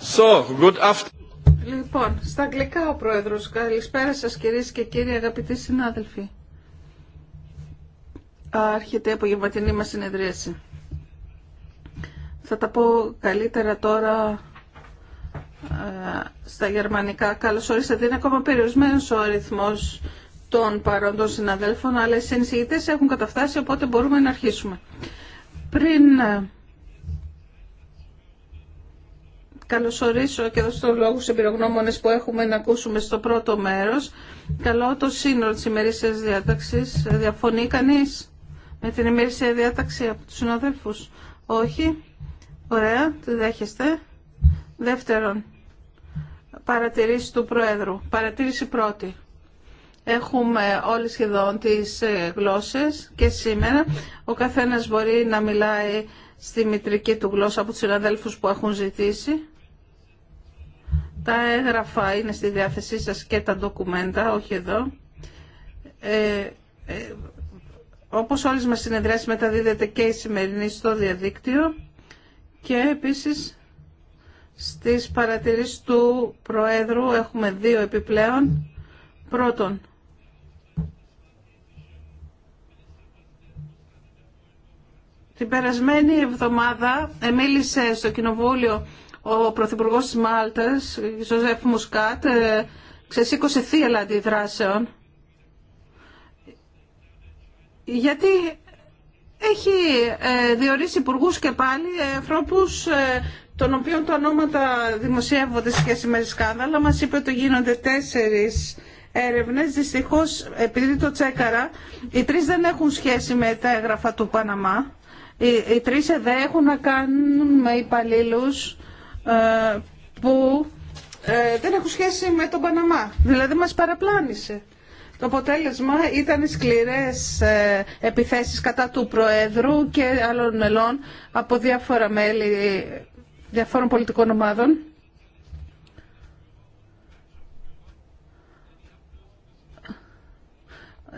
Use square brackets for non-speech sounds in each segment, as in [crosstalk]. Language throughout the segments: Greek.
So, good Λοιπόν, στα αγγλικά ο Πρόεδρος. Καλησπέρα σας κυρίες και κύριοι αγαπητοί συνάδελφοι. Άρχεται η απογευματινή μας συνεδρίαση. Θα τα πω καλύτερα τώρα ε, στα γερμανικά. Καλώς ορίσατε. Είναι ακόμα περιορισμένος ο αριθμός των παρόντων συναδέλφων, αλλά οι συνεισηγητές έχουν καταφτάσει, οπότε μπορούμε να αρχίσουμε. Πριν ε, καλωσορίσω και δώσω τον λόγο σε πυρογνώμονες που έχουμε να ακούσουμε στο πρώτο μέρος, καλό το σύνολο της ημερήσιας διάταξης. Διαφωνεί κανείς με την ημερήσια διάταξη από τους συναδέλφους. Όχι. Ωραία, τη δέχεστε. Δεύτερον, παρατηρήσει του Προέδρου. Παρατήρηση πρώτη. Έχουμε όλοι σχεδόν τις ε, γλώσσες και σήμερα ο καθένας μπορεί να μιλάει στη μητρική του γλώσσα από τους συναδέλφους που έχουν ζητήσει. Τα έγγραφα είναι στη διάθεσή σας και τα ντοκουμέντα, όχι εδώ. Ε, ε, όπως όλες μας συνεδριάσεις μεταδίδεται και η σημερινή στο διαδίκτυο και επίσης στις παρατηρήσεις του Προέδρου έχουμε δύο επιπλέον. Πρώτον, Την περασμένη εβδομάδα μίλησε στο Κοινοβούλιο ο Πρωθυπουργό τη Μάλτα, Ζωζέφ Μουσκάτ, ε, ξεσήκωσε θύελα αντιδράσεων. Γιατί έχει ε, διορίσει υπουργού και πάλι ανθρώπου ε, των οποίων τα ονόματα δημοσιεύονται σχέση με σκάνδαλα. Μας είπε ότι γίνονται τέσσερις έρευνες. Δυστυχώς, επειδή το τσέκαρα, οι τρεις δεν έχουν σχέση με τα έγγραφα του Παναμά. Οι, οι τρεις ΕΔΕ έχουν να κάνουν με υπαλλήλου ε, που ε, δεν έχουν σχέση με τον Παναμά. Δηλαδή μας παραπλάνησε. Το αποτέλεσμα ήταν οι σκληρές ε, επιθέσεις κατά του Προέδρου και άλλων μελών από διάφορα μέλη διαφόρων πολιτικών ομάδων.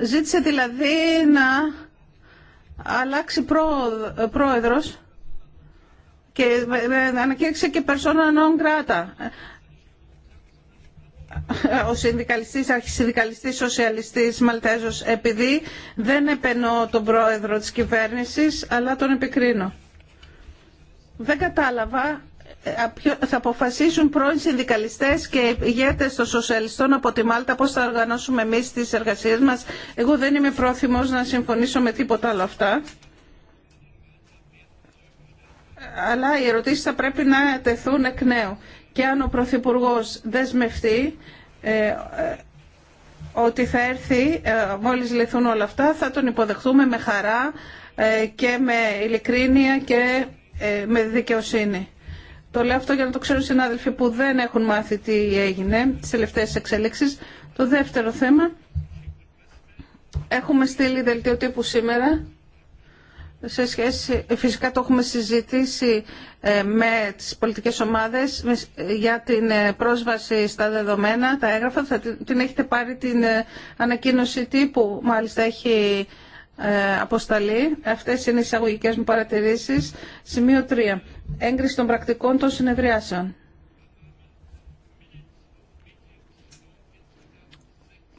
Ζήτησε δηλαδή να αλλάξει πρόεδρος και ανακήρυξε και persona non grata. Ο συνδικαλιστής, αρχισυνδικαλιστής, σοσιαλιστής Μαλτέζος, επειδή δεν επενώ τον πρόεδρο της κυβέρνησης, αλλά τον επικρίνω. Δεν κατάλαβα ε, θα αποφασίσουν πρώην συνδικαλιστές και ηγέτε των σοσιαλιστών από τη Μάλτα πώ θα οργανώσουμε εμεί τις εργασίες μας. Εγώ δεν είμαι πρόθυμος να συμφωνήσω με τίποτα άλλο αυτά. Αλλά οι ερωτήσει θα πρέπει να τεθούν εκ νέου. Και αν ο Πρωθυπουργό δεσμευτεί ε, ε, ότι θα έρθει ε, μόλις λυθούν όλα αυτά, θα τον υποδεχτούμε με χαρά ε, και με ειλικρίνεια και με δικαιοσύνη. Το λέω αυτό για να το ξέρουν συνάδελφοι που δεν έχουν μάθει τι έγινε τι τελευταίε εξέλιξει. Το δεύτερο θέμα, έχουμε στείλει δελτίο τύπου σήμερα σε σχέση, φυσικά το έχουμε συζητήσει ε, με τις πολιτικές ομάδες για την ε, πρόσβαση στα δεδομένα, τα έγραφα. Θα την έχετε πάρει την ε, ανακοίνωση τύπου, μάλιστα έχει αποσταλεί. Αυτές είναι οι εισαγωγικέ μου παρατηρήσεις. Σημείο 3 έγκριση των πρακτικών των συνεδριάσεων.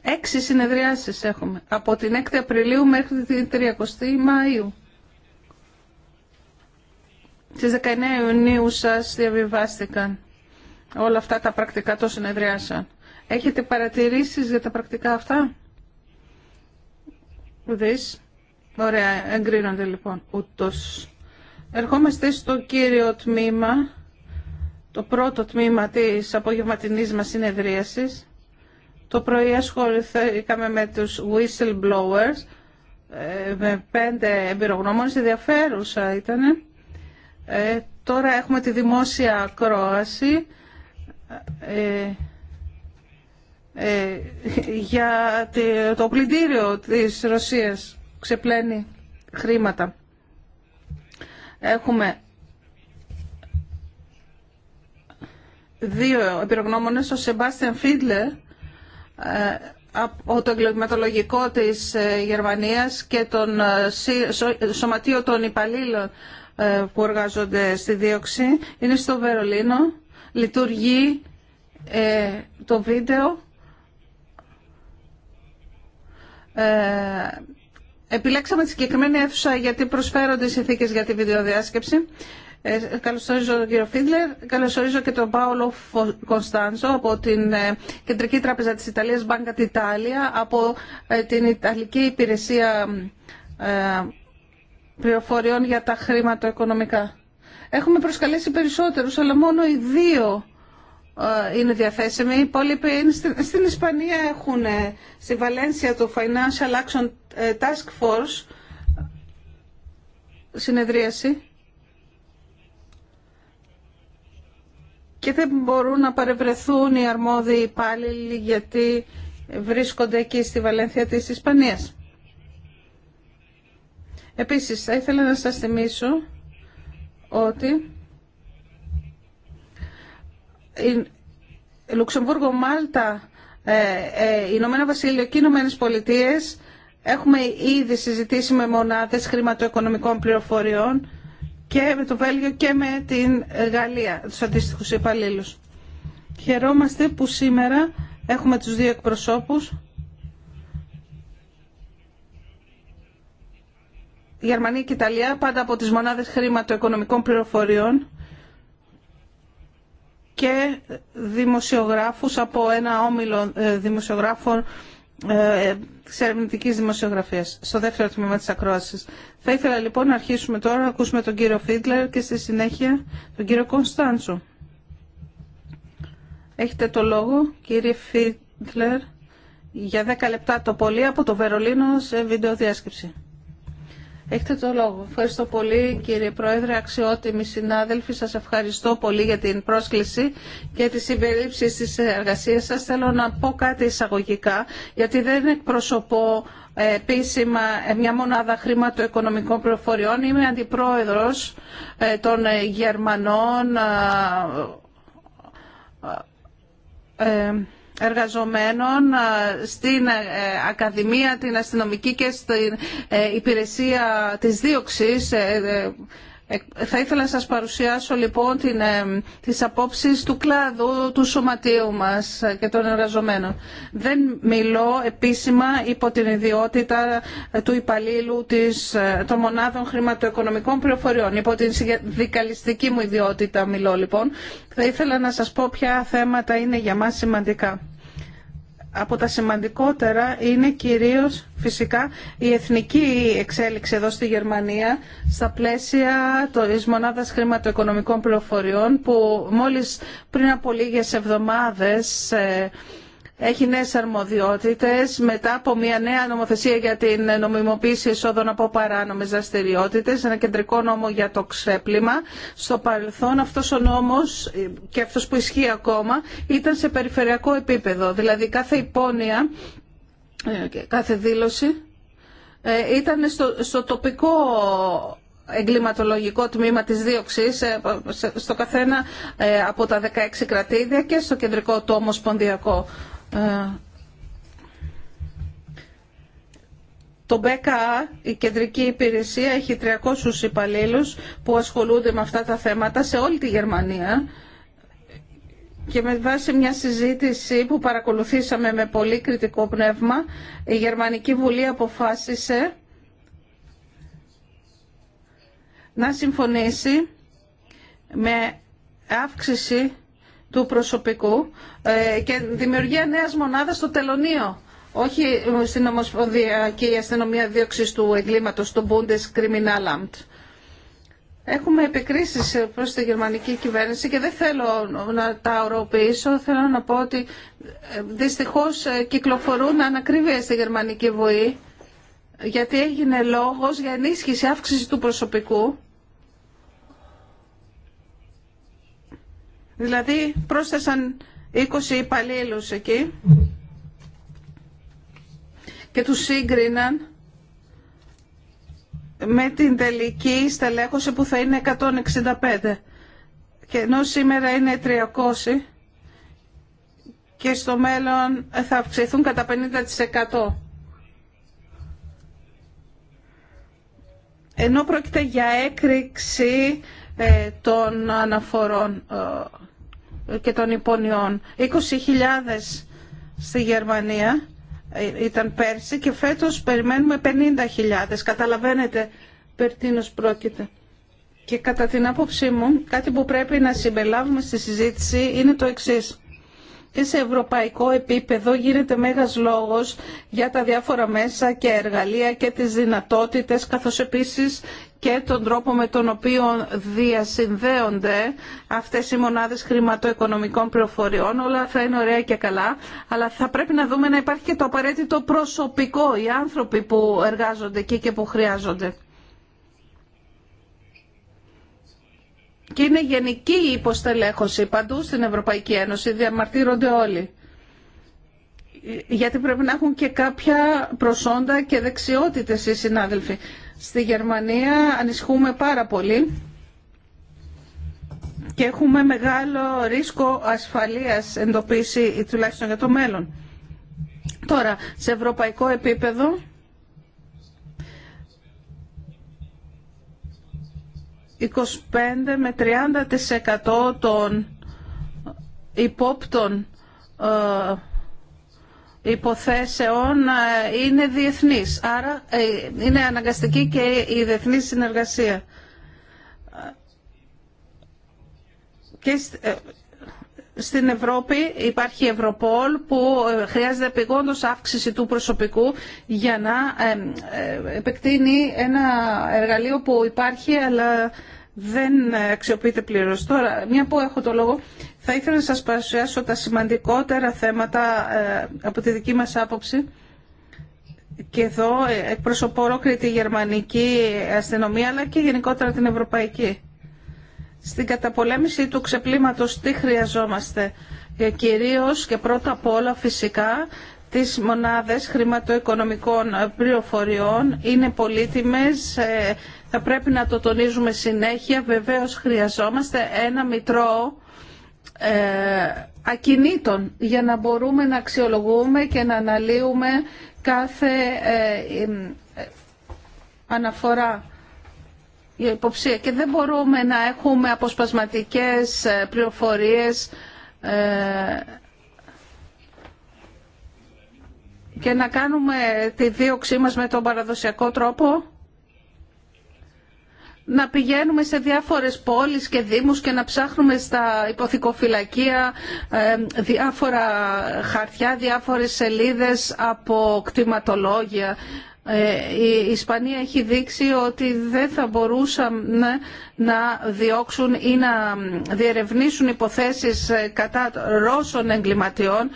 Έξι συνεδριάσεις έχουμε, από την 6η Απριλίου μέχρι την 30η Μαΐου. Στις 19 Ιουνίου σας διαβιβάστηκαν όλα αυτά τα πρακτικά των συνεδριάσεων. Έχετε παρατηρήσεις για τα πρακτικά αυτά? Δεις. Ωραία, εγκρίνονται λοιπόν ούτως Ερχόμαστε στο κύριο τμήμα, το πρώτο τμήμα της απογευματινής μας συνεδρίασης. Το πρωί ασχοληθήκαμε με τους whistleblowers, ε, με πέντε εμπειρογνώμονες, ενδιαφέρουσα ήταν. Ε, τώρα έχουμε τη δημόσια ακρόαση ε, ε, για το πλυντήριο της Ρωσίας. Ξεπλένει χρήματα. Έχουμε δύο επιρρογνώμονες, ο Σεμπάστιαν Φίτλερ ε, από το εγκληματολογικό της ε, Γερμανίας και τον ε, Σωματείο των Υπαλλήλων που εργάζονται στη δίωξη. Είναι στο Βερολίνο, λειτουργεί το βίντεο Επιλέξαμε τη συγκεκριμένη αίθουσα γιατί προσφέρονται οι συνθήκες για τη βιντεοδιάσκεψη. Ε, καλωσορίζω τον κύριο Φίντλερ, καλωσορίζω και τον Πάολο Κωνσταντζο από την ε, Κεντρική Τράπεζα της Ιταλίας, Banca d'Italia, από ε, την Ιταλική Υπηρεσία ε, Πληροφοριών για τα Χρήματα Οικονομικά. Έχουμε προσκαλέσει περισσότερους, αλλά μόνο οι δύο ε, είναι διαθέσιμοι. Οι υπόλοιποι στην Ισπανία έχουν ε, στη Βαλένσια το Financial Action ε, Task Force συνεδρίαση και δεν μπορούν να παρευρεθούν οι αρμόδιοι υπάλληλοι γιατί βρίσκονται εκεί στη Βαλένθια της Ισπανίας. Επίσης, θα ήθελα να σας θυμίσω ότι Λουξεμβούργο, Μάλτα, ε, ε, Ηνωμένα Βασίλειο και Ηνωμένε Πολιτείε έχουμε ήδη συζητήσει με μονάδες χρηματοοικονομικών πληροφοριών και με το Βέλγιο και με την Γαλλία, του αντίστοιχου υπαλλήλου. Χαιρόμαστε που σήμερα έχουμε τους δύο εκπροσώπους. Γερμανία και Ιταλία, πάντα από τις μονάδες χρηματοοικονομικών πληροφοριών, και δημοσιογράφους από ένα όμιλο ε, δημοσιογράφων ε, της ερευνητικής δημοσιογραφίας στο δεύτερο τμήμα της ακρόασης. Θα ήθελα λοιπόν να αρχίσουμε τώρα να ακούσουμε τον κύριο Φίτλερ και στη συνέχεια τον κύριο Κωνστάντσο. Έχετε το λόγο κύριε Φίτλερ για 10 λεπτά το πολύ από το Βερολίνο σε βίντεο διάσκεψη. Έχετε το λόγο. Ευχαριστώ πολύ κύριε Πρόεδρε, αξιότιμοι συνάδελφοι. Σας ευχαριστώ πολύ για την πρόσκληση και τη συμπερίψη της εργασίας σας. Θέλω να πω κάτι εισαγωγικά, γιατί δεν εκπροσωπώ ε, επίσημα ε, μια μονάδα χρηματοοικονομικών πληροφοριών. Είμαι αντιπρόεδρος ε, των Γερμανών εργαζομένων στην ε, Ακαδημία, την Αστυνομική και στην ε, Υπηρεσία της Δίωξης ε, ε, θα ήθελα να σας παρουσιάσω λοιπόν την, ε, τις απόψεις του κλάδου του σωματείου μας ε, και των εργαζομένων. Δεν μιλώ επίσημα υπό την ιδιότητα του υπαλλήλου της, ε, των μονάδων χρηματοοικονομικών πληροφοριών. Υπό την δικαλιστική μου ιδιότητα μιλώ λοιπόν. Θα ήθελα να σας πω ποια θέματα είναι για μας σημαντικά από τα σημαντικότερα είναι κυρίως φυσικά η εθνική εξέλιξη εδώ στη Γερμανία στα πλαίσια της μονάδας χρηματοοικονομικών πληροφοριών που μόλις πριν από λίγες εβδομάδες ε, έχει νέε αρμοδιότητε μετά από μια νέα νομοθεσία για την νομιμοποίηση εσόδων από παράνομε δραστηριότητε, ένα κεντρικό νόμο για το ξέπλυμα. Στο παρελθόν αυτός ο νόμος και αυτό που ισχύει ακόμα ήταν σε περιφερειακό επίπεδο, δηλαδή κάθε υπόνοια, ε, κάθε δήλωση ε, ήταν στο, τοπικό εγκληματολογικό τμήμα της δίωξης ε, στο καθένα από τα 16 κρατήδια και στο κεντρικό το ομοσπονδιακό ε, το ΜΠΚΑ, η Κεντρική Υπηρεσία, έχει 300 υπαλλήλους που ασχολούνται με αυτά τα θέματα σε όλη τη Γερμανία και με βάση μια συζήτηση που παρακολουθήσαμε με πολύ κριτικό πνεύμα, η Γερμανική Βουλή αποφάσισε να συμφωνήσει με αύξηση του προσωπικού ε, και δημιουργία νέας μονάδας στο τελωνείο. Όχι ε, στην Ομοσπονδία και η αστυνομία δίωξης του εγκλήματος, το Bundeskriminalamt. Έχουμε επικρίσεις ε, προς τη γερμανική κυβέρνηση και δεν θέλω να τα οροποιήσω. Θέλω να πω ότι δυστυχώς κυκλοφορούν ανακρίβειες στη γερμανική βοή γιατί έγινε λόγος για ενίσχυση αύξηση του προσωπικού Δηλαδή πρόσθεσαν 20 υπαλλήλους εκεί και τους σύγκριναν με την τελική στελέχωση που θα είναι 165. Και ενώ σήμερα είναι 300 και στο μέλλον θα αυξηθούν κατά 50%. Ενώ πρόκειται για έκρηξη ε, των αναφορών ε, και των υπονοιών. 20.000 στη Γερμανία ε, ήταν πέρσι και φέτος περιμένουμε 50.000. Καταλαβαίνετε περί πρόκειται. Και κατά την άποψή μου, κάτι που πρέπει να συμπελάβουμε στη συζήτηση είναι το εξής. Και σε ευρωπαϊκό επίπεδο γίνεται μέγας λόγος για τα διάφορα μέσα και εργαλεία και τις δυνατότητες, καθώς επίσης και τον τρόπο με τον οποίο διασυνδέονται αυτές οι μονάδες χρηματοοικονομικών πληροφοριών. Όλα θα είναι ωραία και καλά, αλλά θα πρέπει να δούμε να υπάρχει και το απαραίτητο προσωπικό, οι άνθρωποι που εργάζονται εκεί και που χρειάζονται. Και είναι γενική η υποστελέχωση παντού στην Ευρωπαϊκή Ένωση, διαμαρτύρονται όλοι. Γιατί πρέπει να έχουν και κάποια προσόντα και δεξιότητες οι συνάδελφοι. Στη Γερμανία ανισχούμε πάρα πολύ και έχουμε μεγάλο ρίσκο ασφαλείας εντοπίσει τουλάχιστον για το μέλλον. Τώρα, σε ευρωπαϊκό επίπεδο ...25 με 30% των υπόπτων ε, υποθέσεων ε, είναι διεθνής. Άρα ε, είναι αναγκαστική και η διεθνή συνεργασία. Και ε, στην Ευρώπη υπάρχει η Ευρωπόλ που χρειάζεται επιγόντως αύξηση του προσωπικού για να επεκτείνει ένα εργαλείο που υπάρχει αλλά δεν αξιοποιείται πλήρως. Τώρα, μια που έχω το λόγο, θα ήθελα να σας παρουσιάσω τα σημαντικότερα θέματα ε, από τη δική μας άποψη. Και εδώ ε, εκπροσωπώ ολόκληρη τη γερμανική αστυνομία αλλά και γενικότερα την ευρωπαϊκή. Στην καταπολέμηση του ξεπλήματος τι χρειαζόμαστε. Ε, κυρίως και πρώτα απ' όλα φυσικά τις μονάδες χρηματοοικονομικών πληροφοριών είναι πολύτιμες, θα πρέπει να το τονίζουμε συνέχεια. Βεβαίως χρειαζόμαστε ένα μητρό ε, ακινήτων για να μπορούμε να αξιολογούμε και να αναλύουμε κάθε ε, ε, αναφορά υποψία και δεν μπορούμε να έχουμε αποσπασματικές πληροφορίες και να κάνουμε τη δίωξή μας με τον παραδοσιακό τρόπο να πηγαίνουμε σε διάφορες πόλεις και δήμους και να ψάχνουμε στα υποθηκοφυλακεία ε, διάφορα χαρτιά, διάφορες σελίδες από κτηματολόγια. Ε, η Ισπανία έχει δείξει ότι δεν θα μπορούσαν ναι, να διώξουν ή να διερευνήσουν υποθέσεις ε, κατά Ρώσων εγκληματιών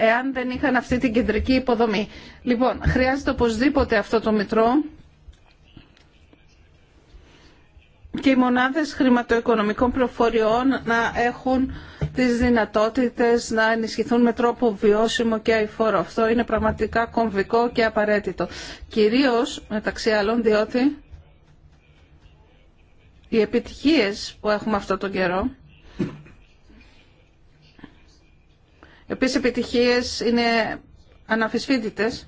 εάν δεν είχαν αυτή την κεντρική υποδομή. Λοιπόν, χρειάζεται οπωσδήποτε αυτό το Μητρό και οι μονάδες χρηματοοικονομικών προφοριών να έχουν τις δυνατότητες να ενισχυθούν με τρόπο βιώσιμο και αηφόρο. Αυτό είναι πραγματικά κομβικό και απαραίτητο. Κυρίως, μεταξύ άλλων, διότι οι επιτυχίες που έχουμε αυτό τον καιρό, επίσης επιτυχίες είναι αναφυσφίτητες,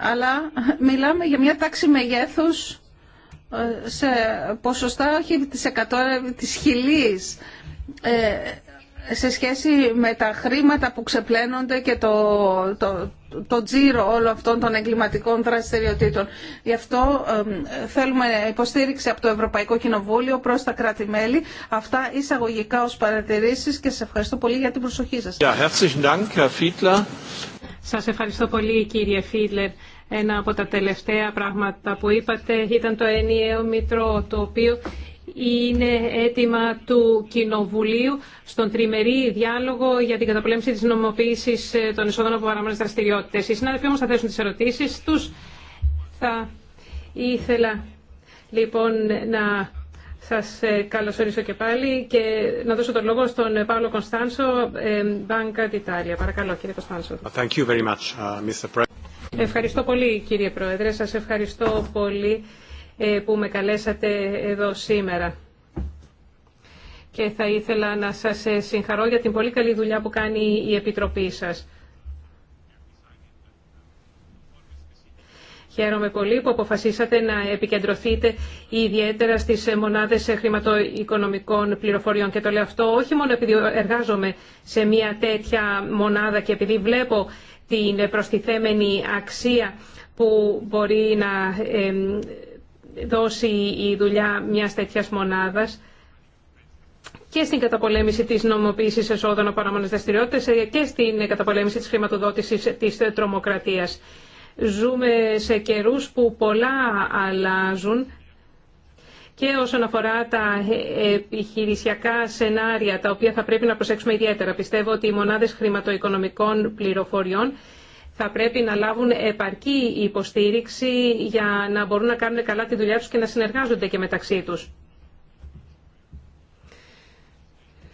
αλλά μιλάμε για μια τάξη μεγέθους ε, σε ποσοστά όχι της εκατό, ε, της χιλής ε, σε σχέση με τα χρήματα που ξεπλένονται και το, το, το τζίρο όλων αυτών των εγκληματικών δραστηριοτήτων. Γι' αυτό ε, θέλουμε υποστήριξη από το Ευρωπαϊκό Κοινοβούλιο προς τα κράτη-μέλη. Αυτά εισαγωγικά ως παρατηρήσεις και σας ευχαριστώ πολύ για την προσοχή σας. Σας ευχαριστώ πολύ κύριε Φίτλερ ένα από τα τελευταία πράγματα που είπατε ήταν το ενιαίο μητρό, το οποίο είναι αίτημα του Κοινοβουλίου στον τριμερή διάλογο για την καταπολέμηση της νομοποίησης ε, των εισόδων από παραμένες δραστηριότητες. Οι συνάδελφοι όμως θα θέσουν τις ερωτήσεις τους. Θα ήθελα λοιπόν να σας ε, καλωσορίσω και πάλι και να δώσω τον λόγο στον Παύλο Κωνστάνσο, ε, Banca d'Italia. Παρακαλώ κύριε Κωνστάνσο. Ευχαριστώ πολύ κύριε Πρόεδρε. Σας ευχαριστώ πολύ ε, που με καλέσατε εδώ σήμερα. Και θα ήθελα να σας ε, συγχαρώ για την πολύ καλή δουλειά που κάνει η Επιτροπή σας. Χαίρομαι πολύ που αποφασίσατε να επικεντρωθείτε ιδιαίτερα στις ε, μονάδες χρηματοοικονομικών πληροφοριών. Και το λέω αυτό όχι μόνο επειδή εργάζομαι σε μια τέτοια μονάδα και επειδή βλέπω την προστιθέμενη αξία που μπορεί να δώσει η δουλειά μιας τέτοιας μονάδας και στην καταπολέμηση της νομοποίησης εσόδων από παραμονές δραστηριότητε ε, και στην καταπολέμηση της χρηματοδότησης της τρομοκρατίας. Ζούμε σε καιρούς που πολλά αλλάζουν και όσον αφορά τα επιχειρησιακά σενάρια, τα οποία θα πρέπει να προσέξουμε ιδιαίτερα. Πιστεύω ότι οι μονάδες χρηματοοικονομικών πληροφοριών θα πρέπει να λάβουν επαρκή υποστήριξη για να μπορούν να κάνουν καλά τη δουλειά τους και να συνεργάζονται και μεταξύ τους.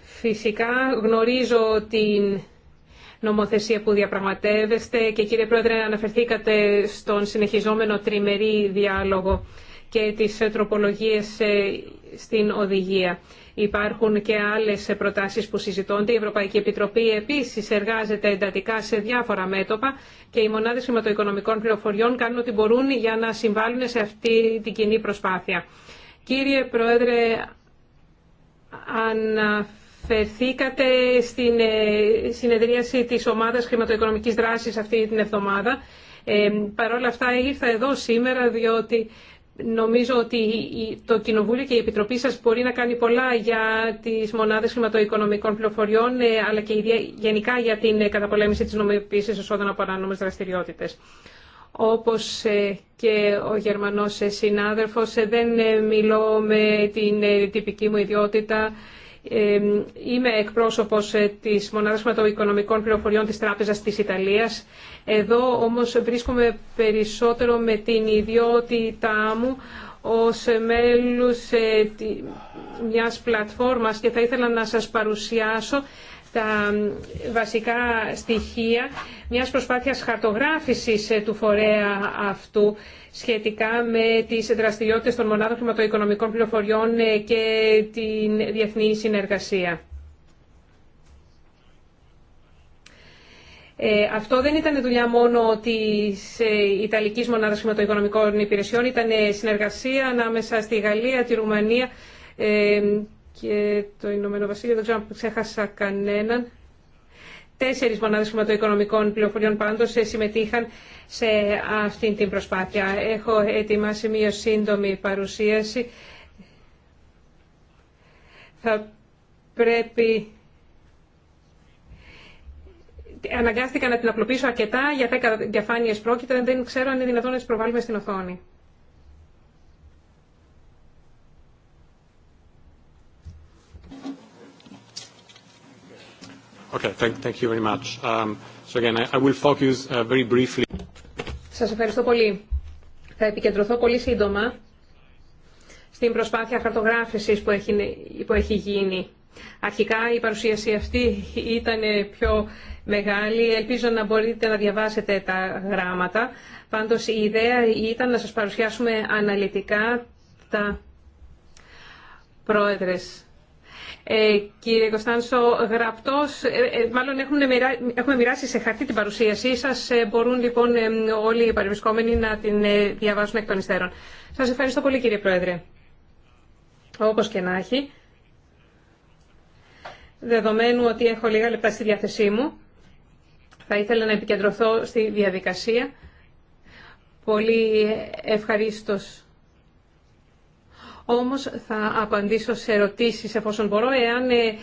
Φυσικά γνωρίζω την νομοθεσία που διαπραγματεύεστε και κύριε Πρόεδρε αναφερθήκατε στον συνεχιζόμενο τριμερή διάλογο και τις ε, τροπολογίες ε, στην οδηγία. Υπάρχουν και άλλες ε, προτάσεις που συζητώνται. Η Ευρωπαϊκή Επιτροπή επίσης εργάζεται εντατικά σε διάφορα μέτωπα και οι μονάδες χρηματοοικονομικών πληροφοριών κάνουν ό,τι μπορούν για να συμβάλλουν σε αυτή την κοινή προσπάθεια. Κύριε Πρόεδρε, αναφερθήκατε στην συνεδρίαση της Ομάδας Χρηματοοικονομικής Δράσης αυτή την εβδομάδα. Ε, Παρ' όλα αυτά ήρθα εδώ σήμερα διότι Νομίζω ότι το Κοινοβούλιο και η Επιτροπή σας μπορεί να κάνει πολλά για τις μονάδες χρηματοοικονομικών πληροφοριών, ε, αλλά και γενικά για την ε, καταπολέμηση της νομιμοποίησης εσόδων από ανάνομες δραστηριότητες. Όπως ε, και ο Γερμανός συνάδελφος, δεν μιλώ με την τυπική μου ιδιότητα Είμαι εκπρόσωπος ε, της Μονάδας Χρηματοοικονομικών Πληροφοριών της Τράπεζας της Ιταλίας. Εδώ όμως βρίσκομαι περισσότερο με την ιδιότητά μου ως μέλους ε, μιας πλατφόρμας και θα ήθελα να σας παρουσιάσω τα βασικά στοιχεία μιας προσπάθειας χαρτογράφησης ε, του φορέα αυτού σχετικά με τις δραστηριότητες των μονάδων χρηματοοικονομικών πληροφοριών ε, και την διεθνή συνεργασία. Ε, αυτό δεν ήταν δουλειά μόνο της Ιταλικής Μονάδας Χρηματοοικονομικών Υπηρεσιών, ήταν συνεργασία ανάμεσα στη Γαλλία, τη Ρουμανία, και το Ηνωμένο Βασίλειο, δεν ξέρω αν ξέχασα κανέναν. Τέσσερις μονάδες χρηματοοικονομικών πληροφοριών πάντως συμμετείχαν σε αυτή την προσπάθεια. Έχω ετοιμάσει μία σύντομη παρουσίαση. Θα πρέπει... Αναγκάστηκα να την απλοποιήσω αρκετά για 10 διαφάνειες πρόκειται, δεν ξέρω αν είναι δυνατόν να τις προβάλλουμε στην οθόνη. Okay, Σας ευχαριστώ πολύ. Θα επικεντρωθώ πολύ σύντομα στην προσπάθεια χαρτογράφησης που έχει, που έχει γίνει. Αρχικά η παρουσίαση αυτή ήταν πιο μεγάλη. Ελπίζω να μπορείτε να διαβάσετε τα γράμματα. Πάντως η ιδέα ήταν να σας παρουσιάσουμε αναλυτικά τα πρόεδρες ε, κύριε Κωνστανσό, γραπτός, ε, ε, μάλλον έχουμε μοιράσει σε χαρτί την παρουσίασή σας. Μπορούν λοιπόν όλοι οι παρευρισκόμενοι να την διαβάσουν εκ των υστέρων. Σας ευχαριστώ πολύ κύριε Πρόεδρε. Όπως και να έχει, δεδομένου ότι έχω λίγα λεπτά στη διάθεσή μου, θα ήθελα να επικεντρωθώ στη διαδικασία. Πολύ ευχαριστώ όμως θα απαντήσω σε ερωτήσεις εφόσον μπορώ, εάν ε,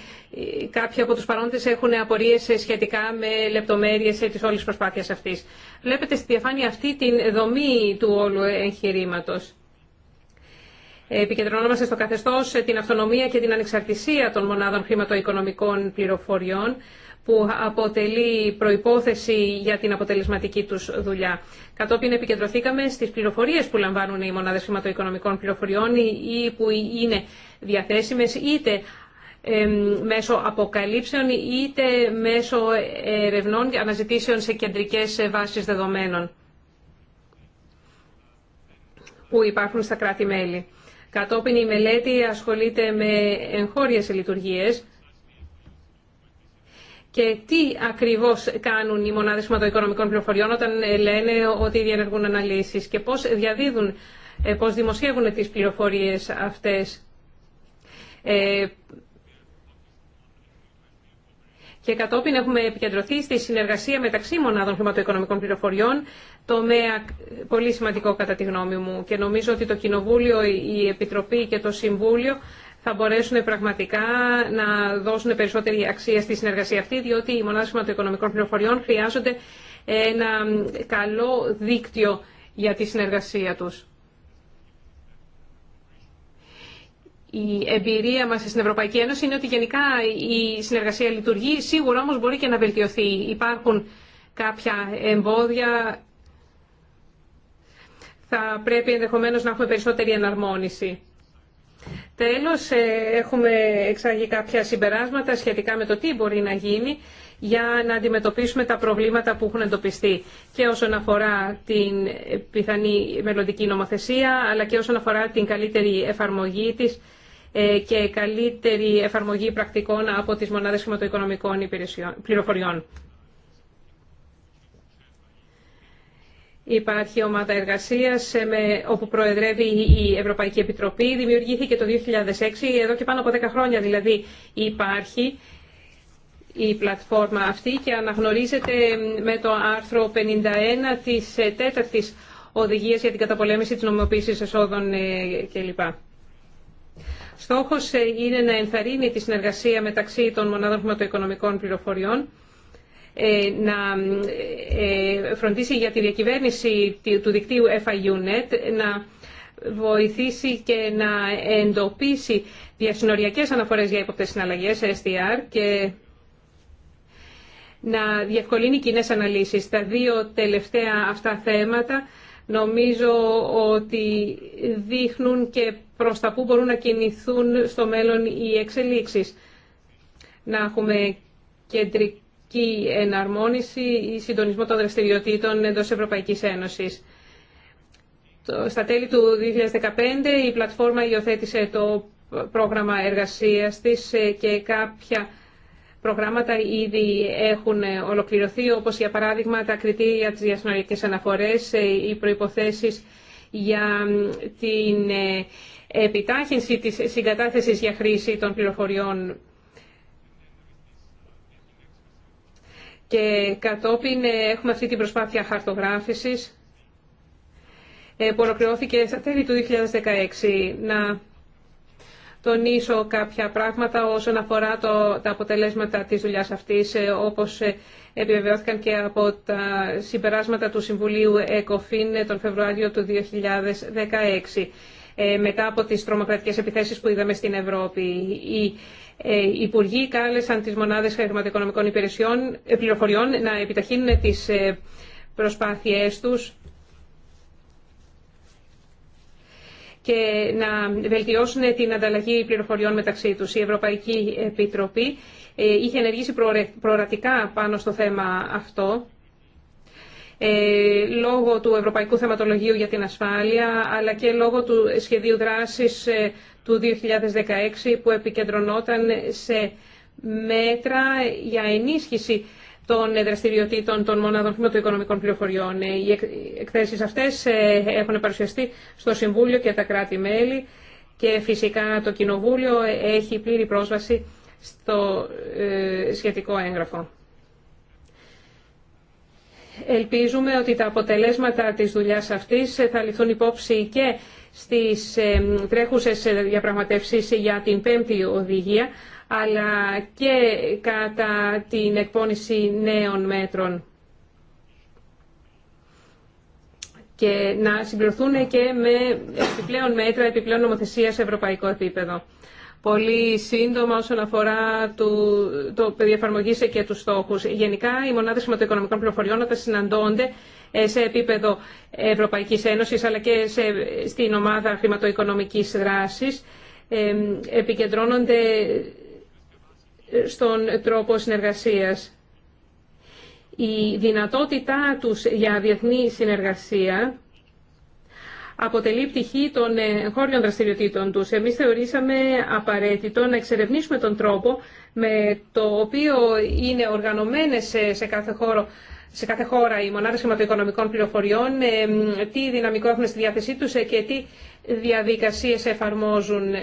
κάποιοι από τους παρόντες έχουν απορίες ε, σχετικά με λεπτομέρειες ε, της όλης προσπάθειας αυτής. Βλέπετε στη διαφάνεια αυτή την δομή του όλου εγχειρήματο. Επικεντρωνόμαστε στο καθεστώς την αυτονομία και την ανεξαρτησία των μονάδων χρηματοοικονομικών πληροφοριών, που αποτελεί προϋπόθεση για την αποτελεσματική τους δουλειά. Κατόπιν επικεντρωθήκαμε στις πληροφορίες που λαμβάνουν οι μονάδες χρηματοοικονομικών πληροφοριών ή που είναι διαθέσιμες είτε μέσω αποκαλύψεων είτε μέσω ερευνών και αναζητήσεων σε κεντρικές βάσεις δεδομένων που υπάρχουν στα κράτη-μέλη. Κατόπιν η μελέτη ασχολείται με εγχώριες λειτουργίες και τι ακριβώς κάνουν οι μονάδες χρηματοοικονομικών πληροφοριών όταν ε, λένε ότι διενεργούν αναλύσει και πώς διαδίδουν, ε, πώ δημοσιεύουν τις πληροφορίες αυτές. Ε, και κατόπιν έχουμε επικεντρωθεί στη συνεργασία μεταξύ μονάδων χρηματοοικονομικών πληροφοριών, τομέα πολύ σημαντικό κατά τη γνώμη μου. Και νομίζω ότι το Κοινοβούλιο, η Επιτροπή και το Συμβούλιο θα μπορέσουν πραγματικά να δώσουν περισσότερη αξία στη συνεργασία αυτή, διότι οι μονάδες χρηματοοικονομικών πληροφοριών χρειάζονται ένα καλό δίκτυο για τη συνεργασία τους. Η εμπειρία μας στην Ευρωπαϊκή Ένωση είναι ότι γενικά η συνεργασία λειτουργεί, σίγουρα όμως μπορεί και να βελτιωθεί. Υπάρχουν κάποια εμπόδια, θα πρέπει ενδεχομένως να έχουμε περισσότερη εναρμόνιση. Τέλος, ε, έχουμε εξάγει κάποια συμπεράσματα σχετικά με το τι μπορεί να γίνει για να αντιμετωπίσουμε τα προβλήματα που έχουν εντοπιστεί και όσον αφορά την πιθανή μελλοντική νομοθεσία, αλλά και όσον αφορά την καλύτερη εφαρμογή της ε, και καλύτερη εφαρμογή πρακτικών από τις μονάδες χρηματοοικονομικών πληροφοριών. Υπάρχει ομάδα εργασίας ε, όπου προεδρεύει η Ευρωπαϊκή Επιτροπή. Δημιουργήθηκε το 2006, εδώ και πάνω από 10 χρόνια δηλαδή υπάρχει η πλατφόρμα αυτή και αναγνωρίζεται ε, με το άρθρο 51 της ε, τέταρτης οδηγίας για την καταπολέμηση της νομιμοποίησης εσόδων κλπ. Στόχος είναι να ενθαρρύνει τη συνεργασία μεταξύ των μονάδων χρηματοοικονομικών πληροφοριών ε, να ε, ε, φροντίσει για τη διακυβέρνηση του δικτύου FIUNET, να βοηθήσει και να εντοπίσει διασυνοριακές αναφορές για υποπτές συναλλαγές, SDR και να διευκολύνει κοινέ αναλύσεις. Τα δύο τελευταία αυτά θέματα νομίζω ότι δείχνουν και προς τα που μπορούν να κινηθούν στο μέλλον οι εξελίξεις. Να έχουμε κεντρικό η εναρμόνιση ή συντονισμό των δραστηριοτήτων εντός Ευρωπαϊκής Ένωσης. Στα τέλη του 2015 η πλατφόρμα υιοθέτησε το πρόγραμμα εργασίας της ε, και κάποια προγράμματα ήδη έχουν ολοκληρωθεί, όπως για παράδειγμα τα κριτήρια της διασυνοριακή αναφορές, ε, οι προϋποθέσεις για την ε, επιτάχυνση της συγκατάθεσης για χρήση των πληροφοριών Και κατόπιν ε, έχουμε αυτή την προσπάθεια χαρτογράφησης ε, που ολοκληρώθηκε στα τέλη του 2016. Να τονίσω κάποια πράγματα όσον αφορά τα αποτελέσματα της δουλειάς αυτής, ε, όπως επιβεβαιώθηκαν και από τα συμπεράσματα του Συμβουλίου ΕΚΟΦΗΝ τον Φεβρουάριο του 2016. μετά από τις τρομοκρατικές επιθέσεις που είδαμε στην Ευρώπη. Η ε, οι υπουργοί κάλεσαν τις μονάδες χρηματοοικονομικών υπηρεσιών, ε, πληροφοριών να επιταχύνουν τις ε, προσπάθειές τους και να βελτιώσουν την ανταλλαγή πληροφοριών μεταξύ τους. Η Ευρωπαϊκή Επιτροπή είχε ενεργήσει προορατικά πάνω στο θέμα αυτό λόγω του Ευρωπαϊκού Θεματολογίου για την Ασφάλεια αλλά και λόγω του σχεδίου δράσης του 2016 που επικεντρωνόταν σε μέτρα για ενίσχυση των δραστηριοτήτων των μονάδων οικονομικών πληροφοριών. Οι εκθέσεις αυτές ε, έχουν παρουσιαστεί στο Συμβούλιο και τα κράτη-μέλη και φυσικά το Κοινοβούλιο έχει πλήρη πρόσβαση στο ε, σχετικό έγγραφο. Ελπίζουμε ότι τα αποτελέσματα της δουλειάς αυτής θα ληφθούν υπόψη και στις τρέχουσες ε, διαπραγματεύσεις για την πέμπτη οδηγία, αλλά και κατά την εκπόνηση νέων μέτρων. και να συμπληρωθούν και με επιπλέον μέτρα, επιπλέον νομοθεσία σε ευρωπαϊκό επίπεδο. Πολύ σύντομα όσον αφορά το, το πεδίο και του στόχου. Γενικά, οι μονάδες χρηματοοικονομικών πληροφοριών όταν συναντώνται σε επίπεδο Ευρωπαϊκής Ένωσης αλλά και στην ομάδα χρηματοοικονομικής δράσης ε, επικεντρώνονται στον τρόπο συνεργασίας. Η δυνατότητά τους για διεθνή συνεργασία αποτελεί πτυχή των χώριων δραστηριοτήτων τους. Εμείς θεωρήσαμε απαραίτητο να εξερευνήσουμε τον τρόπο με το οποίο είναι οργανωμένες σε κάθε χώρο σε κάθε χώρα οι μονάδε χρηματοοικονομικών πληροφοριών, ε, τι δυναμικό έχουν στη διάθεσή τους ε, και τι διαδικασίε εφαρμόζουν.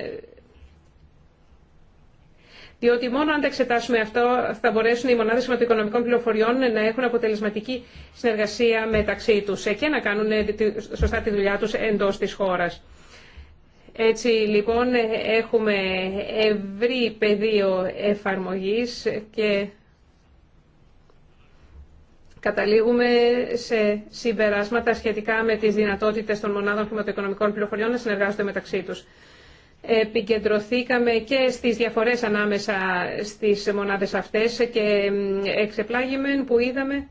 Διότι μόνο αν τα εξετάσουμε αυτό θα μπορέσουν οι μονάδες χρηματοοικονομικών πληροφοριών να έχουν αποτελεσματική συνεργασία μεταξύ του ε, και να κάνουν σωστά τη δουλειά του εντός της χώρας. Έτσι λοιπόν έχουμε ευρύ πεδίο εφαρμογής και καταλήγουμε σε συμπεράσματα σχετικά με τις δυνατότητες των μονάδων χρηματοοικονομικών πληροφοριών να συνεργάζονται μεταξύ τους. Επικεντρωθήκαμε και στις διαφορές ανάμεσα στις μονάδες αυτές και εξεπλάγημεν που είδαμε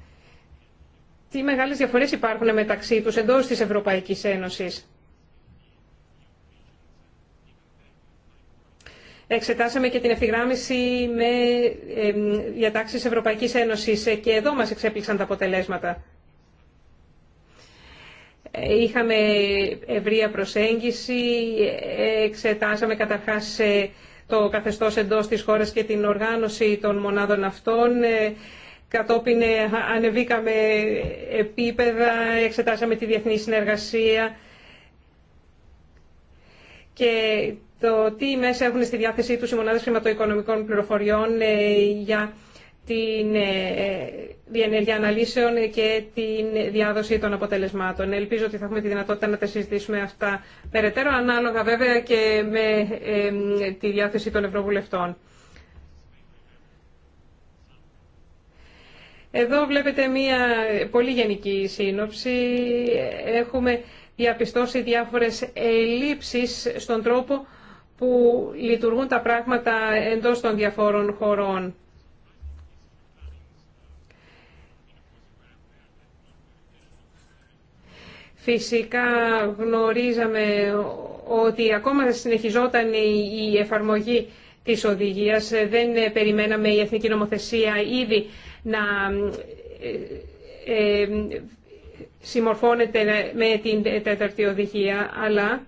τι μεγάλες διαφορές υπάρχουν μεταξύ τους εντός της Ευρωπαϊκής Ένωσης. εξετάσαμε και την ευθυγράμμιση με διατάξεις Ευρωπαϊκής Ένωσης και εδώ μας εξέπληξαν τα αποτελέσματα. Είχαμε ευρεία προσέγγιση, εξετάσαμε καταρχάς ε, το καθεστώς εντός της χώρας και την οργάνωση των μονάδων αυτών. Ε, κατόπιν ε, ανεβήκαμε επίπεδα, εξετάσαμε τη διεθνή συνεργασία και το τι μέσα έχουν στη διάθεσή τους οι μονάδες χρηματοοικονομικών πληροφοριών ε, για την ε, ε, διενέργεια αναλύσεων και την διάδοση των αποτελεσμάτων. Ελπίζω ότι θα έχουμε τη δυνατότητα να τα συζητήσουμε αυτά περαιτέρω, ανάλογα βέβαια και με τη διάθεση των Ευρωβουλευτών. Εδώ βλέπετε μία πολύ γενική σύνοψη. Έχουμε διαπιστώσει διάφορες ελλείψεις στον τρόπο που λειτουργούν τα πράγματα εντός των διαφόρων χωρών. Φυσικά γνωρίζαμε ότι ακόμα συνεχιζόταν η εφαρμογή της οδηγίας. Δεν περιμέναμε η Εθνική Νομοθεσία ήδη να ε, ε, συμμορφώνεται με την τέταρτη οδηγία, αλλά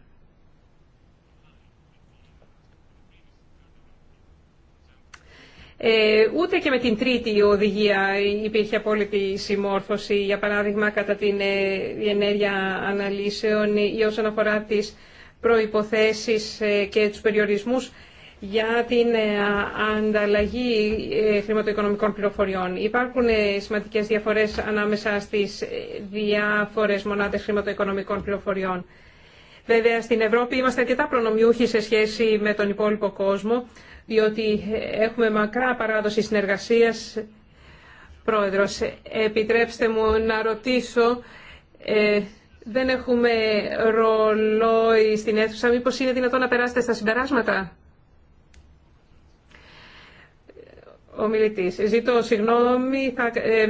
Ε, ούτε και με την τρίτη οδηγία υπήρχε απόλυτη συμμόρφωση, για παράδειγμα κατά την ε, ενέργεια αναλύσεων ή όσον αφορά τις προϋποθέσεις ε, και τους περιορισμούς για την ανταλλαγή χρηματοοικονομικών πληροφοριών. Υπάρχουν σημαντικές διαφορές ανάμεσα στις διάφορες μονάδες χρηματοοικονομικών πληροφοριών. Βέβαια, στην Ευρώπη είμαστε αρκετά προνομιούχοι σε σχέση με τον υπόλοιπο κόσμο, διότι έχουμε μακρά παράδοση συνεργασίας. Πρόεδρος, επιτρέψτε μου να ρωτήσω, ε, δεν έχουμε ρολόι στην αίθουσα, μήπως είναι δυνατόν να περάσετε στα συμπεράσματα. Ο μιλητής. Ζητώ συγγνώμη, θα ε, ε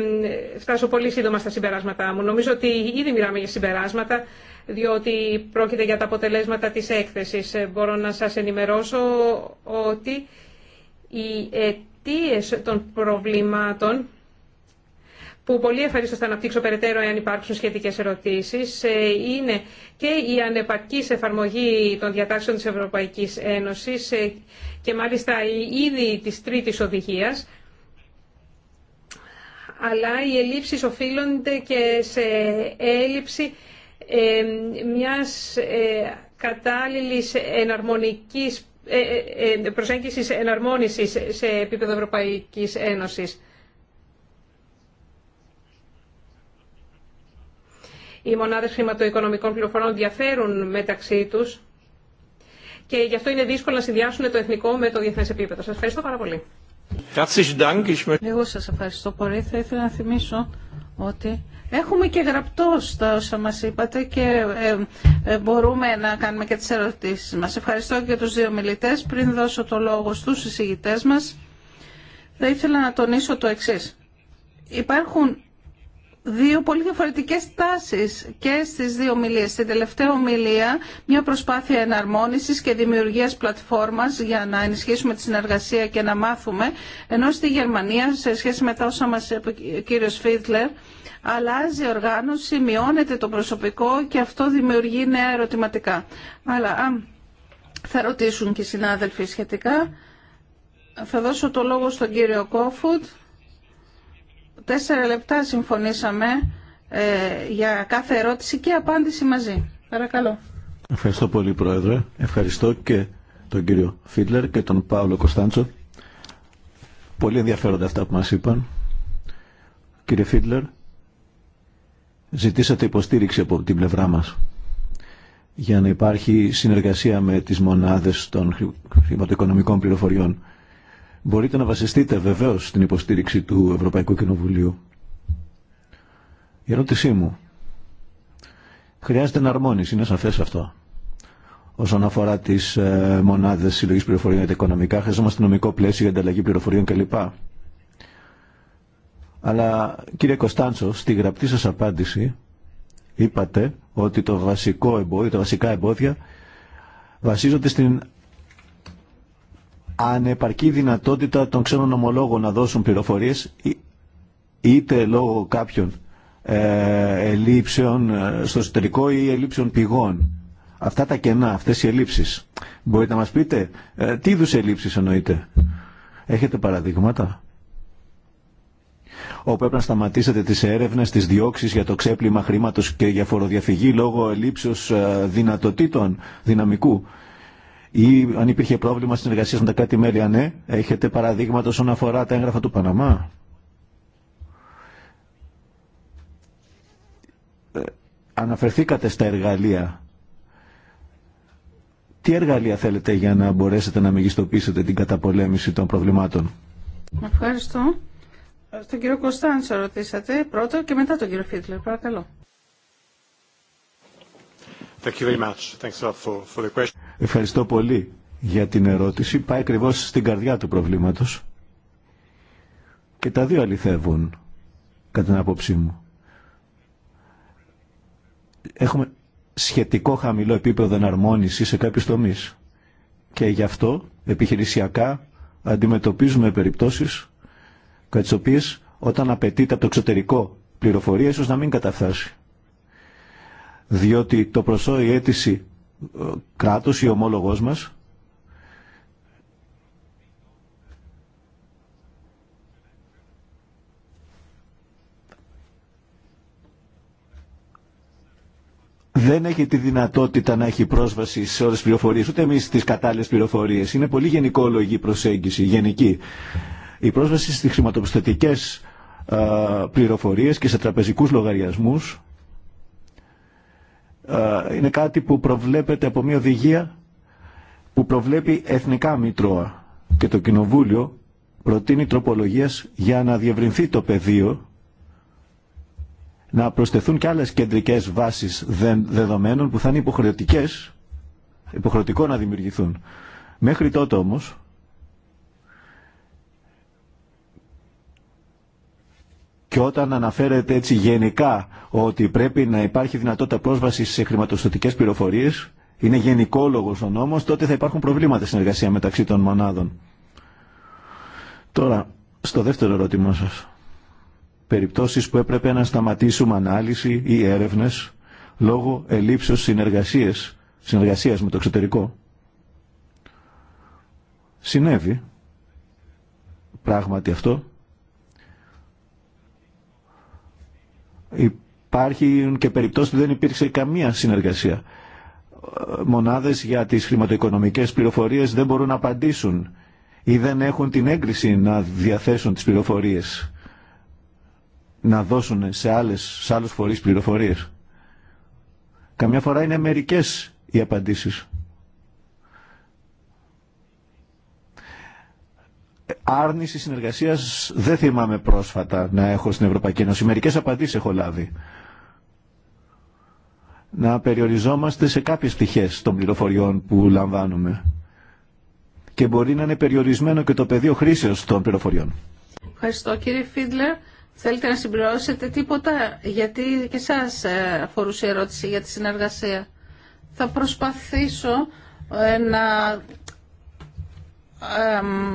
φτάσω πολύ σύντομα στα συμπεράσματά μου. Νομίζω ότι ήδη μιλάμε για συμπεράσματα διότι πρόκειται για τα αποτελέσματα της έκθεσης. Ε, μπορώ να σας ενημερώσω ότι οι αιτίε των προβλημάτων που πολύ ευχαρίστω θα αναπτύξω περαιτέρω εάν υπάρξουν σχετικές ερωτήσεις, ε, είναι και η ανεπαρκής εφαρμογή των διατάξεων της Ευρωπαϊκής Ένωσης ε, και μάλιστα ήδη της τρίτης οδηγίας, αλλά οι ελλείψεις οφείλονται και σε έλλειψη ε, μιας ε, κατάλληλης εναρμονικής ε, προσέγγισης εναρμόνισης σε επίπεδο Ευρωπαϊκής Ένωσης. Οι μονάδες χρηματοοικονομικών πληροφορών διαφέρουν μεταξύ τους και γι' αυτό είναι δύσκολο να συνδυάσουν το εθνικό με το διεθνές επίπεδο. Σας ευχαριστώ πάρα πολύ. σας ευχαριστώ πολύ. Θα ήθελα να θυμίσω ότι Έχουμε και γραπτό τα όσα μας είπατε και ε, ε, μπορούμε να κάνουμε και τις ερωτήσεις μας. Ευχαριστώ και τους δύο μιλητές. Πριν δώσω το λόγο στους συζητητές μας, θα ήθελα να τονίσω το εξής. Υπάρχουν δύο πολύ διαφορετικές τάσεις και στις δύο ομιλίες. Στην τελευταία ομιλία μια προσπάθεια εναρμόνισης και δημιουργίας πλατφόρμας για να ενισχύσουμε τη συνεργασία και να μάθουμε, ενώ στη Γερμανία σε σχέση με τα όσα μας είπε ο κύριος Φίτλερ, αλλάζει οργάνωση, μειώνεται το προσωπικό και αυτό δημιουργεί νέα ερωτηματικά. Αλλά θα ρωτήσουν και οι συνάδελφοι σχετικά, θα δώσω το λόγο στον κύριο Κόφουτ. Τέσσερα λεπτά συμφωνήσαμε ε, για κάθε ερώτηση και απάντηση μαζί. Παρακαλώ. Ευχαριστώ πολύ Πρόεδρε. Ευχαριστώ και τον κύριο Φίτλερ και τον Παύλο Κωνσταντσο. Πολύ ενδιαφέροντα αυτά που μας είπαν. Κύριε Φίτλερ, ζητήσατε υποστήριξη από την πλευρά μας για να υπάρχει συνεργασία με τις μονάδες των χρηματοοικονομικών πληροφοριών. Μπορείτε να βασιστείτε βεβαίως στην υποστήριξη του Ευρωπαϊκού Κοινοβουλίου. Η ερώτησή μου. Χρειάζεται εναρμόνιση, είναι σαφές αυτό. Όσον αφορά τις ε, μονάδες συλλογής πληροφοριών για τα οικονομικά, χρειαζόμαστε νομικό πλαίσιο για ανταλλαγή πληροφοριών κλπ. Αλλά κύριε Κωνσταντσο, στη γραπτή σας απάντηση είπατε ότι το βασικό εμπόδιο, τα βασικά εμπόδια βασίζονται στην ανεπαρκή δυνατότητα των ξένων ομολόγων να δώσουν πληροφορίες είτε λόγω κάποιων ε, ελλείψεων ε, στο εσωτερικό ή ελλείψεων πηγών. Αυτά τα κενά, αυτές οι ελλείψεις. Μπορείτε να μας πείτε ε, τι είδου ελλείψεις εννοείτε. Έχετε παραδείγματα όπου έπρεπε να σταματήσετε τις έρευνες, τι διώξει για το ξέπλυμα χρήματο και για φοροδιαφυγή λόγω ελλείψεως ε, δυνατοτήτων δυναμικού. Ή αν υπήρχε πρόβλημα συνεργασία με τα κράτη-μέλη, αν ναι, έχετε παραδείγματα όσον αφορά τα έγγραφα του Παναμά. Ε, αναφερθήκατε στα εργαλεία. Τι εργαλεία θέλετε για να μπορέσετε να μεγιστοποιήσετε την καταπολέμηση των προβλημάτων. Ευχαριστώ. Στον κύριο Κωνσταντσο ρωτήσατε πρώτο και μετά τον κύριο Φίτλερ. Παρακαλώ. Thank you very much. Thanks for, for the question. Ευχαριστώ πολύ για την ερώτηση. Πάει ακριβώ στην καρδιά του προβλήματο. Και τα δύο αληθεύουν, κατά την άποψή μου. Έχουμε σχετικό χαμηλό επίπεδο εναρμόνιση σε κάποιου τομεί. Και γι' αυτό επιχειρησιακά αντιμετωπίζουμε περιπτώσεις κατά τις οποίες όταν απαιτείται από το εξωτερικό πληροφορία ίσως να μην καταφτάσει. Διότι το προσώ η αίτηση κράτος ή ομόλογός μας δεν έχει τη δυνατότητα να έχει πρόσβαση σε όλες τις πληροφορίες, ούτε εμείς τις κατάλληλες πληροφορίες. Είναι πολύ γενικόλογη προσέγγιση, γενική. Η πρόσβαση στις χρηματοπιστωτικές ε, πληροφορίε και σε τραπεζικούς λογαριασμούς ε, είναι κάτι που προβλέπεται από μια οδηγία που προβλέπει εθνικά μητρώα και το Κοινοβούλιο προτείνει τροπολογίες για να διευρυνθεί το πεδίο να προσθεθούν και άλλες κεντρικές βάσεις δεδομένων που θα είναι υποχρεωτικές, υποχρεωτικό να δημιουργηθούν. Μέχρι τότε όμως Και όταν αναφέρεται έτσι γενικά ότι πρέπει να υπάρχει δυνατότητα πρόσβαση σε χρηματοστοτικέ πληροφορίε, είναι γενικόλογο ο νόμο, τότε θα υπάρχουν προβλήματα συνεργασία μεταξύ των μονάδων. Τώρα, στο δεύτερο ερώτημά σα. Περιπτώσεις που έπρεπε να σταματήσουμε ανάλυση ή έρευνες λόγω ελλείψεως συνεργασίας, συνεργασίας με το εξωτερικό. Συνέβη πράγματι αυτό Υπάρχουν και περιπτώσεις που δεν υπήρξε καμία συνεργασία. Μονάδες για τις χρηματοοικονομικές πληροφορίες δεν μπορούν να απαντήσουν ή δεν έχουν την έγκριση να διαθέσουν τις πληροφορίες, να δώσουν σε, άλλες, σε άλλους φορείς πληροφορίες. Καμιά φορά είναι μερικές οι απαντήσεις. άρνηση συνεργασίας δεν θυμάμαι πρόσφατα να έχω στην Ευρωπαϊκή Ένωση. Μερικέ απαντήσει έχω λάβει. Να περιοριζόμαστε σε κάποιες πτυχέ των πληροφοριών που λαμβάνουμε. Και μπορεί να είναι περιορισμένο και το πεδίο χρήσεως των πληροφοριών. Ευχαριστώ κύριε Φίντλερ. Θέλετε να συμπληρώσετε τίποτα, γιατί και εσά αφορούσε η ερώτηση για τη συνεργασία. Θα προσπαθήσω ε, να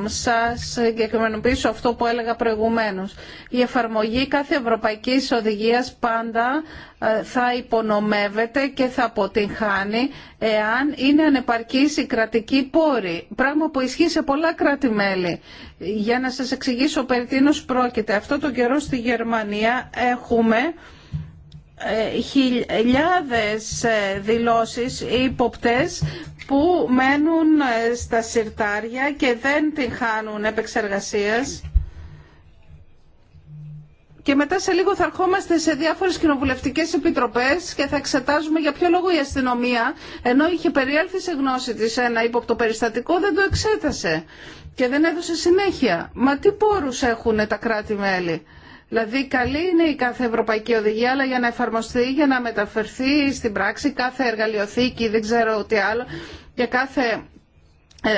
σας συγκεκριμενοποιήσω αυτό που έλεγα προηγουμένως. Η εφαρμογή κάθε ευρωπαϊκής οδηγίας πάντα ε, θα υπονομεύεται και θα αποτυγχάνει εάν είναι ανεπαρκής η κρατική πόρη. Πράγμα που ισχύει σε πολλά κράτη-μέλη. Για να σας εξηγήσω περί τίνος πρόκειται. Αυτό το καιρό στη Γερμανία έχουμε ε, χιλιάδες ε, δηλώσεις ύποπτες που μένουν ε, στα συρτάρια και δεν την χάνουν επεξεργασίας. Και μετά σε λίγο θα ερχόμαστε σε διάφορες κοινοβουλευτικέ επιτροπές και θα εξετάζουμε για ποιο λόγο η αστυνομία, ενώ είχε περιέλθει σε γνώση της ένα ύποπτο περιστατικό, δεν το εξέτασε και δεν έδωσε συνέχεια. Μα τι πόρους έχουν τα κράτη-μέλη. Δηλαδή καλή είναι η κάθε ευρωπαϊκή οδηγία, αλλά για να εφαρμοστεί, για να μεταφερθεί στην πράξη κάθε εργαλειοθήκη, δεν ξέρω τι άλλο, για κάθε ε,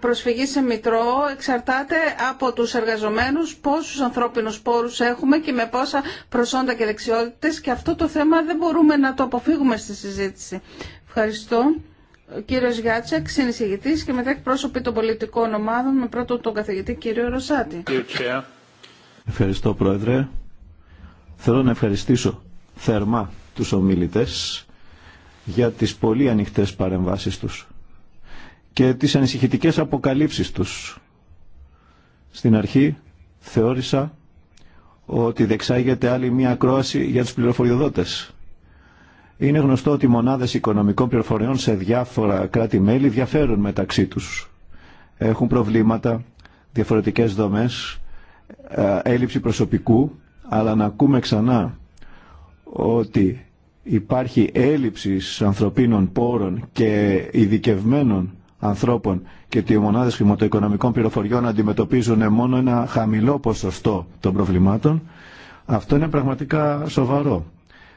προσφυγή σε μητρό εξαρτάται από τους εργαζομένους πόσους ανθρώπινους πόρους έχουμε και με πόσα προσόντα και δεξιότητες και αυτό το θέμα δεν μπορούμε να το αποφύγουμε στη συζήτηση. Ευχαριστώ. Ο κύριος Γιάτσεκ, συνεισηγητής και μετά εκπρόσωποι των πολιτικών ομάδων με πρώτο τον καθηγητή κύριο Ρωσάτη. Ευχαριστώ Πρόεδρε. Θέλω να ευχαριστήσω θερμά τους ομιλητές για τις πολύ ανοιχτές παρεμβάσεις τους και τις ανησυχητικές αποκαλύψεις τους. Στην αρχή θεώρησα ότι δεξάγεται άλλη μία ακρόαση για τους πληροφοριοδότες. Είναι γνωστό ότι οι μονάδες οικονομικών πληροφοριών σε διάφορα κράτη-μέλη διαφέρουν μεταξύ τους. Έχουν προβλήματα, διαφορετικές δομές ε, έλλειψη προσωπικού, αλλά να ακούμε ξανά ότι υπάρχει έλλειψη ανθρωπίνων πόρων και ειδικευμένων ανθρώπων και ότι οι μονάδες χρηματοοικονομικών πληροφοριών αντιμετωπίζουν μόνο ένα χαμηλό ποσοστό των προβλημάτων, αυτό είναι πραγματικά σοβαρό.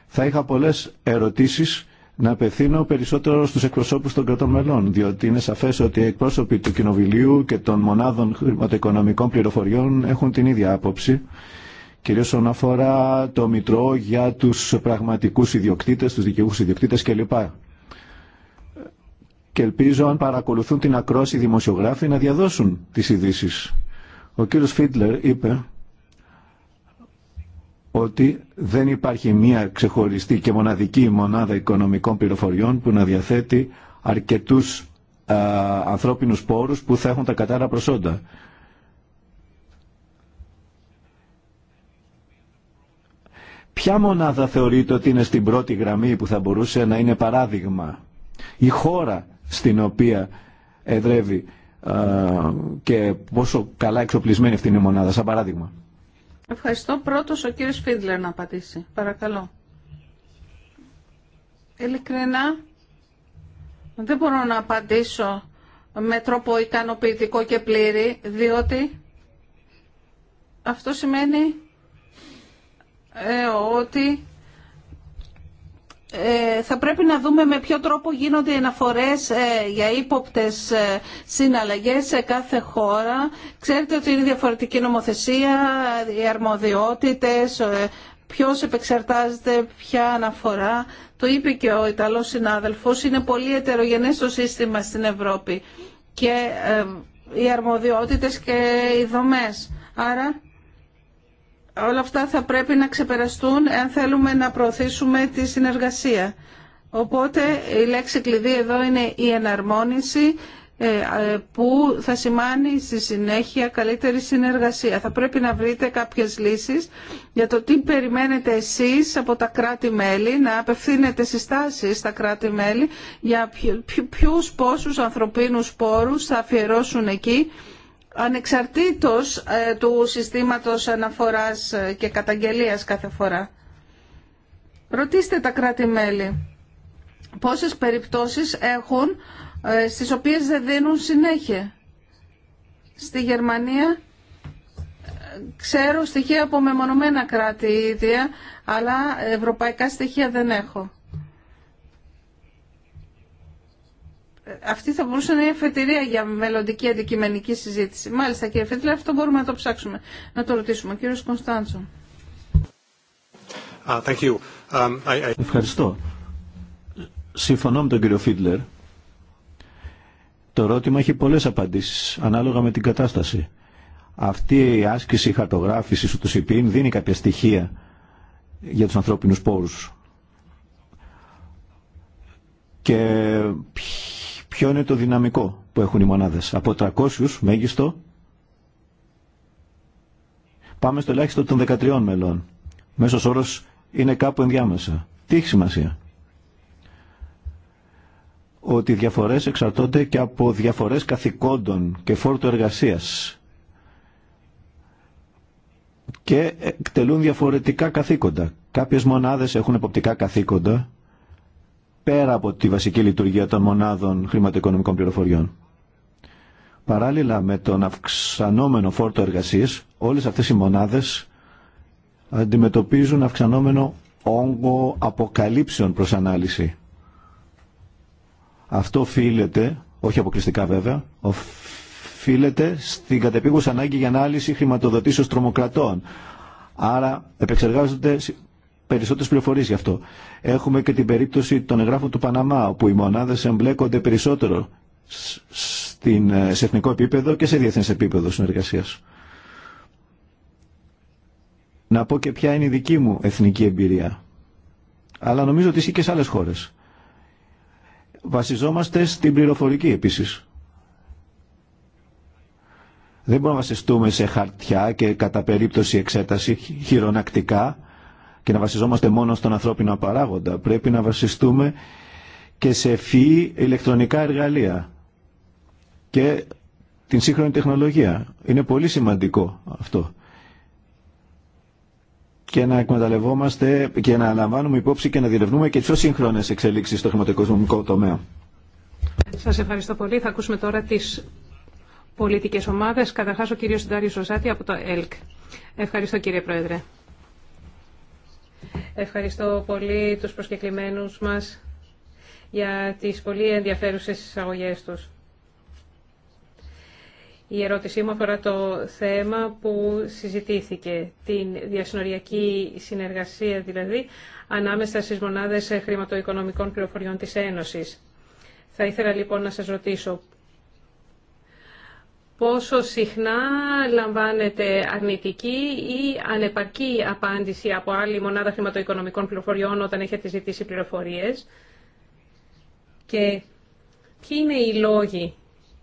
Θα είχα πολλές ερωτήσεις να απευθύνω περισσότερο στους εκπροσώπους των κρατών μελών, διότι είναι σαφές ότι οι εκπρόσωποι του Κοινοβουλίου και των μονάδων χρηματοοικονομικών πληροφοριών έχουν την ίδια άποψη, κυρίως όσον αφορά το Μητρό για τους πραγματικούς ιδιοκτήτες, τους δικαιούς ιδιοκτήτες κλπ. Και ελπίζω αν παρακολουθούν την ακρόση δημοσιογράφοι να διαδώσουν τι ειδήσει. Ο κύριο Φίτλερ είπε ότι δεν υπάρχει μία ξεχωριστή και μοναδική μονάδα οικονομικών πληροφοριών που να διαθέτει αρκετούς α, ανθρώπινους πόρους που θα έχουν τα κατάρα προσόντα. Ποια μονάδα θεωρείτε ότι είναι στην πρώτη γραμμή που θα μπορούσε να είναι παράδειγμα. Η χώρα στην οποία εδρεύει α, και πόσο καλά εξοπλισμένη αυτή είναι η μονάδα, σαν παράδειγμα. Ευχαριστώ. Πρώτος ο κύριος Φίντλερ να απαντήσει. Παρακαλώ. Ειλικρινά, δεν μπορώ να απαντήσω με τρόπο ικανοποιητικό και πλήρη, διότι αυτό σημαίνει ε, ότι ε, θα πρέπει να δούμε με ποιο τρόπο γίνονται οι αναφορές ε, για ύποπτες ε, συναλλαγές σε κάθε χώρα. Ξέρετε ότι είναι διαφορετική νομοθεσία, οι αρμοδιότητες, ποιος επεξαρτάζεται, ποια αναφορά. Το είπε και ο Ιταλός συνάδελφος, είναι πολύ ετερογενές το σύστημα στην Ευρώπη και οι αρμοδιότητες και οι δομές. Άρα όλα αυτά θα πρέπει να ξεπεραστούν αν θέλουμε να προωθήσουμε τη συνεργασία. Οπότε η λέξη κλειδί εδώ είναι η εναρμόνιση ε, ε, που θα σημάνει στη συνέχεια καλύτερη συνεργασία. Θα πρέπει να βρείτε κάποιες λύσεις για το τι περιμένετε εσείς από τα κράτη-μέλη, να απευθύνετε συστάσεις στα κράτη-μέλη για ποιους πόσους ανθρωπίνους πόρους θα αφιερώσουν εκεί ανεξαρτήτως ε, του συστήματος αναφοράς ε, και καταγγελίας κάθε φορά. Ρωτήστε τα κράτη-μέλη πόσες περιπτώσεις έχουν ε, στις οποίες δεν δίνουν συνέχεια. Στη Γερμανία ξέρω στοιχεία από μεμονωμένα κράτη ίδια, αλλά ευρωπαϊκά στοιχεία δεν έχω. αυτή θα μπορούσε να είναι εφετηρία για μελλοντική αντικειμενική συζήτηση. Μάλιστα κύριε Φίτλερ, αυτό μπορούμε να το ψάξουμε, να το ρωτήσουμε. Κύριος Κωνσταντσο. Um, Ευχαριστώ. Συμφωνώ με τον κύριο Φίτλερ. Το ερώτημα έχει πολλές απαντήσεις, ανάλογα με την κατάσταση. Αυτή η άσκηση χαρτογράφησης του ΣΥΠΗΝ δίνει κάποια στοιχεία για τους ανθρώπινους πόρους. Και ποιο είναι το δυναμικό που έχουν οι μονάδες. Από 300 μέγιστο πάμε στο ελάχιστο των 13 μελών. Μέσος όρος είναι κάπου ενδιάμεσα. Τι έχει σημασία. Ότι οι διαφορές εξαρτώνται και από διαφορές καθηκόντων και φόρτου εργασίας και εκτελούν διαφορετικά καθήκοντα. Κάποιες μονάδες έχουν εποπτικά καθήκοντα πέρα από τη βασική λειτουργία των μονάδων χρηματοοικονομικών πληροφοριών. Παράλληλα με τον αυξανόμενο φόρτο εργασίας, όλες αυτές οι μονάδες αντιμετωπίζουν αυξανόμενο όγκο αποκαλύψεων προς ανάλυση. Αυτό οφείλεται, όχι αποκλειστικά βέβαια, οφείλεται στην κατεπίγουσα ανάγκη για ανάλυση χρηματοδοτήσεως τρομοκρατών. Άρα επεξεργάζονται Περισσότερε πληροφορίε. γι' αυτό. Έχουμε και την περίπτωση των εγγράφων του Παναμά, όπου οι μονάδε εμπλέκονται περισσότερο στην, ε, σε εθνικό επίπεδο και σε διεθνέ επίπεδο συνεργασίας. Να πω και ποια είναι η δική μου εθνική εμπειρία. Αλλά νομίζω ότι ισχύει και σε άλλες χώρες. Βασιζόμαστε στην πληροφορική επίση. Δεν μπορούμε να βασιστούμε σε χαρτιά και κατά περίπτωση εξέταση χειρονακτικά και να βασιζόμαστε μόνο στον ανθρώπινο παράγοντα. Πρέπει να βασιστούμε και σε ευφυή ηλεκτρονικά εργαλεία και την σύγχρονη τεχνολογία. Είναι πολύ σημαντικό αυτό. Και να εκμεταλλευόμαστε και να λαμβάνουμε υπόψη και να διερευνούμε και πιο σύγχρονε εξελίξει στο χρηματοοικονομικό τομέα. Σα ευχαριστώ πολύ. Θα ακούσουμε τώρα τι πολιτικέ ομάδε. Καταρχά, ο κύριο Ντάριο Ζωζάτη από το ΕΛΚ. Ευχαριστώ, κύριε Πρόεδρε. Ευχαριστώ πολύ τους προσκεκλημένους μας για τις πολύ ενδιαφέρουσες εισαγωγές τους. Η ερώτησή μου αφορά το θέμα που συζητήθηκε, την διασυνοριακή συνεργασία δηλαδή ανάμεσα στις μονάδες χρηματοοικονομικών πληροφοριών της Ένωσης. Θα ήθελα λοιπόν να σας ρωτήσω πόσο συχνά λαμβάνεται αρνητική ή ανεπαρκή απάντηση από άλλη μονάδα χρηματοοικονομικών πληροφοριών όταν έχετε ζητήσει πληροφορίες και ποιοι είναι οι λόγοι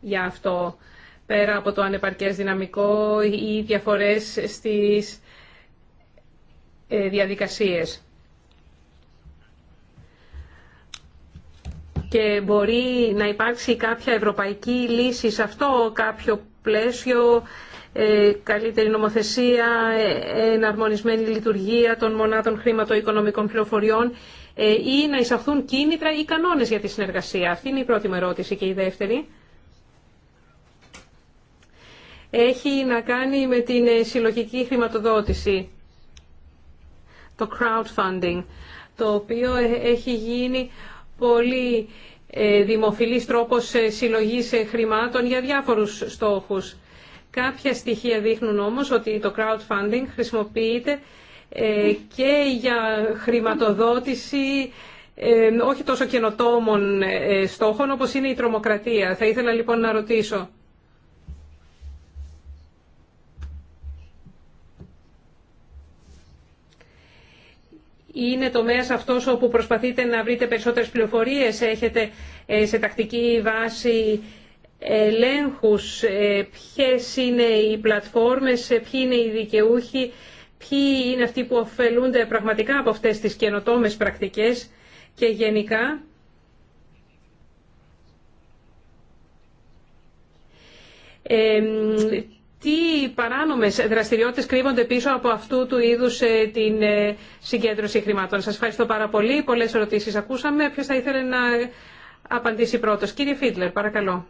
για αυτό πέρα από το ανεπαρκές δυναμικό ή διαφορές στις ε, διαδικασίες. και μπορεί να υπάρξει κάποια ευρωπαϊκή λύση σε αυτό, κάποιο πλαίσιο, ε, καλύτερη νομοθεσία, ε, εναρμονισμένη λειτουργία των μονάδων χρηματοοικονομικών πληροφοριών ε, ή να εισαχθούν κίνητρα ή κανόνες για τη συνεργασία. Αυτή είναι η πρώτη μου ερώτηση και η δεύτερη. Έχει να κάνει με την συλλογική χρηματοδότηση, το crowdfunding, το οποίο έχει γίνει πολύ ε, δημοφιλής τρόπος ε, συλλογής ε, χρημάτων για διάφορους στόχους. Κάποια στοιχεία δείχνουν όμως ότι το crowdfunding χρησιμοποιείται και για χρηματοδότηση όχι τόσο καινοτόμων στόχων όπως είναι η τρομοκρατία. Θα ήθελα λοιπόν να ρωτήσω Είναι τομέας αυτός όπου προσπαθείτε να βρείτε περισσότερες πληροφορίες, έχετε ε, σε τακτική βάση ελέγχους, ε, ποιες είναι οι πλατφόρμες, ε, ποιοι είναι οι δικαιούχοι, ποιοι είναι αυτοί που ωφελούνται πραγματικά από αυτές τις καινοτόμες πρακτικές και γενικά τι παράνομες δραστηριότητες κρύβονται πίσω από αυτού του είδους ε, την ε, συγκέντρωση χρημάτων. Σας ευχαριστώ πάρα πολύ. Πολλές ερωτήσεις ακούσαμε. Ποιος θα ήθελε να απαντήσει πρώτος. Κύριε Φίτλερ, παρακαλώ.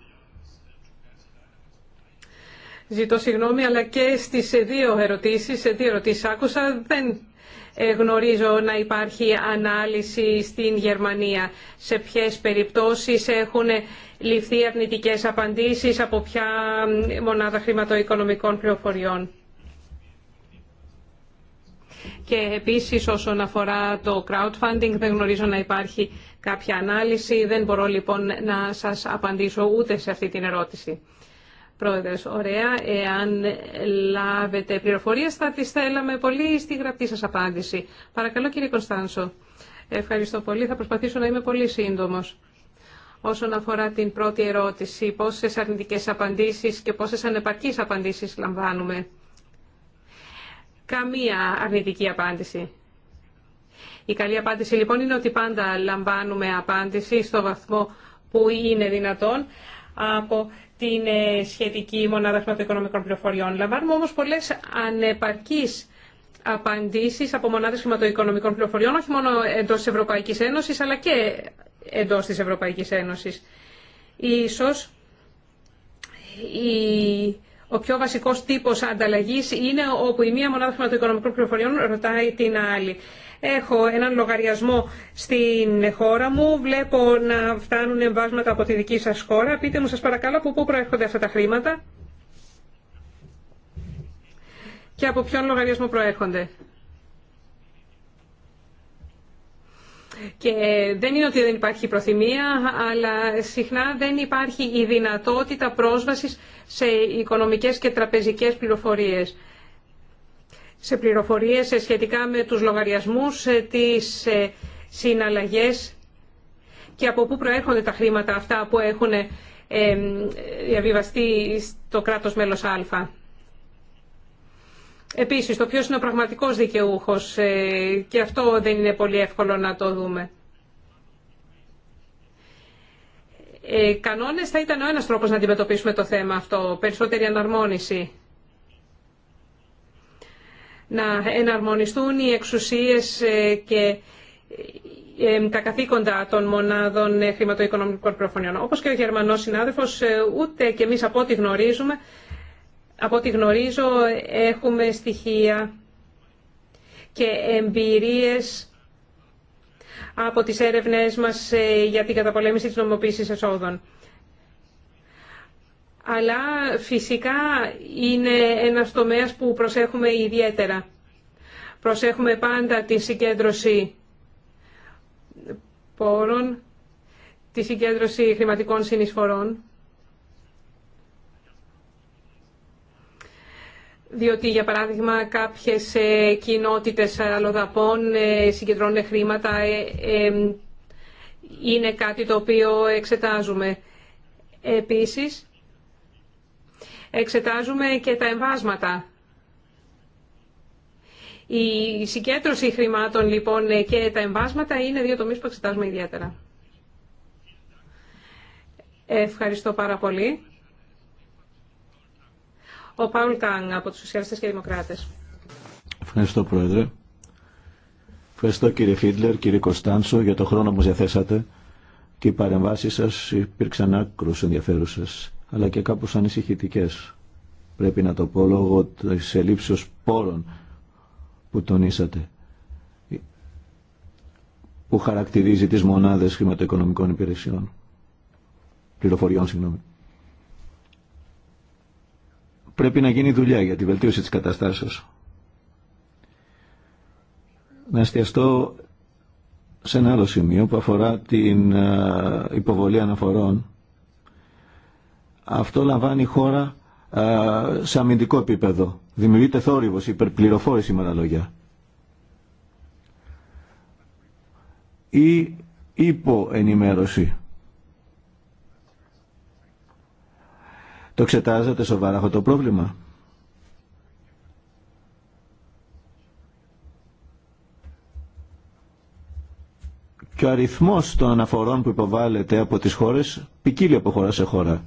Ζητώ συγγνώμη, αλλά και στις δύο ερωτήσεις, δύο ερωτήσεις άκουσα, δεν ε, γνωρίζω να υπάρχει ανάλυση στην Γερμανία. Σε ποιες περιπτώσεις έχουν ληφθεί αρνητικές απαντήσεις, από ποια μονάδα χρηματοοικονομικών πληροφοριών. Και επίσης όσον αφορά το crowdfunding δεν γνωρίζω να υπάρχει κάποια ανάλυση. Δεν μπορώ λοιπόν να σας απαντήσω ούτε σε αυτή την ερώτηση ωραία. Εάν λάβετε πληροφορίε θα τις θέλαμε πολύ στη γραπτή σας απάντηση. Παρακαλώ κύριε Κωνστανσο. Ευχαριστώ πολύ. Θα προσπαθήσω να είμαι πολύ σύντομος. Όσον αφορά την πρώτη ερώτηση, πόσε αρνητικές απαντήσεις και πόσε ανεπαρκείς απαντήσεις λαμβάνουμε. Καμία αρνητική απάντηση. Η καλή απάντηση λοιπόν είναι ότι πάντα λαμβάνουμε απάντηση στο βαθμό που είναι δυνατόν από την ε, σχετική μονάδα χρηματοοικονομικών πληροφοριών. Λαμβάνουμε όμως πολλές ανεπαρκείς απαντήσεις από μονάδες χρηματοοικονομικών πληροφοριών, όχι μόνο εντός της Ευρωπαϊκής Ένωσης, αλλά και εντός της Ευρωπαϊκής Ένωσης. Ίσως η... ο πιο βασικός τύπος ανταλλαγής είναι όπου η μία μονάδα χρηματοοικονομικών πληροφοριών ρωτάει την άλλη. Έχω έναν λογαριασμό στην χώρα μου, βλέπω να φτάνουν εμβάσματα από τη δική σας χώρα. Πείτε μου σας παρακαλώ από πού προέρχονται αυτά τα χρήματα και από ποιον λογαριασμό προέρχονται. Και ε, δεν είναι ότι δεν υπάρχει προθυμία, αλλά συχνά δεν υπάρχει η δυνατότητα πρόσβασης σε οικονομικές και τραπεζικές πληροφορίες σε πληροφορίες ε, σχετικά με τους λογαριασμούς, ε, τις ε, συναλλαγές και από πού προέρχονται τα χρήματα αυτά που έχουν διαβιβαστεί στο κράτος μέλος Α. Επίσης, το ποιος είναι ο πραγματικός δικαιούχος και αυτό δεν είναι πολύ εύκολο να το δούμε. Κανόνες θα ήταν ο ένας τρόπος να αντιμετωπίσουμε το θέμα αυτό, περισσότερη αναρμόνιση να εναρμονιστούν οι εξουσίες ε, και ε, ε, τα καθήκοντα των μονάδων χρηματοοικονομικών προφωνιών. Όπως και ο Γερμανός συνάδελφος, ούτε και εμείς από ό,τι γνωρίζουμε, από γνωρίζω έχουμε στοιχεία και εμπειρίες από τις έρευνές μας για την καταπολέμηση της νομοποίησης εσόδων αλλά φυσικά είναι ένας τομέας που προσέχουμε ιδιαίτερα. Προσέχουμε πάντα τη συγκέντρωση πόρων, τη συγκέντρωση χρηματικών συνεισφορών, διότι για παράδειγμα κάποιες ε, κοινότητες αλλοδαπών ε, συγκεντρώνουν χρήματα, ε, είναι κάτι το οποίο εξετάζουμε. Επίσης, εξετάζουμε και τα εμβάσματα. Η συγκέντρωση χρημάτων λοιπόν και τα εμβάσματα είναι δύο τομείς που εξετάζουμε ιδιαίτερα. Ευχαριστώ πάρα πολύ. Ο Παουλ καν από τους Σοσιαλιστές και Δημοκράτες. Ευχαριστώ Πρόεδρε. Ευχαριστώ κύριε Φίτλερ, κύριε Κωνσταντσο για το χρόνο που διαθέσατε και οι παρεμβάσεις σας υπήρξαν άκρους ενδιαφέρουσες αλλά και κάπως ανησυχητικέ. Πρέπει να το πω λόγω της ελλείψεως πόρων που τονίσατε που χαρακτηρίζει τις μονάδες χρηματοοικονομικών υπηρεσιών πληροφοριών συγγνώμη. Πρέπει να γίνει δουλειά για τη βελτίωση της καταστάσεως. Να εστιαστώ σε ένα άλλο σημείο που αφορά την ε, υποβολή αναφορών αυτό λαμβάνει η χώρα ε, σε αμυντικό επίπεδο. Δημιουργείται θόρυβος, υπερπληροφόρηση με τα λόγια. Ή υποενημέρωση. Το εξετάζετε σοβαρά αυτό το πρόβλημα. Και ο αριθμός των αναφορών που υποβάλλεται από τις χώρες ποικίλει από χώρα σε χώρα.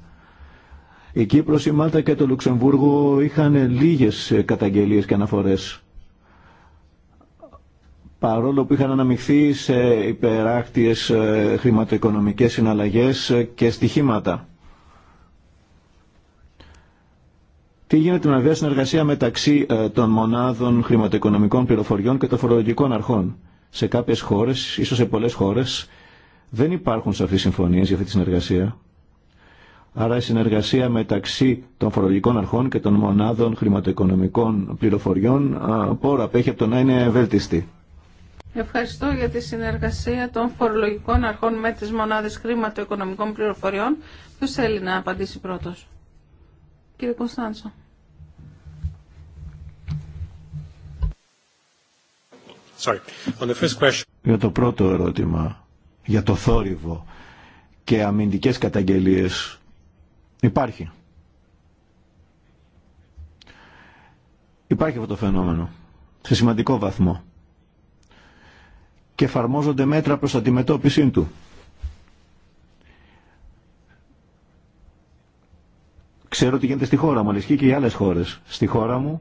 Η Κύπρος, η Μάλτα και το Λουξεμβούργο είχαν λίγες καταγγελίες και αναφορές. Παρόλο που είχαν αναμειχθεί σε υπεράκτιες ε, χρηματοοικονομικές συναλλαγές και στοιχήματα. Τι γίνεται με βέβαια συνεργασία μεταξύ ε, των μονάδων χρηματοοικονομικών πληροφοριών και των φορολογικών αρχών. Σε κάποιες χώρες, ίσως σε πολλές χώρες, δεν υπάρχουν σαφείς συμφωνίες για αυτή τη συνεργασία. Άρα η συνεργασία μεταξύ των φορολογικών αρχών και των μονάδων χρηματοοικονομικών πληροφοριών πόρα απέχει από το να είναι ευέλτιστη. Ευχαριστώ για τη συνεργασία των φορολογικών αρχών με τις μονάδες χρηματοοικονομικών πληροφοριών. Ποιο θέλει να απαντήσει πρώτος. Κύριε Κωνσταντσο. Sorry. Για το πρώτο ερώτημα, για το θόρυβο και αμυντικές καταγγελίες Υπάρχει. Υπάρχει αυτό το φαινόμενο, σε σημαντικό βαθμό. Και εφαρμόζονται μέτρα προς αντιμετώπιση του. Ξέρω ότι γίνεται στη χώρα μου, αλλά και οι άλλες χώρες. Στη χώρα μου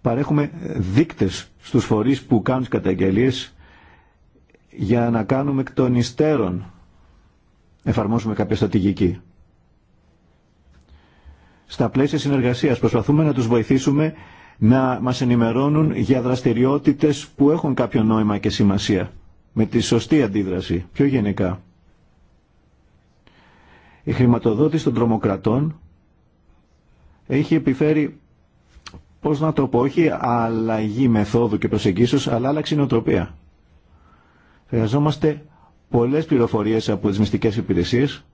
παρέχουμε δείκτες στους φορείς που κάνουν καταγγελίες για να κάνουμε εκ των υστέρων εφαρμόσουμε κάποια στρατηγική. Στα πλαίσια συνεργασίας προσπαθούμε να τους βοηθήσουμε να μας ενημερώνουν για δραστηριότητες που έχουν κάποιο νόημα και σημασία, με τη σωστή αντίδραση, πιο γενικά. Η χρηματοδότηση των τρομοκρατών έχει επιφέρει, πώς να το πω, όχι αλλαγή μεθόδου και προσεγγίσεως, αλλά άλλαξη νοοτροπία. Χρειαζόμαστε πολλές πληροφορίες από τις μυστικές υπηρεσίες.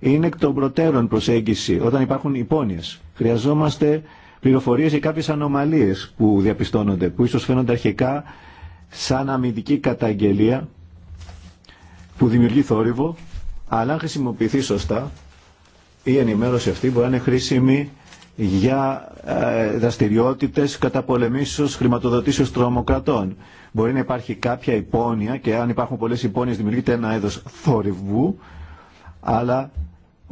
Είναι εκ των προτέρων προσέγγιση όταν υπάρχουν υπόνοιες. Χρειαζόμαστε πληροφορίες για κάποιες ανομαλίες που διαπιστώνονται, που ίσως φαίνονται αρχικά σαν αμυντική καταγγελία που δημιουργεί θόρυβο, αλλά αν χρησιμοποιηθεί σωστά η ενημέρωση αυτή μπορεί να είναι χρήσιμη για ε, δραστηριότητες καταπολεμήσεως χρηματοδοτήσεως τρομοκρατών Μπορεί να υπάρχει κάποια υπόνοια και αν υπάρχουν πολλές υπόνοιες δημιουργείται ένα έδος θόρυβου, αλλά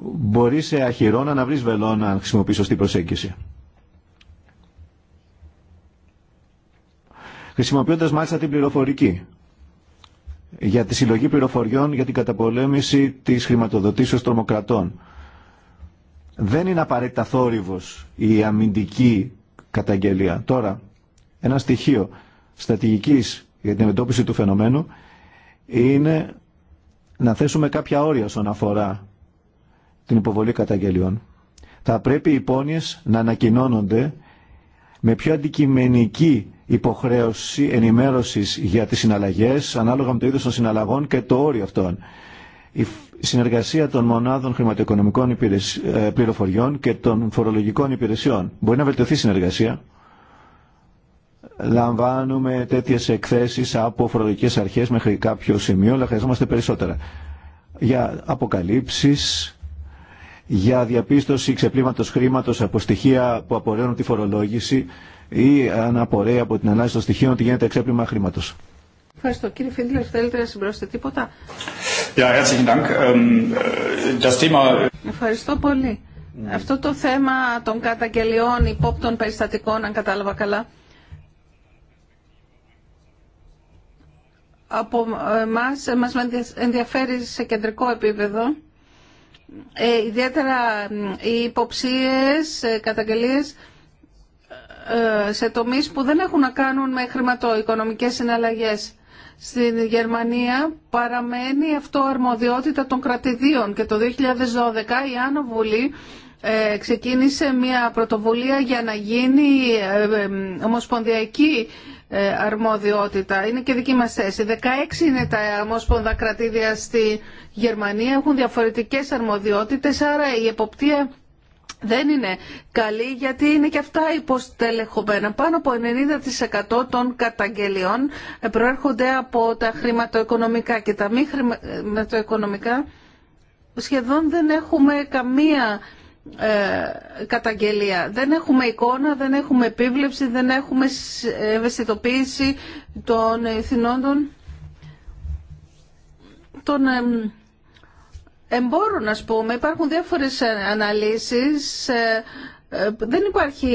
μπορεί σε αχυρώνα να βρεις βελόνα αν χρησιμοποιείς σωστή προσέγγιση. Χρησιμοποιώντας μάλιστα την πληροφορική για τη συλλογή πληροφοριών για την καταπολέμηση της χρηματοδοτήσεως τρομοκρατών. Δεν είναι απαραίτητα θόρυβος η αμυντική καταγγελία. Τώρα, ένα στοιχείο στρατηγικής για την αντιμετώπιση του φαινομένου είναι να θέσουμε κάποια όρια όσον αφορά την υποβολή καταγγελιών. Θα πρέπει οι πόνιες να ανακοινώνονται με πιο αντικειμενική υποχρέωση ενημέρωσης για τις συναλλαγές ανάλογα με το είδος των συναλλαγών και το όριο αυτών. Η συνεργασία των μονάδων χρηματοοικονομικών ε, πληροφοριών και των φορολογικών υπηρεσιών. Μπορεί να βελτιωθεί η συνεργασία λαμβάνουμε τέτοιες εκθέσεις από φορολογικές αρχές μέχρι κάποιο σημείο, αλλά χρειαζόμαστε περισσότερα. Για αποκαλύψεις, για διαπίστωση ξεπλήματος χρήματος από στοιχεία που απορρέουν τη φορολόγηση ή αν απορρέει από την ανάλυση των στοιχείων ότι γίνεται ξέπλήμα χρήματος. Ευχαριστώ. Κύριε Φίντλερ, θέλετε να συμπληρώσετε τίποτα. Ähm, äh, Ευχαριστώ πολύ. Ναι. Αυτό το θέμα των καταγγελιών υπόπτων περιστατικών, αν κατάλαβα καλά, από εμάς, ε, μας ενδιαφέρει σε κεντρικό επίπεδο. Ε, ιδιαίτερα ε, οι υποψίες, καταγγελίες σε τομείς που δεν έχουν να κάνουν με χρηματοοικονομικές συναλλαγές. Στην Γερμανία παραμένει αυτό αρμοδιότητα των κρατηδίων και το 2012 η Άνω Βουλή ξεκίνησε μια πρωτοβουλία για να γίνει ομοσπονδιακή ε, αρμόδιότητα. Είναι και δική μας θέση. 16 είναι τα ομόσπονδα κρατήδια στη Γερμανία, έχουν διαφορετικές αρμοδιότητες, άρα η εποπτεία δεν είναι καλή γιατί είναι και αυτά υποστελεχωμένα. Πάνω από 90% των καταγγελιών προέρχονται από τα χρηματοοικονομικά και τα μη χρηματοοικονομικά σχεδόν δεν έχουμε καμία ε, καταγγελία. Δεν έχουμε εικόνα, δεν έχουμε επίβλεψη, δεν έχουμε ε, ευαισθητοποίηση των εθνών των εμπόρων, ας πούμε. Υπάρχουν διάφορες ε, αναλύσεις ε, δεν υπάρχει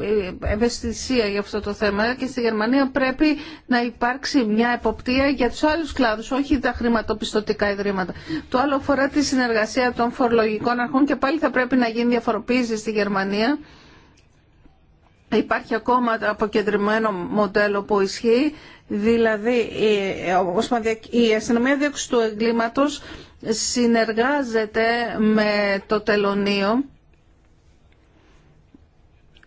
ε, ευαισθησία για αυτό το θέμα και στη Γερμανία πρέπει να υπάρξει μια εποπτεία για τους άλλους κλάδους, όχι τα χρηματοπιστωτικά ιδρύματα. Το άλλο αφορά τη συνεργασία των φορολογικών αρχών και πάλι θα πρέπει να γίνει διαφοροποίηση στη Γερμανία. Υπάρχει ακόμα αποκεντρωμένο μοντέλο που ισχύει, δηλαδή η αστυνομία δίωξη του εγκλήματος συνεργάζεται με το τελωνίο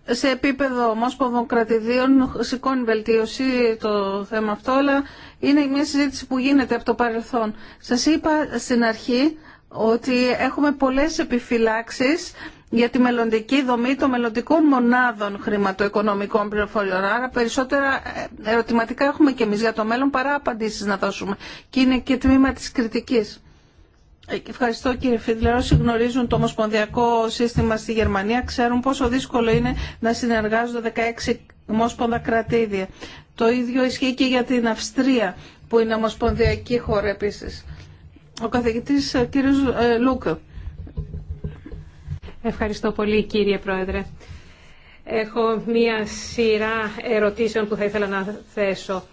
σε επίπεδο ομόσπονδων κρατηδίων σηκώνει βελτίωση το θέμα αυτό, αλλά είναι μια συζήτηση που γίνεται από το παρελθόν. Σας είπα στην αρχή ότι έχουμε πολλές επιφυλάξεις για τη μελλοντική δομή των μελλοντικών μονάδων χρηματοοικονομικών πληροφοριών. Άρα περισσότερα ερωτηματικά έχουμε και εμείς για το μέλλον παρά απαντήσεις να δώσουμε. Και είναι και τμήμα της κριτικής. Ευχαριστώ κύριε Φίτλερ. Όσοι γνωρίζουν το ομοσπονδιακό σύστημα στη Γερμανία ξέρουν πόσο δύσκολο είναι να συνεργάζονται 16 ομόσπονδα κρατήδια. Το ίδιο ισχύει και για την Αυστρία που είναι ομοσπονδιακή χώρα επίσης. Ο καθηγητής ε, κύριος ε, Λούκα. Ευχαριστώ πολύ κύριε Πρόεδρε. Έχω μία σειρά ερωτήσεων που θα ήθελα να θέσω.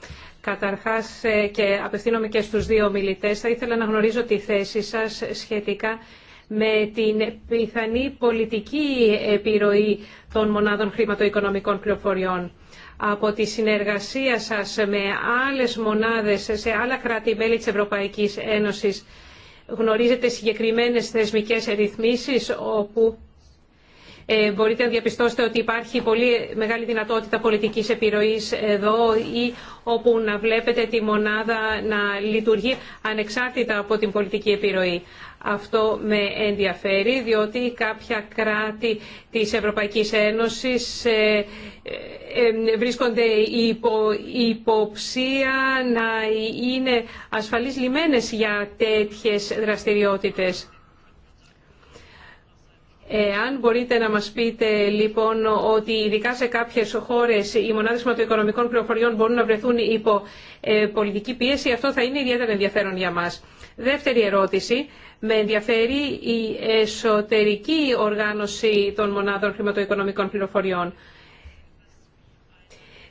Καταρχάς ε, και απευθύνομαι και στους δύο μιλητές, θα ήθελα να γνωρίζω τη θέση σας σχετικά με την πιθανή πολιτική επιρροή των μονάδων χρηματοοικονομικών πληροφοριών. Από τη συνεργασία σας με άλλες μονάδες σε άλλα κράτη-μέλη της Ευρωπαϊκής Ένωσης γνωρίζετε συγκεκριμένες θεσμικές ρυθμίσεις όπου ε, μπορείτε να διαπιστώσετε ότι υπάρχει πολύ μεγάλη δυνατότητα πολιτικής επιρροής εδώ ή όπου να βλέπετε τη μονάδα να λειτουργεί ανεξάρτητα από την πολιτική επιρροή. Αυτό με ενδιαφέρει, διότι κάποια κράτη της Ευρωπαϊκής Ένωσης ε, ε, ε, βρίσκονται υπό υποψία να είναι ασφαλείς λιμένες για τέτοιες δραστηριότητες. Εάν μπορείτε να μας πείτε λοιπόν ότι ειδικά σε κάποιες χώρες οι μονάδες χρηματοοικονομικών πληροφοριών μπορούν να βρεθούν υπό ε, πολιτική πίεση, αυτό θα είναι ιδιαίτερα ενδιαφέρον για μας. Δεύτερη ερώτηση. Με ενδιαφέρει η εσωτερική οργάνωση των μονάδων χρηματοοικονομικών πληροφοριών.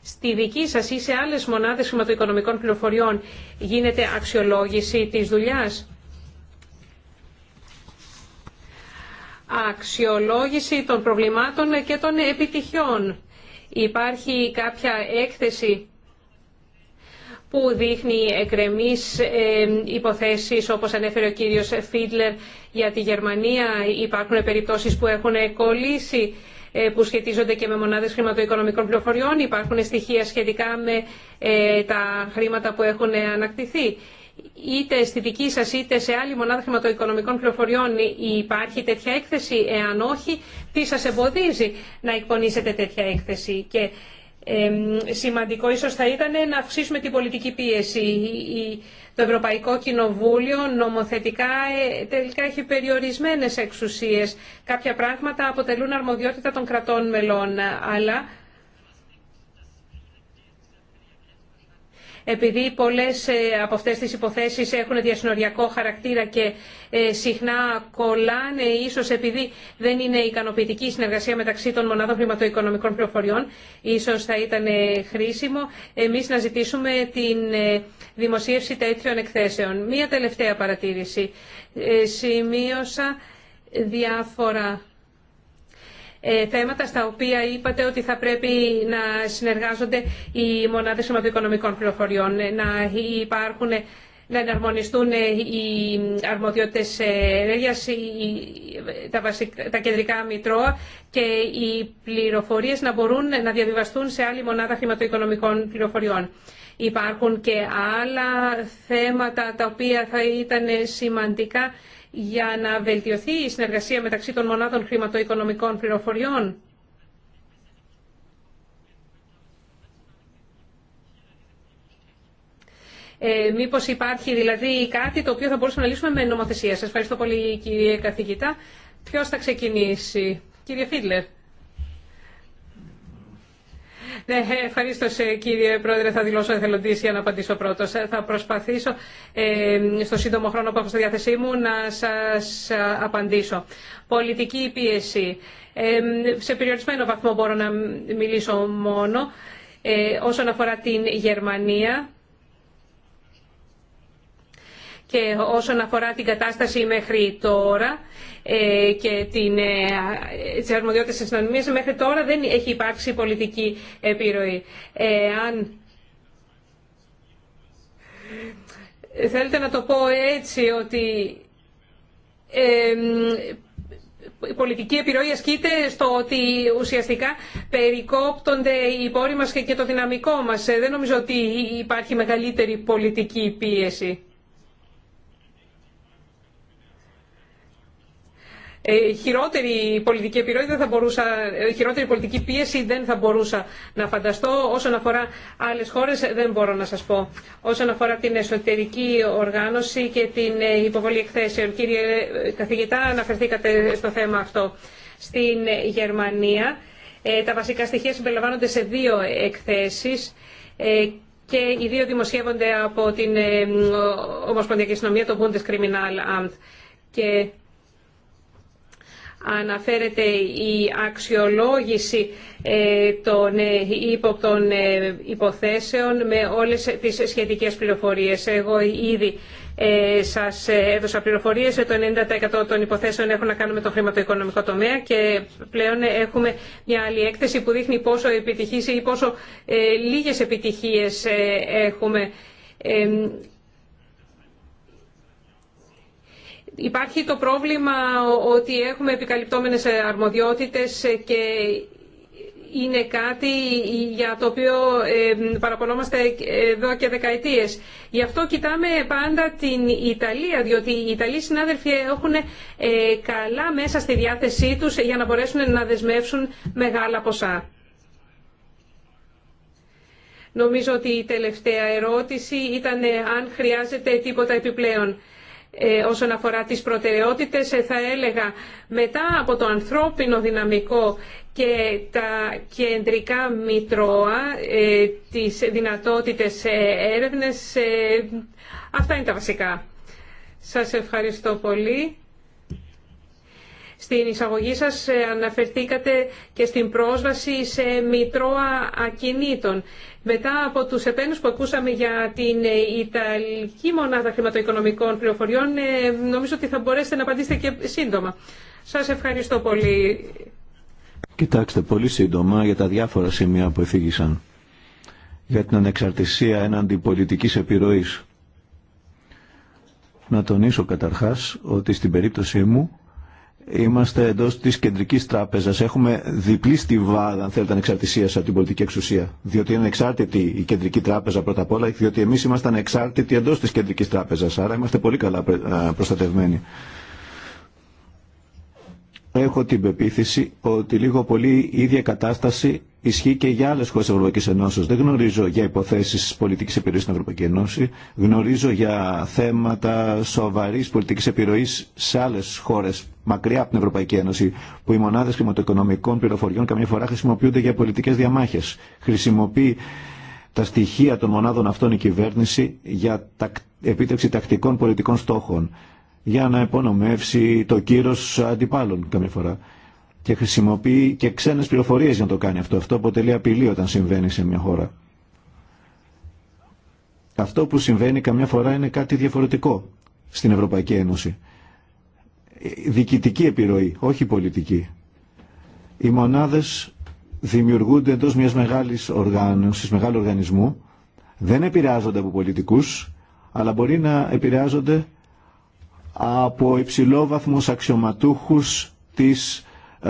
Στη δική σας ή σε άλλες μονάδες χρηματοοικονομικών πληροφοριών γίνεται αξιολόγηση της δουλειάς αξιολόγηση των προβλημάτων και των επιτυχιών. Υπάρχει κάποια έκθεση που δείχνει εκρεμείς ε, υποθέσεις, όπως ανέφερε ο κύριος Φίτλερ για τη Γερμανία. Υπάρχουν περιπτώσεις που έχουν κολλήσει, ε, που σχετίζονται και με μονάδες χρηματοοικονομικών πληροφοριών. Υπάρχουν στοιχεία σχετικά με ε, τα χρήματα που έχουν ανακτηθεί είτε στη δική σα είτε σε άλλη μονάδα χρηματοοικονομικών πληροφοριών υπάρχει τέτοια έκθεση. Εάν όχι, τι σα εμποδίζει να εκπονήσετε τέτοια έκθεση. Και ε, σημαντικό ίσως θα ήταν να αυξήσουμε την πολιτική πίεση. Το Ευρωπαϊκό Κοινοβούλιο νομοθετικά ε, τελικά έχει περιορισμένες εξουσίες. Κάποια πράγματα αποτελούν αρμοδιότητα των κρατών μελών, αλλά Επειδή πολλές ε, από αυτές τις υποθέσεις έχουν διασυνοριακό χαρακτήρα και ε, συχνά κολλάνε, ίσως επειδή δεν είναι ικανοποιητική η συνεργασία μεταξύ των μονάδων χρηματοοικονομικών πληροφοριών, ίσως θα ήταν ε, χρήσιμο εμείς να ζητήσουμε την δημοσίευση τέτοιων εκθέσεων. Μία τελευταία παρατήρηση. Σημείωσα διάφορα ε, θέματα στα οποία είπατε ότι θα πρέπει να συνεργάζονται οι μονάδες χρηματοοικονομικών πληροφοριών, ε, να υπάρχουν να εναρμονιστούν ε, οι αρμοδιότητες ενέργειας, τα, τα κεντρικά μητρώα και οι πληροφορίες να μπορούν να διαβιβαστούν σε άλλη μονάδα χρηματοοικονομικών πληροφοριών. Υπάρχουν και άλλα θέματα τα οποία θα ήταν σημαντικά για να βελτιωθεί η συνεργασία μεταξύ των μονάδων χρηματοοικονομικών πληροφοριών. Ε, μήπως υπάρχει δηλαδή κάτι το οποίο θα μπορούσαμε να λύσουμε με νομοθεσία. Σας ευχαριστώ πολύ κύριε καθηγητά. Ποιος θα ξεκινήσει. Κύριε Φίτλερ. Ναι, ευχαρίστω κύριε Πρόεδρε. Θα δηλώσω εθελοντή για να απαντήσω πρώτο. Ε, θα προσπαθήσω ε, στο σύντομο χρόνο που έχω στη διάθεσή μου να σα ε, απαντήσω. Πολιτική πίεση. σε περιορισμένο βαθμό μπορώ να μιλήσω μόνο. όσον αφορά την Γερμανία, και όσον αφορά την κατάσταση μέχρι τώρα ε, και την, ε, τις αρμοδιότητες μέχρι τώρα δεν έχει υπάρξει πολιτική επιρροή. Ε, θέλετε να το πω έτσι ότι ε, η πολιτική επιρροή ασκείται στο ότι ουσιαστικά περικόπτονται οι πόροι μας και το δυναμικό μας. Ε, δεν νομίζω ότι υπάρχει μεγαλύτερη πολιτική πίεση. Ε, χειρότερη πολιτική θα μπορούσα, ε, χειρότερη πολιτική πίεση δεν θα μπορούσα να φανταστώ. Όσον αφορά άλλες χώρες ε, δεν μπορώ να σας πω. Όσον αφορά την εσωτερική οργάνωση και την υποβολή εκθέσεων. Κύριε καθηγητά, αναφερθήκατε στο θέμα αυτό. Στην Γερμανία τα βασικά στοιχεία συμπεριλαμβάνονται σε δύο εκθέσεις και οι δύο δημοσιεύονται από την Ομοσπονδιακή Συνομία, το Bundeskriminalamt. Και αναφέρεται η αξιολόγηση ε, των ύποπτων ε, ε, υποθέσεων με όλες τις σχετικές πληροφορίες. Εγώ ήδη σας έδωσα πληροφορίες. Το 90% των υποθέσεων έχουν να κάνουν με το χρηματοοικονομικό τομέα και πλέον έχουμε μια άλλη έκθεση που δείχνει πόσο επιτυχής ή πόσο λίγες επιτυχίες έχουμε Υπάρχει το πρόβλημα ότι έχουμε επικαλυπτόμενες αρμοδιότητες και είναι κάτι για το οποίο ε, παραπονόμαστε εδώ και δεκαετίες. Γι' αυτό κοιτάμε πάντα την Ιταλία, διότι οι Ιταλοί συνάδελφοι έχουν ε, καλά μέσα στη διάθεσή τους για να μπορέσουν να δεσμεύσουν μεγάλα ποσά. Νομίζω ότι η τελευταία ερώτηση ήταν ε, αν χρειάζεται τίποτα επιπλέον. Ε, όσον αφορά τις προτεραιότητες ε, θα έλεγα μετά από το ανθρώπινο δυναμικό και τα κεντρικά μητρώα, ε, τις δυνατότητες έρευνες, αυτά είναι τα βασικά. Σας ευχαριστώ πολύ. Στην εισαγωγή σας ε, αναφερθήκατε και στην πρόσβαση σε μητρώα ακινήτων. Μετά από τους επένους που ακούσαμε για την ε, Ιταλική Μονάδα Χρηματοοικονομικών Πληροφοριών, ε, νομίζω ότι θα μπορέσετε να απαντήσετε και σύντομα. Σας ευχαριστώ πολύ. Κοιτάξτε, πολύ σύντομα για τα διάφορα σημεία που εφήγησαν. Για την ανεξαρτησία έναντι πολιτικής επιρροής. Να τονίσω καταρχάς ότι στην περίπτωσή μου Είμαστε εντό τη κεντρική τράπεζα. Έχουμε διπλή στιβάδα, αν θέλετε, ανεξαρτησία από την πολιτική εξουσία. Διότι είναι εξάρτητη η κεντρική τράπεζα πρώτα απ' όλα, διότι εμεί είμαστε εξάρτητοι εντό τη κεντρική τράπεζα. Άρα είμαστε πολύ καλά ε, προστατευμένοι. Έχω την πεποίθηση ότι λίγο πολύ η ίδια κατάσταση ισχύει και για άλλε χώρε τη Ευρωπαϊκή Ενώσης. Δεν γνωρίζω για υποθέσει πολιτική επιρροή στην Ευρωπαϊκή Ένωση. Γνωρίζω για θέματα σοβαρή πολιτική επιρροή σε άλλε χώρε μακριά από την Ευρωπαϊκή Ένωση, που οι μονάδε χρηματοοικονομικών πληροφοριών καμιά φορά χρησιμοποιούνται για πολιτικέ διαμάχε. Χρησιμοποιεί τα στοιχεία των μονάδων αυτών η κυβέρνηση για τα επίτευξη τακτικών πολιτικών στόχων για να υπονομεύσει το κύρος αντιπάλων καμιά φορά. Και χρησιμοποιεί και ξένες πληροφορίες για να το κάνει αυτό. Αυτό αποτελεί απειλή όταν συμβαίνει σε μια χώρα. Αυτό που συμβαίνει καμιά φορά είναι κάτι διαφορετικό στην Ευρωπαϊκή Ένωση. Δικητική επιρροή, όχι πολιτική. Οι μονάδες δημιουργούνται εντός μιας μεγάλης οργάνωσης, μεγάλου οργανισμού, δεν επηρεάζονται από πολιτικούς, αλλά μπορεί να επηρεάζονται από υψηλόβαθμους αξιωματούχους της, ε,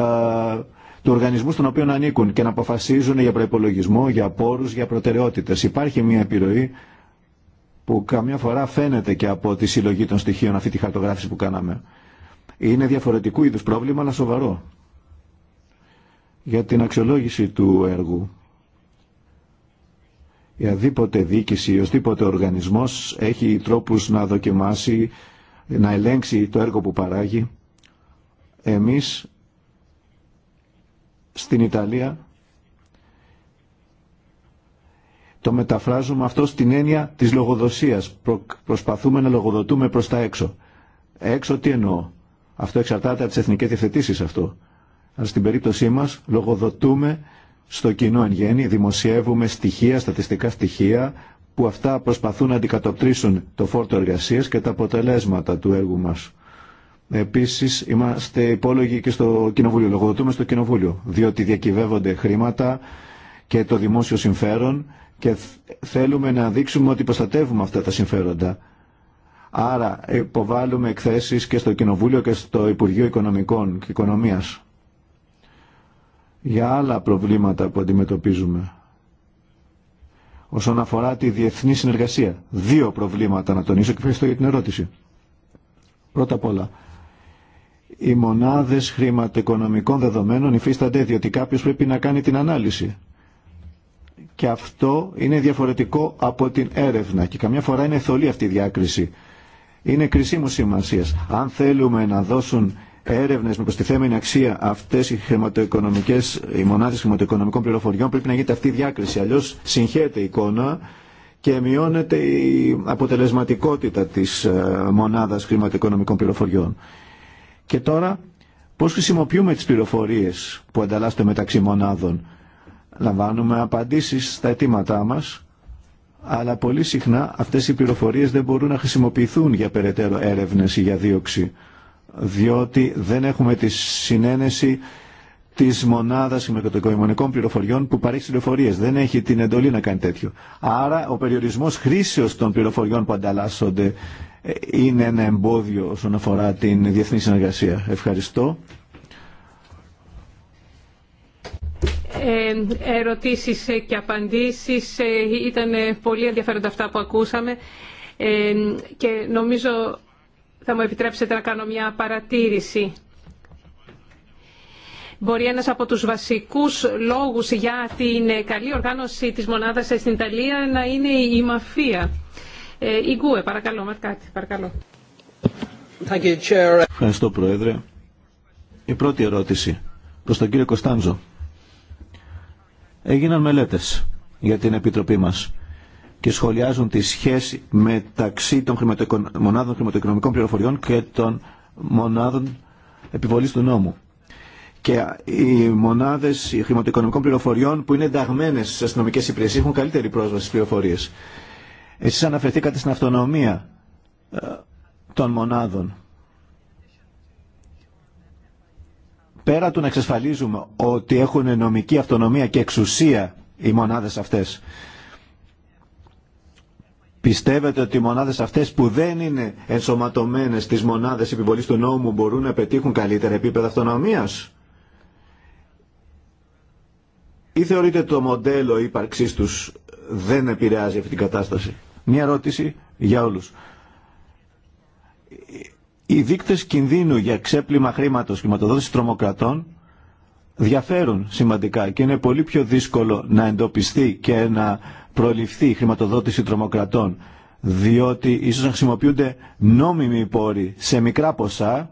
του οργανισμού στον οποίο ανήκουν και να αποφασίζουν για προπολογισμό, για πόρους, για προτεραιότητες. Υπάρχει μια επιρροή που καμιά φορά φαίνεται και από τη συλλογή των στοιχείων αυτή τη χαρτογράφηση που κάναμε. Είναι διαφορετικού είδους πρόβλημα, αλλά σοβαρό για την αξιολόγηση του έργου. Η αδίποτε διοίκηση, οσδήποτε οργανισμός έχει τρόπους να δοκιμάσει να ελέγξει το έργο που παράγει. Εμείς στην Ιταλία το μεταφράζουμε αυτό στην έννοια της λογοδοσίας. προσπαθούμε να λογοδοτούμε προς τα έξω. Έξω τι εννοώ. Αυτό εξαρτάται από τις εθνικές διευθετήσεις αυτό. Αλλά στην περίπτωσή μας λογοδοτούμε στο κοινό εν γέννη, δημοσιεύουμε στοιχεία, στατιστικά στοιχεία, που αυτά προσπαθούν να αντικατοπτρίσουν το φόρτο εργασίας και τα αποτελέσματα του έργου μας. Επίσης είμαστε υπόλογοι και στο Κοινοβούλιο, λογοδοτούμε στο Κοινοβούλιο, διότι διακυβεύονται χρήματα και το δημόσιο συμφέρον και θέλουμε να δείξουμε ότι προστατεύουμε αυτά τα συμφέροντα. Άρα υποβάλλουμε εκθέσεις και στο Κοινοβούλιο και στο Υπουργείο Οικονομικών και Οικονομίας για άλλα προβλήματα που αντιμετωπίζουμε όσον αφορά τη διεθνή συνεργασία. Δύο προβλήματα να τονίσω και ευχαριστώ για την ερώτηση. Πρώτα απ' όλα, οι μονάδε χρηματοοικονομικών δεδομένων υφίστανται διότι κάποιο πρέπει να κάνει την ανάλυση. Και αυτό είναι διαφορετικό από την έρευνα και καμιά φορά είναι θολή αυτή η διάκριση. Είναι κρισίμου σημασία. Αν θέλουμε να δώσουν Έρευνε με προστιθέμενη αξία αυτέ οι, χρηματοοικονομικές, οι μονάδες χρηματοοικονομικών πληροφοριών πρέπει να γίνεται αυτή η διάκριση. Αλλιώ συγχαίρεται η εικόνα και μειώνεται η αποτελεσματικότητα τη ε, μονάδα χρηματοοικονομικών πληροφοριών. Και τώρα πώ χρησιμοποιούμε τι πληροφορίε που ανταλλάσσονται μεταξύ μονάδων. Λαμβάνουμε απαντήσει στα αιτήματά μα, αλλά πολύ συχνά αυτές οι πληροφορίες δεν μπορούν να χρησιμοποιηθούν για περαιτέρω έρευνες ή για δίωξη διότι δεν έχουμε τη συνένεση τη μονάδα χρηματοοικονομικών πληροφοριών που παρέχει πληροφορίε. Δεν έχει την εντολή να κάνει τέτοιο. Άρα ο περιορισμό χρήσεω των πληροφοριών που ανταλλάσσονται ε, είναι ένα εμπόδιο όσον αφορά την διεθνή συνεργασία. Ευχαριστώ. Ε, ερωτήσεις και απαντήσεις ε, ήταν πολύ ενδιαφέροντα αυτά που ακούσαμε ε, και νομίζω θα μου επιτρέψετε να κάνω μια παρατήρηση. Μπορεί ένας από τους βασικούς λόγους για την καλή οργάνωση της μονάδας στην Ιταλία να είναι η μαφία. Ε, η Γκουε, παρακαλώ, Μαρκάτη, παρακαλώ. Ευχαριστώ, Πρόεδρε. Η πρώτη ερώτηση προς τον κύριο Κωνσταντζο. Έγιναν μελέτες για την Επιτροπή μας και σχολιάζουν τη σχέση μεταξύ των μονάδων χρηματοοικονομικών πληροφοριών και των μονάδων επιβολής του νόμου. Και οι μονάδες χρηματοοικονομικών πληροφοριών που είναι ενταγμένες στις αστυνομικές υπηρεσίες έχουν καλύτερη πρόσβαση στις πληροφορίες. Εσείς αναφερθήκατε στην αυτονομία ε, των μονάδων. Πέρα του να εξασφαλίζουμε ότι έχουν νομική αυτονομία και εξουσία οι μονάδες αυτές, Πιστεύετε ότι οι μονάδες αυτές που δεν είναι ενσωματωμένες στις μονάδες επιβολής του νόμου μπορούν να πετύχουν καλύτερα επίπεδα αυτονομίας. Ή θεωρείτε το μοντέλο ύπαρξής τους δεν επηρεάζει αυτή την κατάσταση. Μια ερώτηση για όλους. Οι δείκτες κινδύνου για ξέπλυμα χρήματος, χρηματοδότηση τρομοκρατών διαφέρουν σημαντικά και είναι πολύ πιο δύσκολο να εντοπιστεί και να προληφθεί η χρηματοδότηση τρομοκρατών, διότι ίσως να χρησιμοποιούνται νόμιμοι πόροι σε μικρά ποσά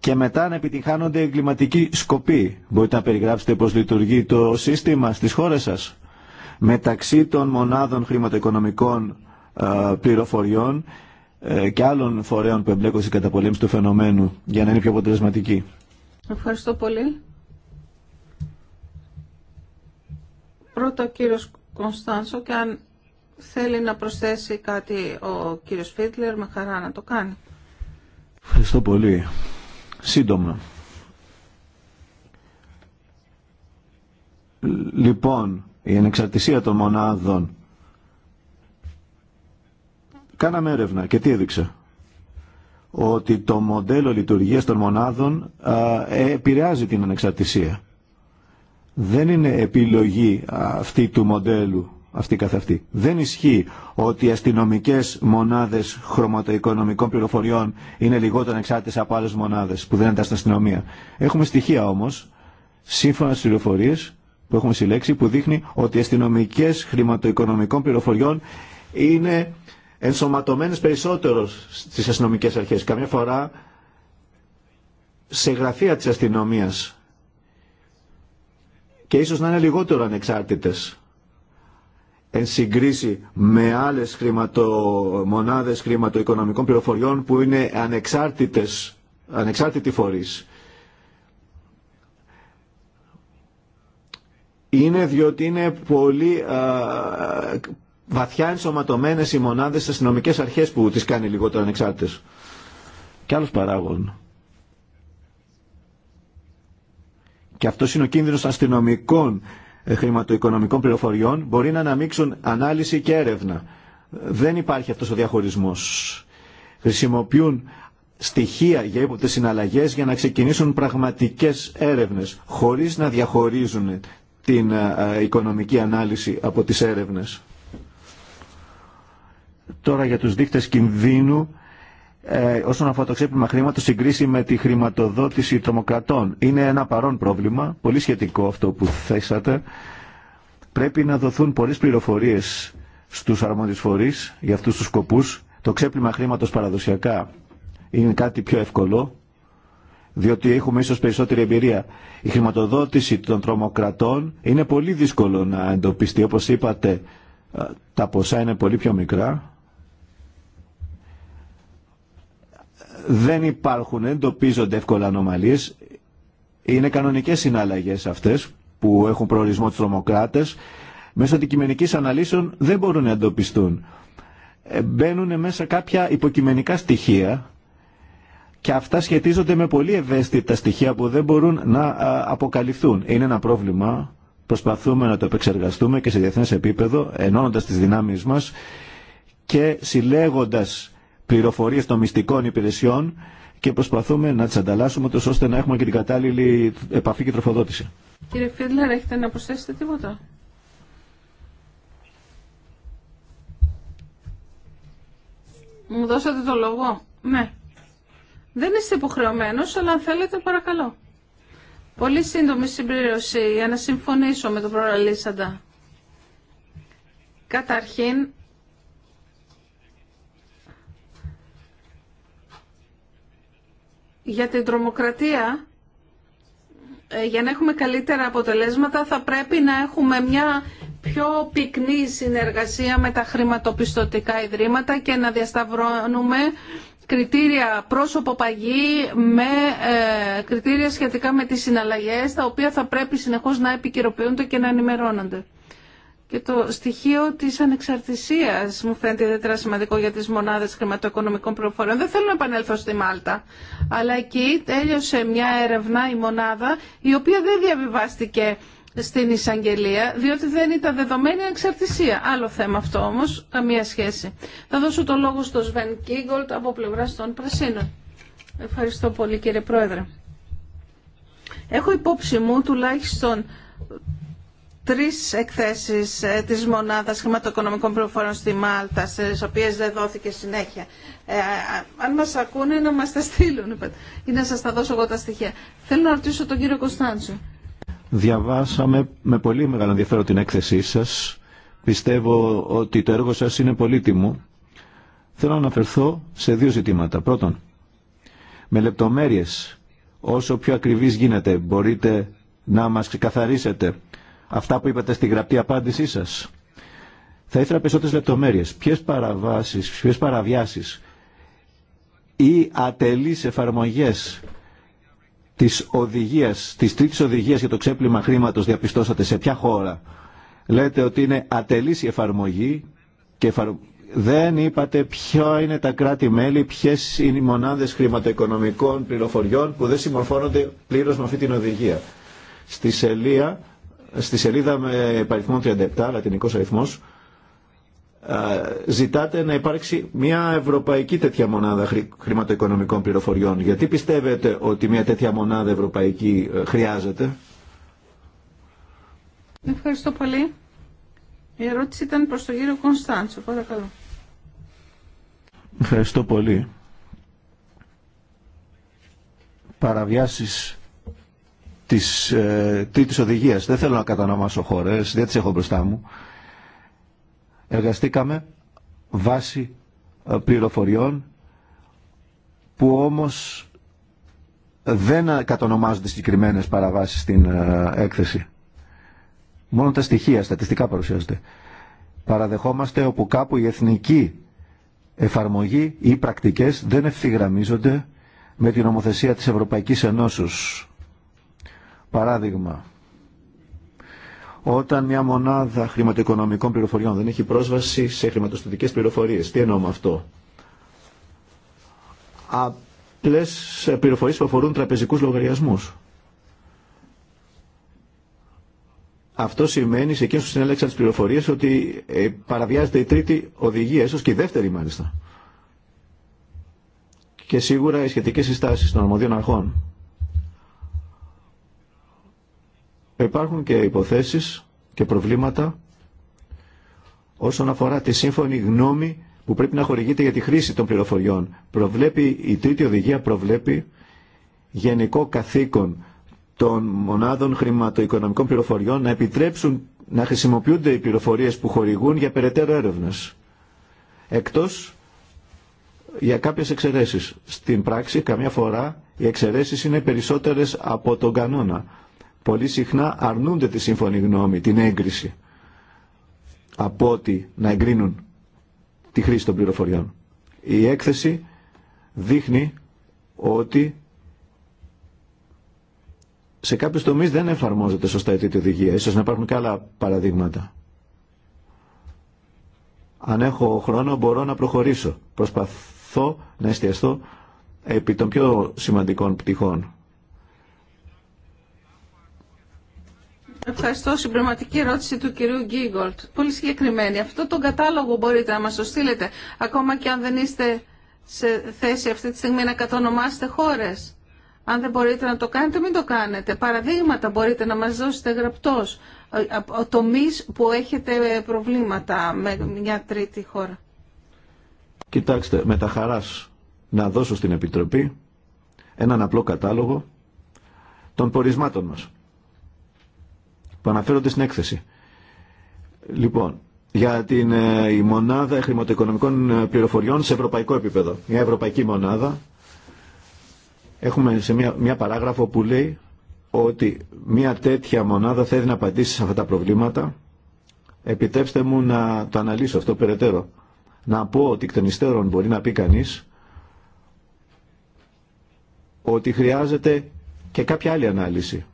και μετά να επιτυχάνονται εγκληματικοί σκοποί. Μπορείτε να περιγράψετε πώς λειτουργεί το σύστημα στις χώρες σας. Μεταξύ των μονάδων χρηματοοικονομικών ε, πληροφοριών ε, και άλλων φορέων που εμπλέκονται στην καταπολέμηση του φαινομένου για να είναι πιο αποτελεσματική. Ευχαριστώ πολύ. Πρώτα ο Κωνστανσό και αν θέλει να προσθέσει κάτι ο κύριος Φίτλερ με χαρά να το κάνει. Ευχαριστώ πολύ. Σύντομα. Λοιπόν, η ανεξαρτησία των μονάδων. Κάναμε έρευνα και τι έδειξε. Ότι το μοντέλο λειτουργίας των μονάδων επηρεάζει την ανεξαρτησία δεν είναι επιλογή αυτή του μοντέλου, αυτή καθ' αυτή. Δεν ισχύει ότι οι αστυνομικές μονάδες χρωματοοικονομικών πληροφοριών είναι λιγότερο εξάρτητες από άλλες μονάδες που δεν είναι στην αστυνομία. Έχουμε στοιχεία όμως, σύμφωνα στις πληροφορίε που έχουμε συλλέξει, που δείχνει ότι οι αστυνομικές χρηματοοικονομικών πληροφοριών είναι ενσωματωμένες περισσότερο στις αστυνομικές αρχές. Καμιά φορά σε γραφεία της αστυνομίας και ίσως να είναι λιγότερο ανεξάρτητες εν συγκρίση με άλλες χρηματο, μονάδες χρηματοοικονομικών πληροφοριών που είναι ανεξάρτητες, ανεξάρτητοι φορείς. Είναι διότι είναι πολύ βαθιά ενσωματωμένες οι μονάδες στις νομικές αρχές που τις κάνει λιγότερο ανεξάρτητες. Και άλλους παράγων. και αυτό είναι ο κίνδυνος αστυνομικών ε, χρηματοοικονομικών πληροφοριών, μπορεί να αναμίξουν ανάλυση και έρευνα. Δεν υπάρχει αυτός ο διαχωρισμός. Χρησιμοποιούν στοιχεία για ύποπτες συναλλαγές για να ξεκινήσουν πραγματικές έρευνες, χωρίς να διαχωρίζουν την ε, ε, οικονομική ανάλυση από τις έρευνες. Τώρα για τους δείκτες κινδύνου ε, όσον αφορά το ξέπλυμα χρήματο στην με τη χρηματοδότηση τρομοκρατών. Είναι ένα παρόν πρόβλημα, πολύ σχετικό αυτό που θέσατε. Πρέπει να δοθούν πολλέ πληροφορίε στου αρμόδιου φορεί για αυτού του σκοπού. Το ξέπλυμα χρήματο παραδοσιακά είναι κάτι πιο εύκολο, διότι έχουμε ίσω περισσότερη εμπειρία. Η χρηματοδότηση των τρομοκρατών είναι πολύ δύσκολο να εντοπιστεί. Όπω είπατε, ε, τα ποσά είναι πολύ πιο μικρά δεν υπάρχουν, εντοπίζονται εύκολα ανομαλίες. Είναι κανονικές συναλλαγές αυτές που έχουν προορισμό τους τρομοκράτες. Μέσω αντικειμενικής αναλύσεων δεν μπορούν να εντοπιστούν. Ε, μπαίνουν μέσα κάποια υποκειμενικά στοιχεία και αυτά σχετίζονται με πολύ ευαίσθητα στοιχεία που δεν μπορούν να αποκαλυφθούν. Είναι ένα πρόβλημα, προσπαθούμε να το επεξεργαστούμε και σε διεθνές επίπεδο, ενώνοντας τις δυνάμεις μας και συλλέγοντας Πληροφορίε των μυστικών υπηρεσιών και προσπαθούμε να τι ανταλλάσσουμε τόσο ώστε να έχουμε και την κατάλληλη επαφή και τροφοδότηση. Κύριε Φίτλερ, έχετε να προσθέσετε τίποτα. Μου δώσατε το λόγο. Ναι. Δεν είστε υποχρεωμένο, αλλά αν θέλετε παρακαλώ. Πολύ σύντομη συμπλήρωση για να συμφωνήσω με τον προαλήσαντα. Καταρχήν, για την τρομοκρατία, ε, για να έχουμε καλύτερα αποτελέσματα, θα πρέπει να έχουμε μια πιο πυκνή συνεργασία με τα χρηματοπιστωτικά ιδρύματα και να διασταυρώνουμε κριτήρια πρόσωπο παγή με ε, κριτήρια σχετικά με τις συναλλαγές, τα οποία θα πρέπει συνεχώς να επικυροποιούνται και να ενημερώνονται. Και το στοιχείο της ανεξαρτησίας μου φαίνεται ιδιαίτερα σημαντικό για τις μονάδες χρηματοοικονομικών προφορών Δεν θέλω να επανέλθω στη Μάλτα, αλλά εκεί τέλειωσε μια έρευνα η μονάδα η οποία δεν διαβιβάστηκε στην εισαγγελία, διότι δεν ήταν δεδομένη ανεξαρτησία. Άλλο θέμα αυτό όμως, καμία σχέση. Θα δώσω το λόγο στο Σβεν Κίγκολτ από πλευρά των Πρασίνων. Ευχαριστώ πολύ κύριε Πρόεδρε. Έχω υπόψη μου τουλάχιστον τρεις εκθέσεις ε, της μονάδας χρηματοοικονομικών Προφορών στη Μάλτα, στις οποίες δεν δόθηκε συνέχεια. Ε, αν μας ακούνε, να μας τα στείλουν ή να σας τα δώσω εγώ τα στοιχεία. Θέλω να ρωτήσω τον κύριο Κωνσταντσου. Διαβάσαμε με πολύ μεγάλο ενδιαφέρον την έκθεσή σας. Πιστεύω ότι το έργο σας είναι πολύτιμο. Θέλω να αναφερθώ σε δύο ζητήματα. Πρώτον, με λεπτομέρειες, όσο πιο ακριβής γίνεται, μπορείτε να μας ξεκαθαρίσετε αυτά που είπατε στη γραπτή απάντησή σας. Θα ήθελα περισσότερες λεπτομέρειες. Ποιες παραβάσεις, ποιες παραβιάσεις ή ατελείς εφαρμογές της οδηγίας, της τρίτης οδηγίας για το ξέπλυμα χρήματος διαπιστώσατε σε ποια χώρα. Λέτε ότι είναι ατελείς η εφαρμογή και δεν είπατε ποια είναι τα κράτη-μέλη, ποιε είναι οι μονάδες χρηματοοικονομικών πληροφοριών που δεν συμμορφώνονται πλήρως με αυτή την οδηγία. Στη σελία στη σελίδα με παριθμό 37, λατινικός αριθμός, ζητάτε να υπάρξει μια ευρωπαϊκή τέτοια μονάδα χρηματοοικονομικών πληροφοριών. Γιατί πιστεύετε ότι μια τέτοια μονάδα ευρωπαϊκή ε, χρειάζεται. Ευχαριστώ πολύ. Η ερώτηση ήταν προς τον κύριο Κωνσταντσο. Παρακαλώ. Ευχαριστώ πολύ. Παραβιάσεις της ε, τρίτης οδηγίας. Δεν θέλω να κατανομάσω χώρε, δεν τι έχω μπροστά μου. Εργαστήκαμε βάσει ε, πληροφοριών που όμως δεν κατονομάζονται συγκεκριμένε παραβάσεις στην ε, έκθεση. Μόνο τα στοιχεία στατιστικά παρουσιάζονται. Παραδεχόμαστε όπου κάπου η εθνική εφαρμογή ή πρακτικές δεν ευθυγραμμίζονται με την νομοθεσία της Ευρωπαϊκής Ενώσεως Παράδειγμα, όταν μια μονάδα χρηματοοικονομικών πληροφοριών δεν έχει πρόσβαση σε χρηματοστατικές πληροφορίες. Τι εννοώ με αυτό. Απλές πληροφορίες που αφορούν τραπεζικούς λογαριασμούς. Αυτό σημαίνει σε εκείνους που συνέλεξαν τις πληροφορίες ότι ε, παραβιάζεται η τρίτη οδηγία, ίσως και η δεύτερη μάλιστα. Και σίγουρα οι σχετικές συστάσεις των αρμοδίων αρχών Υπάρχουν και υποθέσεις και προβλήματα όσον αφορά τη σύμφωνη γνώμη που πρέπει να χορηγείται για τη χρήση των πληροφοριών. Προβλέπει, η τρίτη οδηγία προβλέπει γενικό καθήκον των μονάδων χρηματοοικονομικών πληροφοριών να επιτρέψουν να χρησιμοποιούνται οι πληροφορίες που χορηγούν για περαιτέρω έρευνες. Εκτός για κάποιες εξαιρέσεις. Στην πράξη καμιά φορά οι εξαιρέσεις είναι περισσότερες από τον κανόνα πολύ συχνά αρνούνται τη σύμφωνη γνώμη, την έγκριση, από ότι να εγκρίνουν τη χρήση των πληροφοριών. Η έκθεση δείχνει ότι σε κάποιους τομείς δεν εφαρμόζεται σωστά η τέτοια οδηγία. Ίσως να υπάρχουν και άλλα παραδείγματα. Αν έχω χρόνο μπορώ να προχωρήσω. Προσπαθώ να εστιαστώ επί των πιο σημαντικών πτυχών Ευχαριστώ. Συμπληρωματική ερώτηση του κυρίου Γκίγκολτ. Πολύ συγκεκριμένη. Αυτό τον κατάλογο μπορείτε να μας το στείλετε, ακόμα και αν δεν είστε σε θέση αυτή τη στιγμή να κατονομάσετε χώρες. Αν δεν μπορείτε να το κάνετε, μην το κάνετε. Παραδείγματα μπορείτε να μας δώσετε γραπτός. Ε, τομείς που έχετε προβλήματα με μια τρίτη χώρα. Κοιτάξτε, με τα χαράς να δώσω στην Επιτροπή έναν απλό κατάλογο των πορισμάτων μας που αναφέρονται στην έκθεση. Λοιπόν, για την ε, η μονάδα χρηματοοικονομικών ε, πληροφοριών σε ευρωπαϊκό επίπεδο. Μια ευρωπαϊκή μονάδα. Έχουμε σε μια, μια παράγραφο που λέει ότι μια τέτοια μονάδα θέλει να απαντήσει σε αυτά τα προβλήματα. Επιτρέψτε μου να το αναλύσω αυτό περαιτέρω. Να πω ότι εκ των υστέρων μπορεί να πει κανείς ότι χρειάζεται και κάποια άλλη ανάλυση.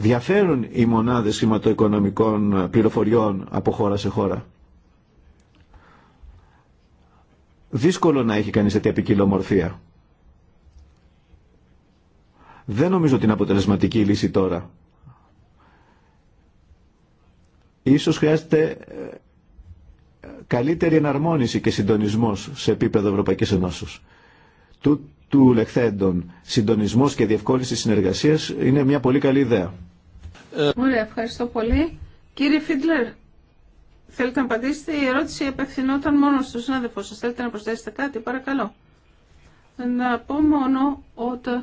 Διαφέρουν οι μονάδες χρηματοοικονομικών πληροφοριών από χώρα σε χώρα. Δύσκολο να έχει κανείς τέτοια ποικιλομορφία. Δεν νομίζω ότι είναι αποτελεσματική λύση τώρα. Ίσως χρειάζεται ε, καλύτερη εναρμόνιση και συντονισμός σε επίπεδο Ευρωπαϊκής Ενώσεως. Του, του λεχθέντων συντονισμός και διευκόλυνση συνεργασίας είναι μια πολύ καλή ιδέα. Ωραία, ευχαριστώ πολύ. Κύριε Φίτλερ, θέλετε να απαντήσετε. Η ερώτηση απευθυνόταν μόνο στον συνάδελφο Σα Θέλετε να προσθέσετε κάτι, παρακαλώ. Να πω μόνο ότι ε,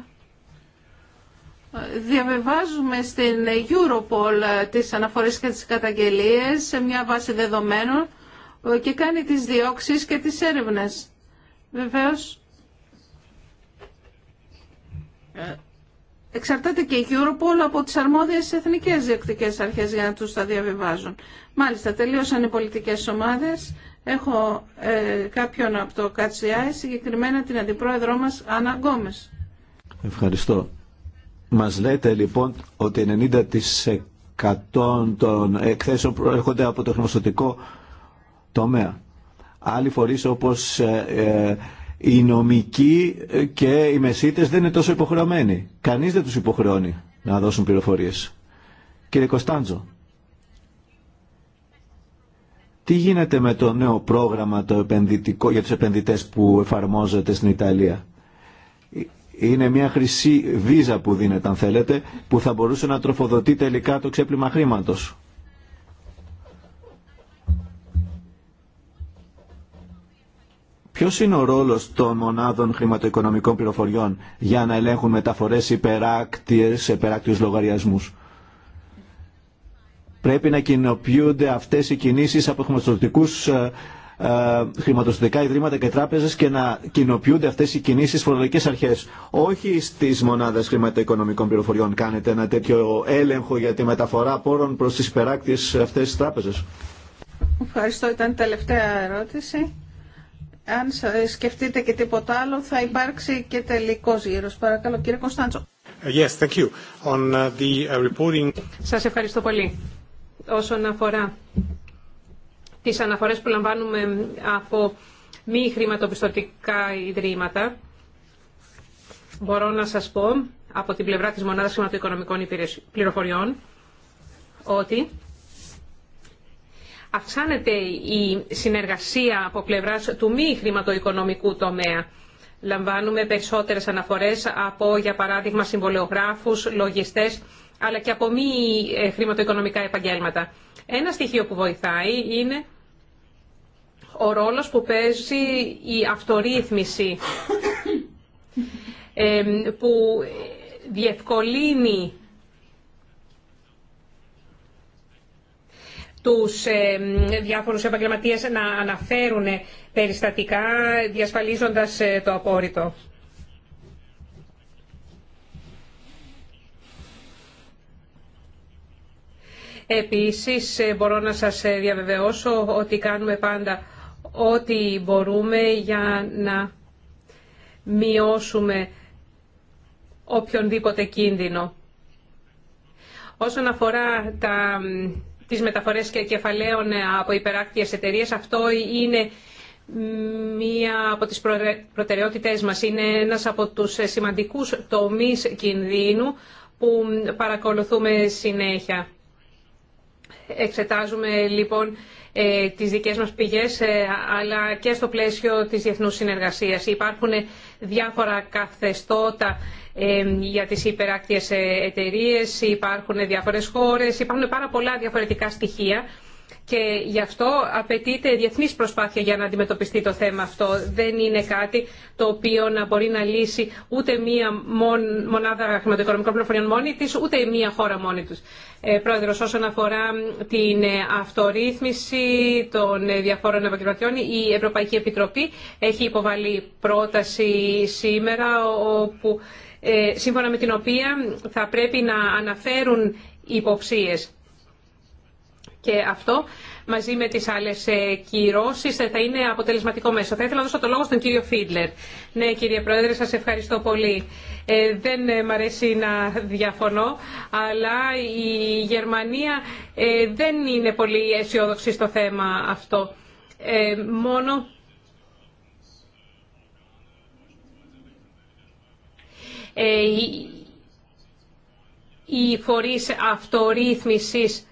διαβεβάζουμε στην Europol ε, τις αναφορές και τις καταγγελίες σε μια βάση δεδομένων ε, και κάνει τις διώξεις και τις έρευνες. Βεβαίως, εξαρτάται και η Europol από τις αρμόδιες εθνικές διεκτικές αρχές για να τους τα διαβιβάζουν. Μάλιστα, τελείωσαν οι πολιτικές ομάδες. Έχω ε, κάποιον από το ΚΑΤΣΙΑΕ, συγκεκριμένα την αντιπρόεδρό μας, Άννα Γκόμες. Ευχαριστώ. Μας λέτε λοιπόν ότι 90% των εκθέσεων προέρχονται από το χρηματοδοτικό τομέα. Άλλοι φορείς όπως ε, ε, οι νομικοί ε, και οι μεσίτες δεν είναι τόσο υποχρεωμένοι. Κανείς δεν τους υποχρεώνει να δώσουν πληροφορίες. Κύριε Κωνσταντζο, τι γίνεται με το νέο πρόγραμμα το επενδυτικό, για τους επενδυτές που εφαρμόζεται στην Ιταλία. Ε, είναι μια χρυσή βίζα που δίνεται, αν θέλετε, που θα μπορούσε να τροφοδοτεί τελικά το ξέπλυμα χρήματος. Ποιο είναι ο ρόλο των μονάδων χρηματοοικονομικών πληροφοριών για να ελέγχουν μεταφορές υπεράκτιε σε υπεράκτιου λογαριασμού. Πρέπει να κοινοποιούνται αυτέ οι κινήσει από χρηματοδοτικούς ε, ε, χρηματοστατικά ιδρύματα και τράπεζες και να κοινοποιούνται αυτές οι κινήσεις φορολογικές αρχές. Όχι στις μονάδες χρηματοοικονομικών πληροφοριών κάνετε ένα τέτοιο έλεγχο για τη μεταφορά πόρων προς τις υπεράκτιες αυτές τις τράπεζες. Ευχαριστώ. Ήταν η τελευταία ερώτηση αν σκεφτείτε και τίποτα άλλο, θα υπάρξει και τελικό γύρος. Παρακαλώ, κύριε Κωνσταντζο. Uh, yes, thank you. On uh, the uh, reporting... Σας ευχαριστώ πολύ. Όσον αφορά τις αναφορές που λαμβάνουμε από μη χρηματοπιστωτικά ιδρύματα, μπορώ να σας πω από την πλευρά της Μονάδας Χρηματοοικονομικών Πληροφοριών ότι αυξάνεται η συνεργασία από πλευράς του μη χρηματοοικονομικού τομέα. Λαμβάνουμε περισσότερες αναφορές από, για παράδειγμα, συμβολεογράφους, λογιστές, αλλά και από μη ε, χρηματοοικονομικά επαγγέλματα. Ένα στοιχείο που βοηθάει είναι ο ρόλος που παίζει η αυτορύθμιση, [coughs] ε, που διευκολύνει τους ε, διάφορους επαγγελματίες να αναφέρουν περιστατικά διασφαλίζοντας ε, το απόρριτο. Επίσης ε, μπορώ να σας διαβεβαιώσω ότι κάνουμε πάντα ό,τι μπορούμε για να μειώσουμε οποιονδήποτε κίνδυνο. Όσον αφορά τα τις μεταφορές και κεφαλαίων ε, από υπεράκτιες εταιρείε. Αυτό είναι μία από τις προτεραιότητές μας. Είναι ένας από τους σημαντικούς τομείς κινδύνου που παρακολουθούμε συνέχεια. Εξετάζουμε λοιπόν ε, τις δικές μας πηγές ε, αλλά και στο πλαίσιο της διεθνούς συνεργασίας. Υπάρχουν διάφορα καθεστώτα για τις υπεράκτιες ε, εταιρείε, υπάρχουν διάφορες χώρες, υπάρχουν πάρα πολλά διαφορετικά στοιχεία και γι' αυτό απαιτείται διεθνής προσπάθεια για να αντιμετωπιστεί το θέμα αυτό. Δεν είναι κάτι το οποίο να μπορεί να λύσει ούτε μία μονάδα χρηματοοικονομικών πληροφοριών μόνη της, ούτε μία χώρα μόνη τους. Ε, πρόεδρος, όσον αφορά την ε, αυτορύθμιση των ε, διαφόρων επαγγελματιών, η Ευρωπαϊκή Επιτροπή έχει υποβάλει πρόταση σήμερα όπου ε, σύμφωνα με την οποία θα πρέπει να αναφέρουν υποψίες. Και αυτό μαζί με τις άλλες ε, κυρώσεις θα είναι αποτελεσματικό μέσο. Θα ήθελα να δώσω το λόγο στον κύριο Φίτλερ. Ναι κύριε Πρόεδρε, σας ευχαριστώ πολύ. Ε, δεν ε, μ' αρέσει να διαφωνώ, αλλά η Γερμανία δεν είναι πολύ αισιόδοξη στο θέμα αυτό. Ε, μόνο Ε, οι φορείς αυτορύθμισης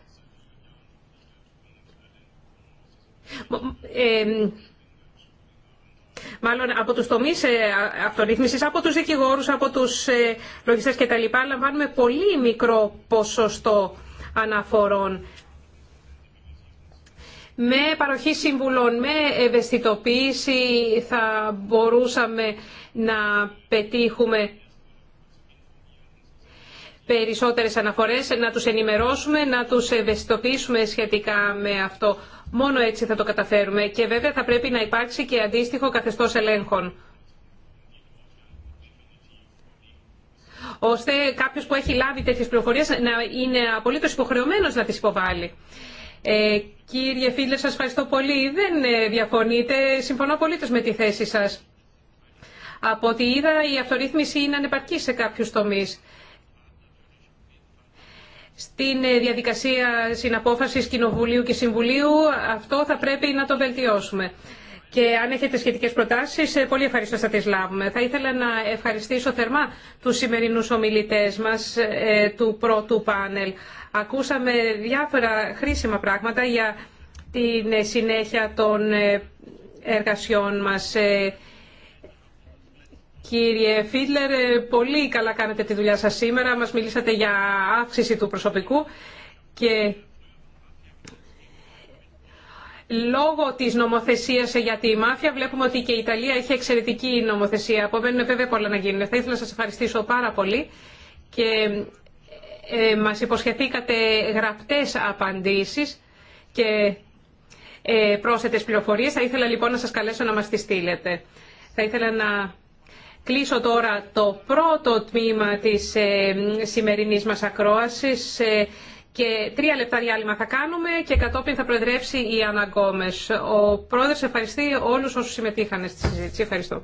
μάλλον από τους τομείς ε, αυτορύθμισης, από τους δικηγόρους, από τους ε, λογιστές κτλ. λαμβάνουμε πολύ μικρό ποσοστό αναφορών με παροχή συμβουλών, με ευαισθητοποίηση θα μπορούσαμε να πετύχουμε περισσότερες αναφορές, να τους ενημερώσουμε, να τους ευαισθητοποιήσουμε σχετικά με αυτό. Μόνο έτσι θα το καταφέρουμε και βέβαια θα πρέπει να υπάρξει και αντίστοιχο καθεστώς ελέγχων. ώστε κάποιο που έχει λάβει τέτοιε πληροφορίε να είναι απολύτως υποχρεωμένος να τι υποβάλει. Ε, κύριε φίλε, σα ευχαριστώ πολύ. Δεν ε, διαφωνείτε. Συμφωνώ πολύ με τη θέση σα. Από ό,τι είδα, η αυτορύθμιση είναι ανεπαρκή σε κάποιου τομεί στην ε, διαδικασία συναπόφασης Κοινοβουλίου και Συμβουλίου. Αυτό θα πρέπει να το βελτιώσουμε. Και αν έχετε σχετικές προτάσεις, ε, πολύ ευχαριστώ θα τις λάβουμε. Θα ήθελα να ευχαριστήσω θερμά τους σημερινούς ομιλητές μας ε, του πρώτου πάνελ. Ακούσαμε διάφορα χρήσιμα πράγματα για την συνέχεια των εργασιών μας. Κύριε Φίτλερ, ε, πολύ καλά κάνετε τη δουλειά σας σήμερα. Μας μιλήσατε για αύξηση του προσωπικού και λόγω της νομοθεσίας για τη μάφια βλέπουμε ότι και η Ιταλία έχει εξαιρετική νομοθεσία. Απομένουν βέβαια πολλά να γίνουν. Θα ήθελα να σας ευχαριστήσω πάρα πολύ και ε, μας υποσχεθήκατε γραπτές απαντήσεις και ε, πρόσθετες πληροφορίες. Θα ήθελα λοιπόν να σας καλέσω να μας τις στείλετε. Θα ήθελα να κλείσω τώρα το πρώτο τμήμα της ε, σημερινής μας ακρόασης ε, και τρία λεπτά διάλειμμα θα κάνουμε και κατόπιν θα προεδρεύσει η Άννα Ο πρόεδρος ευχαριστεί όλους όσους συμμετείχαν στη συζήτηση. Ευχαριστώ.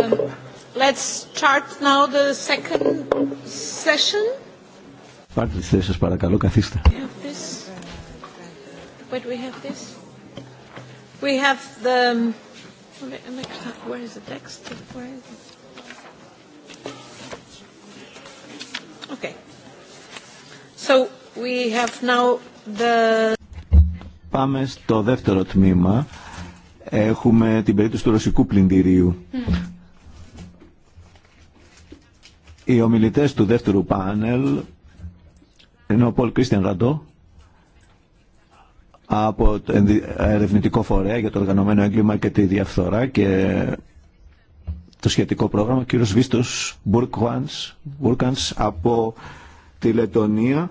Um, let's start now the second session. Πάρτε τις θέσεις σας παρακαλώ, καθίστε. Πάμε στο δεύτερο τμήμα. Έχουμε την περίπτωση του ρωσικού πλυντηρίου. Mm-hmm. Οι ομιλητές του δεύτερου πάνελ είναι ο Πολ Κρίστιαν Ραντό από το ερευνητικό φορέα για το οργανωμένο έγκλημα και τη διαφθορά και το σχετικό πρόγραμμα, ο κύριος Βίστος Μπούρκανς από τη Λετωνία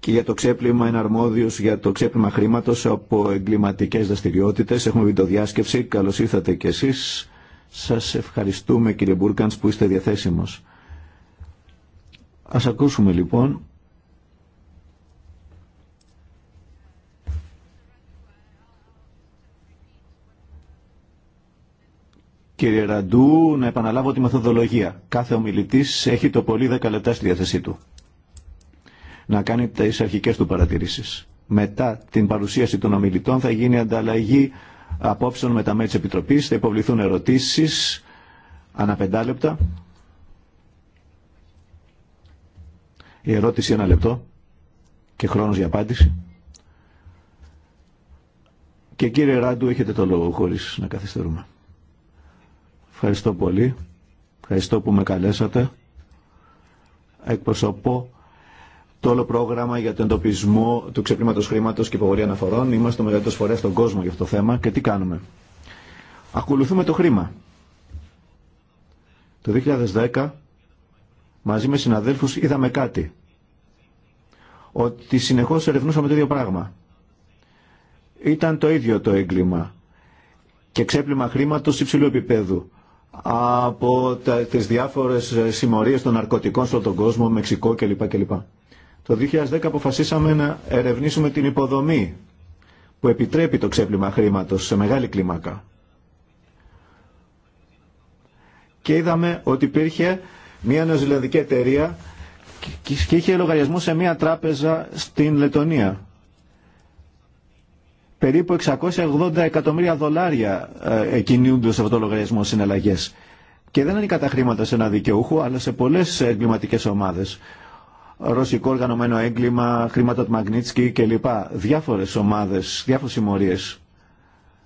και για το ξέπλυμα είναι για το ξέπλυμα χρήματος από εγκληματικές δραστηριότητες. Έχουμε βιντεοδιάσκεψη, καλώς ήρθατε κι εσείς. Σας ευχαριστούμε κύριε Μπούρκαντς που είστε διαθέσιμος. Ας ακούσουμε λοιπόν Κύριε Ραντού, να επαναλάβω τη μεθοδολογία. Κάθε ομιλητής έχει το πολύ 10 λεπτά στη διάθεσή του. Να κάνει τις αρχικές του παρατηρήσεις. Μετά την παρουσίαση των ομιλητών θα γίνει ανταλλαγή απόψεων με τα μέλη της Επιτροπής. Θα υποβληθούν ερωτήσεις ανά πεντάλεπτα. Η ερώτηση ένα λεπτό και χρόνος για απάντηση. Και κύριε Ράντου έχετε το λόγο χωρίς να καθυστερούμε. Ευχαριστώ πολύ. Ευχαριστώ που με καλέσατε. Εκπροσωπώ το όλο πρόγραμμα για τον εντοπισμό του ξεπλήματο χρήματο και υποβολή αναφορών. Είμαστε το μεγαλύτερο φορέα στον κόσμο για αυτό το θέμα και τι κάνουμε. Ακολουθούμε το χρήμα. Το 2010 μαζί με συναδέλφους είδαμε κάτι. Ότι συνεχώς ερευνούσαμε το ίδιο πράγμα. Ήταν το ίδιο το έγκλημα και ξέπλυμα χρήματος υψηλού επίπεδου από τις διάφορες συμμορίες των ναρκωτικών στον κόσμο, Μεξικό κλπ. Το 2010 αποφασίσαμε να ερευνήσουμε την υποδομή που επιτρέπει το ξέπλυμα χρήματος σε μεγάλη κλίμακα. Και είδαμε ότι υπήρχε μια νεοζηλανδική εταιρεία και είχε λογαριασμό σε μια τράπεζα στην Λετωνία. Περίπου 680 εκατομμύρια δολάρια ε, κινούνται σε αυτό το λογαριασμό συναλλαγές. Και δεν είναι κατά χρήματα σε ένα δικαιούχο, αλλά σε πολλές εγκληματικές ομάδες ρωσικό οργανωμένο έγκλημα, χρήματα του Μαγνίτσκι κλπ. Διάφορε ομάδες, διάφορες συμμορίε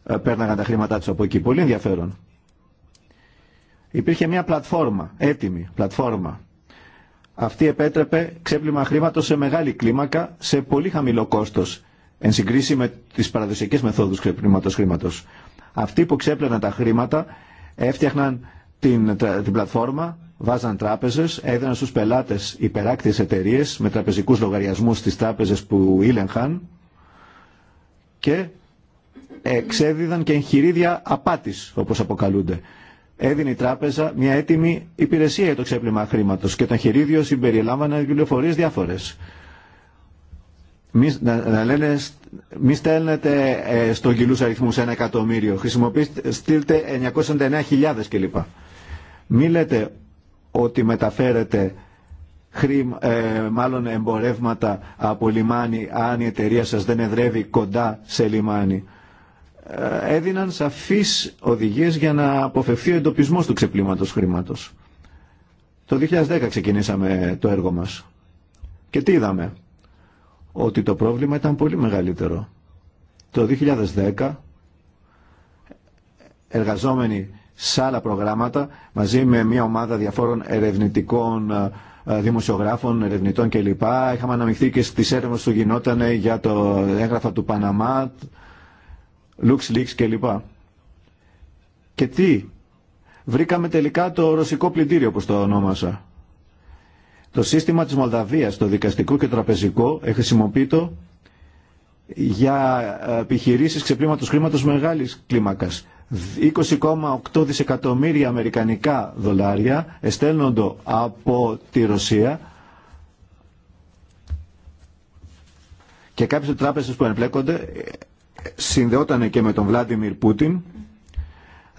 ε, πέρναγαν τα χρήματά τους από εκεί. Πολύ ενδιαφέρον. Υπήρχε μια πλατφόρμα, έτοιμη πλατφόρμα. Αυτή επέτρεπε ξέπλυμα χρήματος σε μεγάλη κλίμακα, σε πολύ χαμηλό κόστος, εν συγκρίση με τις παραδοσιακέ μεθόδου ξέπλυματος χρήματος. Αυτοί που ξέπλαιναν τα χρήματα έφτιαχναν την, την πλατφόρμα, βάζαν τράπεζε, έδιναν στου πελάτε υπεράκτιε εταιρείε με τραπεζικού λογαριασμού στι τράπεζε που ήλεγχαν και εξέδιδαν και εγχειρίδια απάτη, όπω αποκαλούνται. Έδινε η τράπεζα μια έτοιμη υπηρεσία για το ξέπλυμα χρήματο και το εγχειρίδιο συμπεριλάμβανε πληροφορίε διάφορε. Μη, να, να, λένε, μη στέλνετε ε, στον κυλούς αριθμούς ένα εκατομμύριο, χρησιμοποιήστε, στείλτε 999.000 κλπ. Μη λέτε ότι μεταφέρεται ε, μάλλον εμπορεύματα από λιμάνι αν η εταιρεία σας δεν εδρεύει κοντά σε λιμάνι. Ε, έδιναν σαφείς οδηγίες για να αποφευθεί ο εντοπισμός του ξεπλήματος χρήματος. Το 2010 ξεκινήσαμε το έργο μας. Και τι είδαμε. Ότι το πρόβλημα ήταν πολύ μεγαλύτερο. Το 2010 εργαζόμενοι σε άλλα προγράμματα μαζί με μια ομάδα διαφόρων ερευνητικών ε, ε, δημοσιογράφων, ερευνητών κλπ. Είχαμε αναμειχθεί και στις έρευνες που γινόταν για το έγγραφα του Παναμά, Λουξ Λίξ κλπ. Και τι, βρήκαμε τελικά το ρωσικό πλυντήριο όπως το ονόμασα. Το σύστημα της Μολδαβίας, το δικαστικό και τραπεζικό, χρησιμοποιεί το για ε, επιχειρήσεις ξεπλήματος χρήματος μεγάλης κλίμακας. 20,8 δισεκατομμύρια αμερικανικά δολάρια εστέλνοντο από τη Ρωσία και κάποιες τράπεζες που εμπλέκονται ε, συνδεόταν και με τον Βλάντιμιρ Πούτιν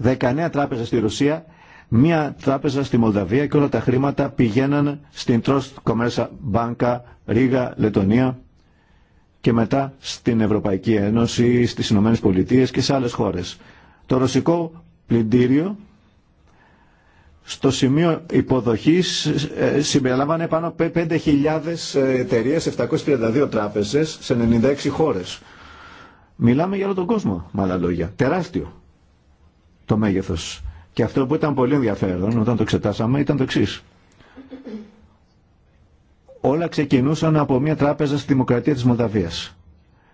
19 τράπεζες στη Ρωσία μία τράπεζα στη Μολδαβία και όλα τα χρήματα πηγαίναν στην Trust Κομμέρσα Μπάνκα, Ρίγα, Λετωνία και μετά στην Ευρωπαϊκή Ένωση, στις Ηνωμένε Πολιτείε και σε άλλες χώρες. Το ρωσικό πλυντήριο στο σημείο υποδοχής ε, συμπεριλάμβανε πάνω από 5.000 εταιρείε, 732 τράπεζες σε 96 χώρες. Μιλάμε για όλο τον κόσμο, με άλλα λόγια. Τεράστιο το μέγεθος. Και αυτό που ήταν πολύ ενδιαφέρον όταν το εξετάσαμε ήταν το εξή όλα ξεκινούσαν από μια τράπεζα στη Δημοκρατία της Μολδαβία. Δύο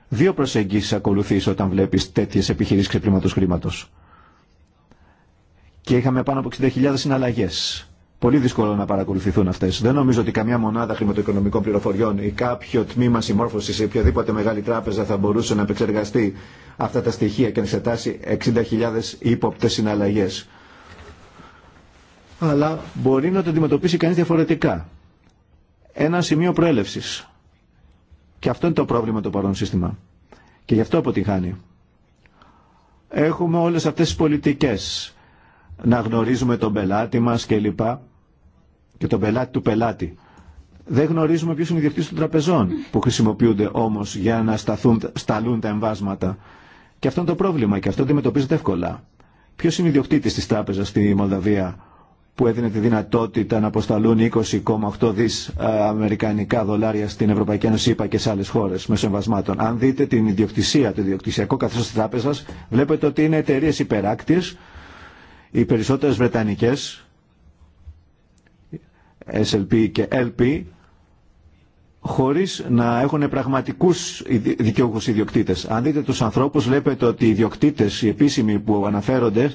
Δύο προσεγγίσεις ακολουθείς όταν βλέπεις τέτοιες επιχειρήσεις ξεπλήματος χρήματος. Και είχαμε πάνω από 60.000 συναλλαγές. Πολύ δύσκολο να παρακολουθηθούν αυτέ. Δεν νομίζω ότι καμιά μονάδα χρηματοοικονομικών πληροφοριών ή κάποιο τμήμα συμμόρφωση σε οποιαδήποτε μεγάλη τράπεζα θα μπορούσε να επεξεργαστεί αυτά τα στοιχεία και να εξετάσει 60.000 ύποπτε συναλλαγέ. Αλλά μπορεί να το αντιμετωπίσει κανεί διαφορετικά ένα σημείο προέλευσης. Και αυτό είναι το πρόβλημα το παρόν σύστημα. Και γι' αυτό αποτυγχάνει. Έχουμε όλες αυτές τις πολιτικές. Να γνωρίζουμε τον πελάτη μας κλπ. Και τον πελάτη του πελάτη. Δεν γνωρίζουμε ποιος είναι διευθύνς των τραπεζών που χρησιμοποιούνται όμως για να σταθούν, σταλούν τα εμβάσματα. Και αυτό είναι το πρόβλημα και αυτό αντιμετωπίζεται εύκολα. Ποιος είναι ιδιοκτήτης της τράπεζας στη Μολδαβία που έδινε τη δυνατότητα να αποσταλούν 20,8 δις ε, αμερικανικά δολάρια στην Ευρωπαϊκή Ένωση, είπα και σε άλλες χώρες μέσω εμβασμάτων. Αν δείτε την ιδιοκτησία, το ιδιοκτησιακό καθεστώς της τράπεζας, βλέπετε ότι είναι εταιρείε υπεράκτης, οι περισσότερες βρετανικές, SLP και LP, χωρίς να έχουν πραγματικούς δικαιούχους ιδιοκτήτες. Αν δείτε τους ανθρώπους, βλέπετε ότι οι ιδιοκτήτες, οι επίσημοι που αναφέρονται,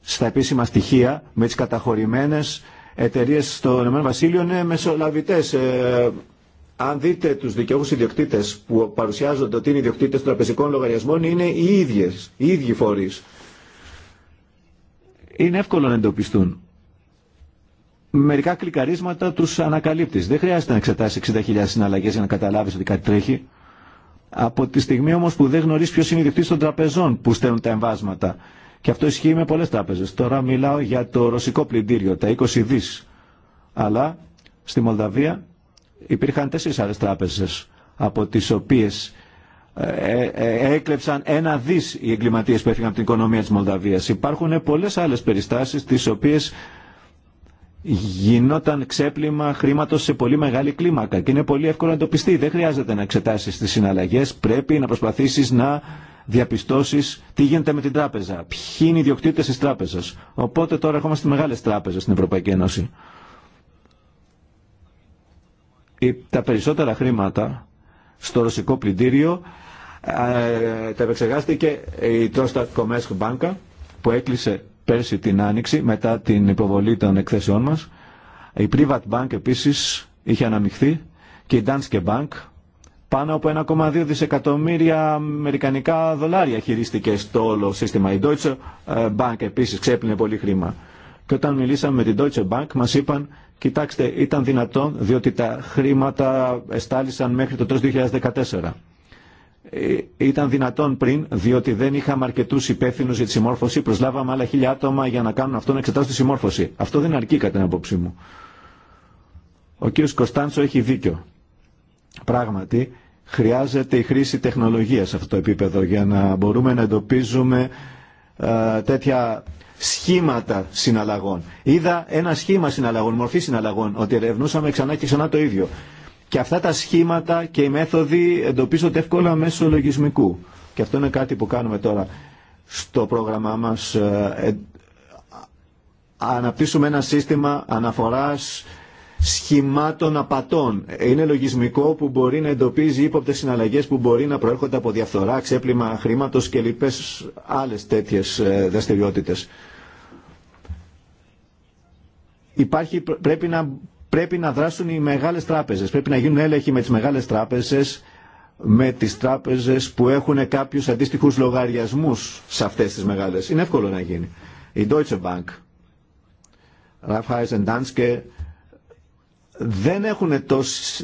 στα επίσημα στοιχεία με τις καταχωρημένες εταιρείε στο Ηνωμένο Βασίλειο είναι μεσολαβητές. Ε, αν δείτε τους δικαιούχους ιδιοκτήτες που παρουσιάζονται ότι είναι ιδιοκτήτες τραπεζικών λογαριασμών είναι οι ίδιες, οι ίδιοι φορείς. Είναι εύκολο να εντοπιστούν. Μερικά κλικαρίσματα τους ανακαλύπτεις. Δεν χρειάζεται να εξετάσεις 60.000 συναλλαγές για να καταλάβεις ότι κάτι τρέχει. Από τη στιγμή όμως που δεν γνωρίζεις ποιος είναι ιδιοκτήτης των τραπεζών που στέλνουν τα εμβάσματα και αυτό ισχύει με πολλές τράπεζες. Τώρα μιλάω για το ρωσικό πλυντήριο, τα 20 δις. Αλλά στη Μολδαβία υπήρχαν τέσσερις άλλες τράπεζες, από τις οποίες ε, ε, ε, έκλεψαν ένα δις οι εγκληματίες που έφυγαν από την οικονομία της Μολδαβίας. Υπάρχουν πολλές άλλες περιστάσεις, τις οποίες γινόταν ξέπλυμα χρήματο σε πολύ μεγάλη κλίμακα και είναι πολύ εύκολο να το πιστεί. Δεν χρειάζεται να εξετάσει τι συναλλαγές. πρέπει να προσπαθήσεις να διαπιστώσει τι γίνεται με την τράπεζα, ποιοι είναι οι ιδιοκτήτε τη τράπεζα. Οπότε τώρα έχουμε ερχόμαστε μεγάλε τράπεζε στην Ευρωπαϊκή Ένωση. Τα περισσότερα χρήματα στο ρωσικό πλυντήριο ε, τα επεξεργάστηκε η Τρόστα Κομέσκ Μπάνκα που έκλεισε πέρσι την Άνοιξη μετά την υποβολή των εκθέσεών μας. Η Privat Bank επίσης είχε αναμειχθεί και η Danske Bank πάνω από 1,2 δισεκατομμύρια αμερικανικά δολάρια χειρίστηκε στο όλο σύστημα. Η Deutsche ε, Bank επίση, ξέπλυνε πολύ χρήμα. Και όταν μιλήσαμε με την Deutsche Bank μα είπαν κοιτάξτε ήταν δυνατόν διότι τα χρήματα εστάλησαν μέχρι το τέλο 2014. Ε, ήταν δυνατόν πριν, διότι δεν είχαμε αρκετού υπεύθυνου για τη συμμόρφωση. Προσλάβαμε άλλα χίλια άτομα για να κάνουν αυτό να εξετάσουν τη συμμόρφωση. Αυτό δεν αρκεί κατά την άποψή μου. Ο κ. Κωνσταντσο έχει δίκιο. Πράγματι, χρειάζεται η χρήση τεχνολογίας σε αυτό το επίπεδο για να μπορούμε να εντοπίζουμε τέτοια σχήματα συναλλαγών. Είδα ένα σχήμα συναλλαγών, μορφή συναλλαγών, ότι ερευνούσαμε ξανά και ξανά το ίδιο. Και αυτά τα σχήματα και οι μέθοδοι εντοπίζονται εύκολα μέσω λογισμικού. Και αυτό είναι κάτι που κάνουμε τώρα στο πρόγραμμά μας. Ε, ε αναπτύσσουμε ένα σύστημα αναφοράς σχημάτων απατών. Είναι λογισμικό που μπορεί να εντοπίζει ύποπτε συναλλαγέ που μπορεί να προέρχονται από διαφθορά, ξέπλυμα χρήματο και λοιπέ άλλε τέτοιε δραστηριότητε. Υπάρχει, πρέπει, να, πρέπει να δράσουν οι μεγάλες τράπεζες, πρέπει να γίνουν έλεγχοι με τις μεγάλες τράπεζες, με τις τράπεζες που έχουν κάποιους αντίστοιχους λογαριασμούς σε αυτές τις μεγάλες. Είναι εύκολο να γίνει. Η Deutsche Bank, Raiffeisen Danske, δεν, έχουν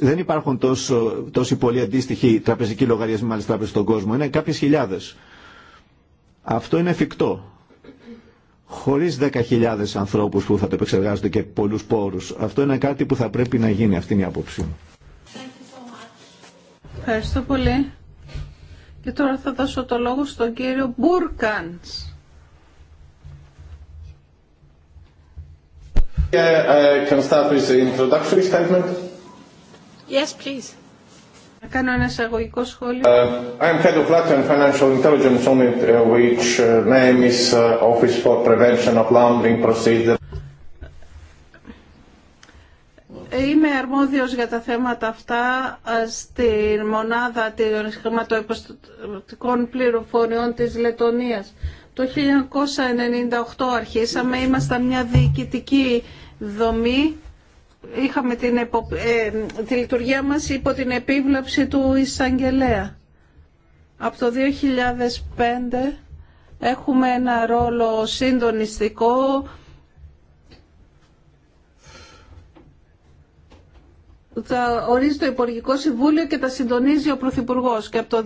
δεν υπάρχουν τόσο, τόσοι πολλοί αντίστοιχοι τραπεζικοί λογαριασμοί άλλε τράπεζες στον κόσμο. Είναι κάποιες χιλιάδες. Αυτό είναι εφικτό. Χωρίς 10.000 ανθρώπους που θα το επεξεργάζονται και πολλού πόρου. Αυτό είναι κάτι που θα πρέπει να γίνει. Αυτή είναι η άποψή μου. Ευχαριστώ πολύ. Και τώρα θα δώσω το λόγο στον κύριο Μπούρκαντς. Can start with the introductory statement. Yes, please. κάνω ένα εισαγωγικό σχόλιο. Uh, I am head of Latvian Financial Intelligence Unit, uh, which uh, name is uh, Office for Prevention of Laundering Procedure. Είμαι αρμόδιος για τα θέματα αυτά στη μονάδα των χρηματοϋποστατικών πληροφοριών της Λετωνίας. Το 1998 αρχίσαμε, ήμασταν μια διοικητική δομή είχαμε την ε, τη λειτουργία μας υπό την επίβλεψη του εισαγγελέα. Από το 2005 έχουμε ένα ρόλο συντονιστικό θα ορίζει το Υπουργικό Συμβούλιο και τα συντονίζει ο Πρωθυπουργό. και από το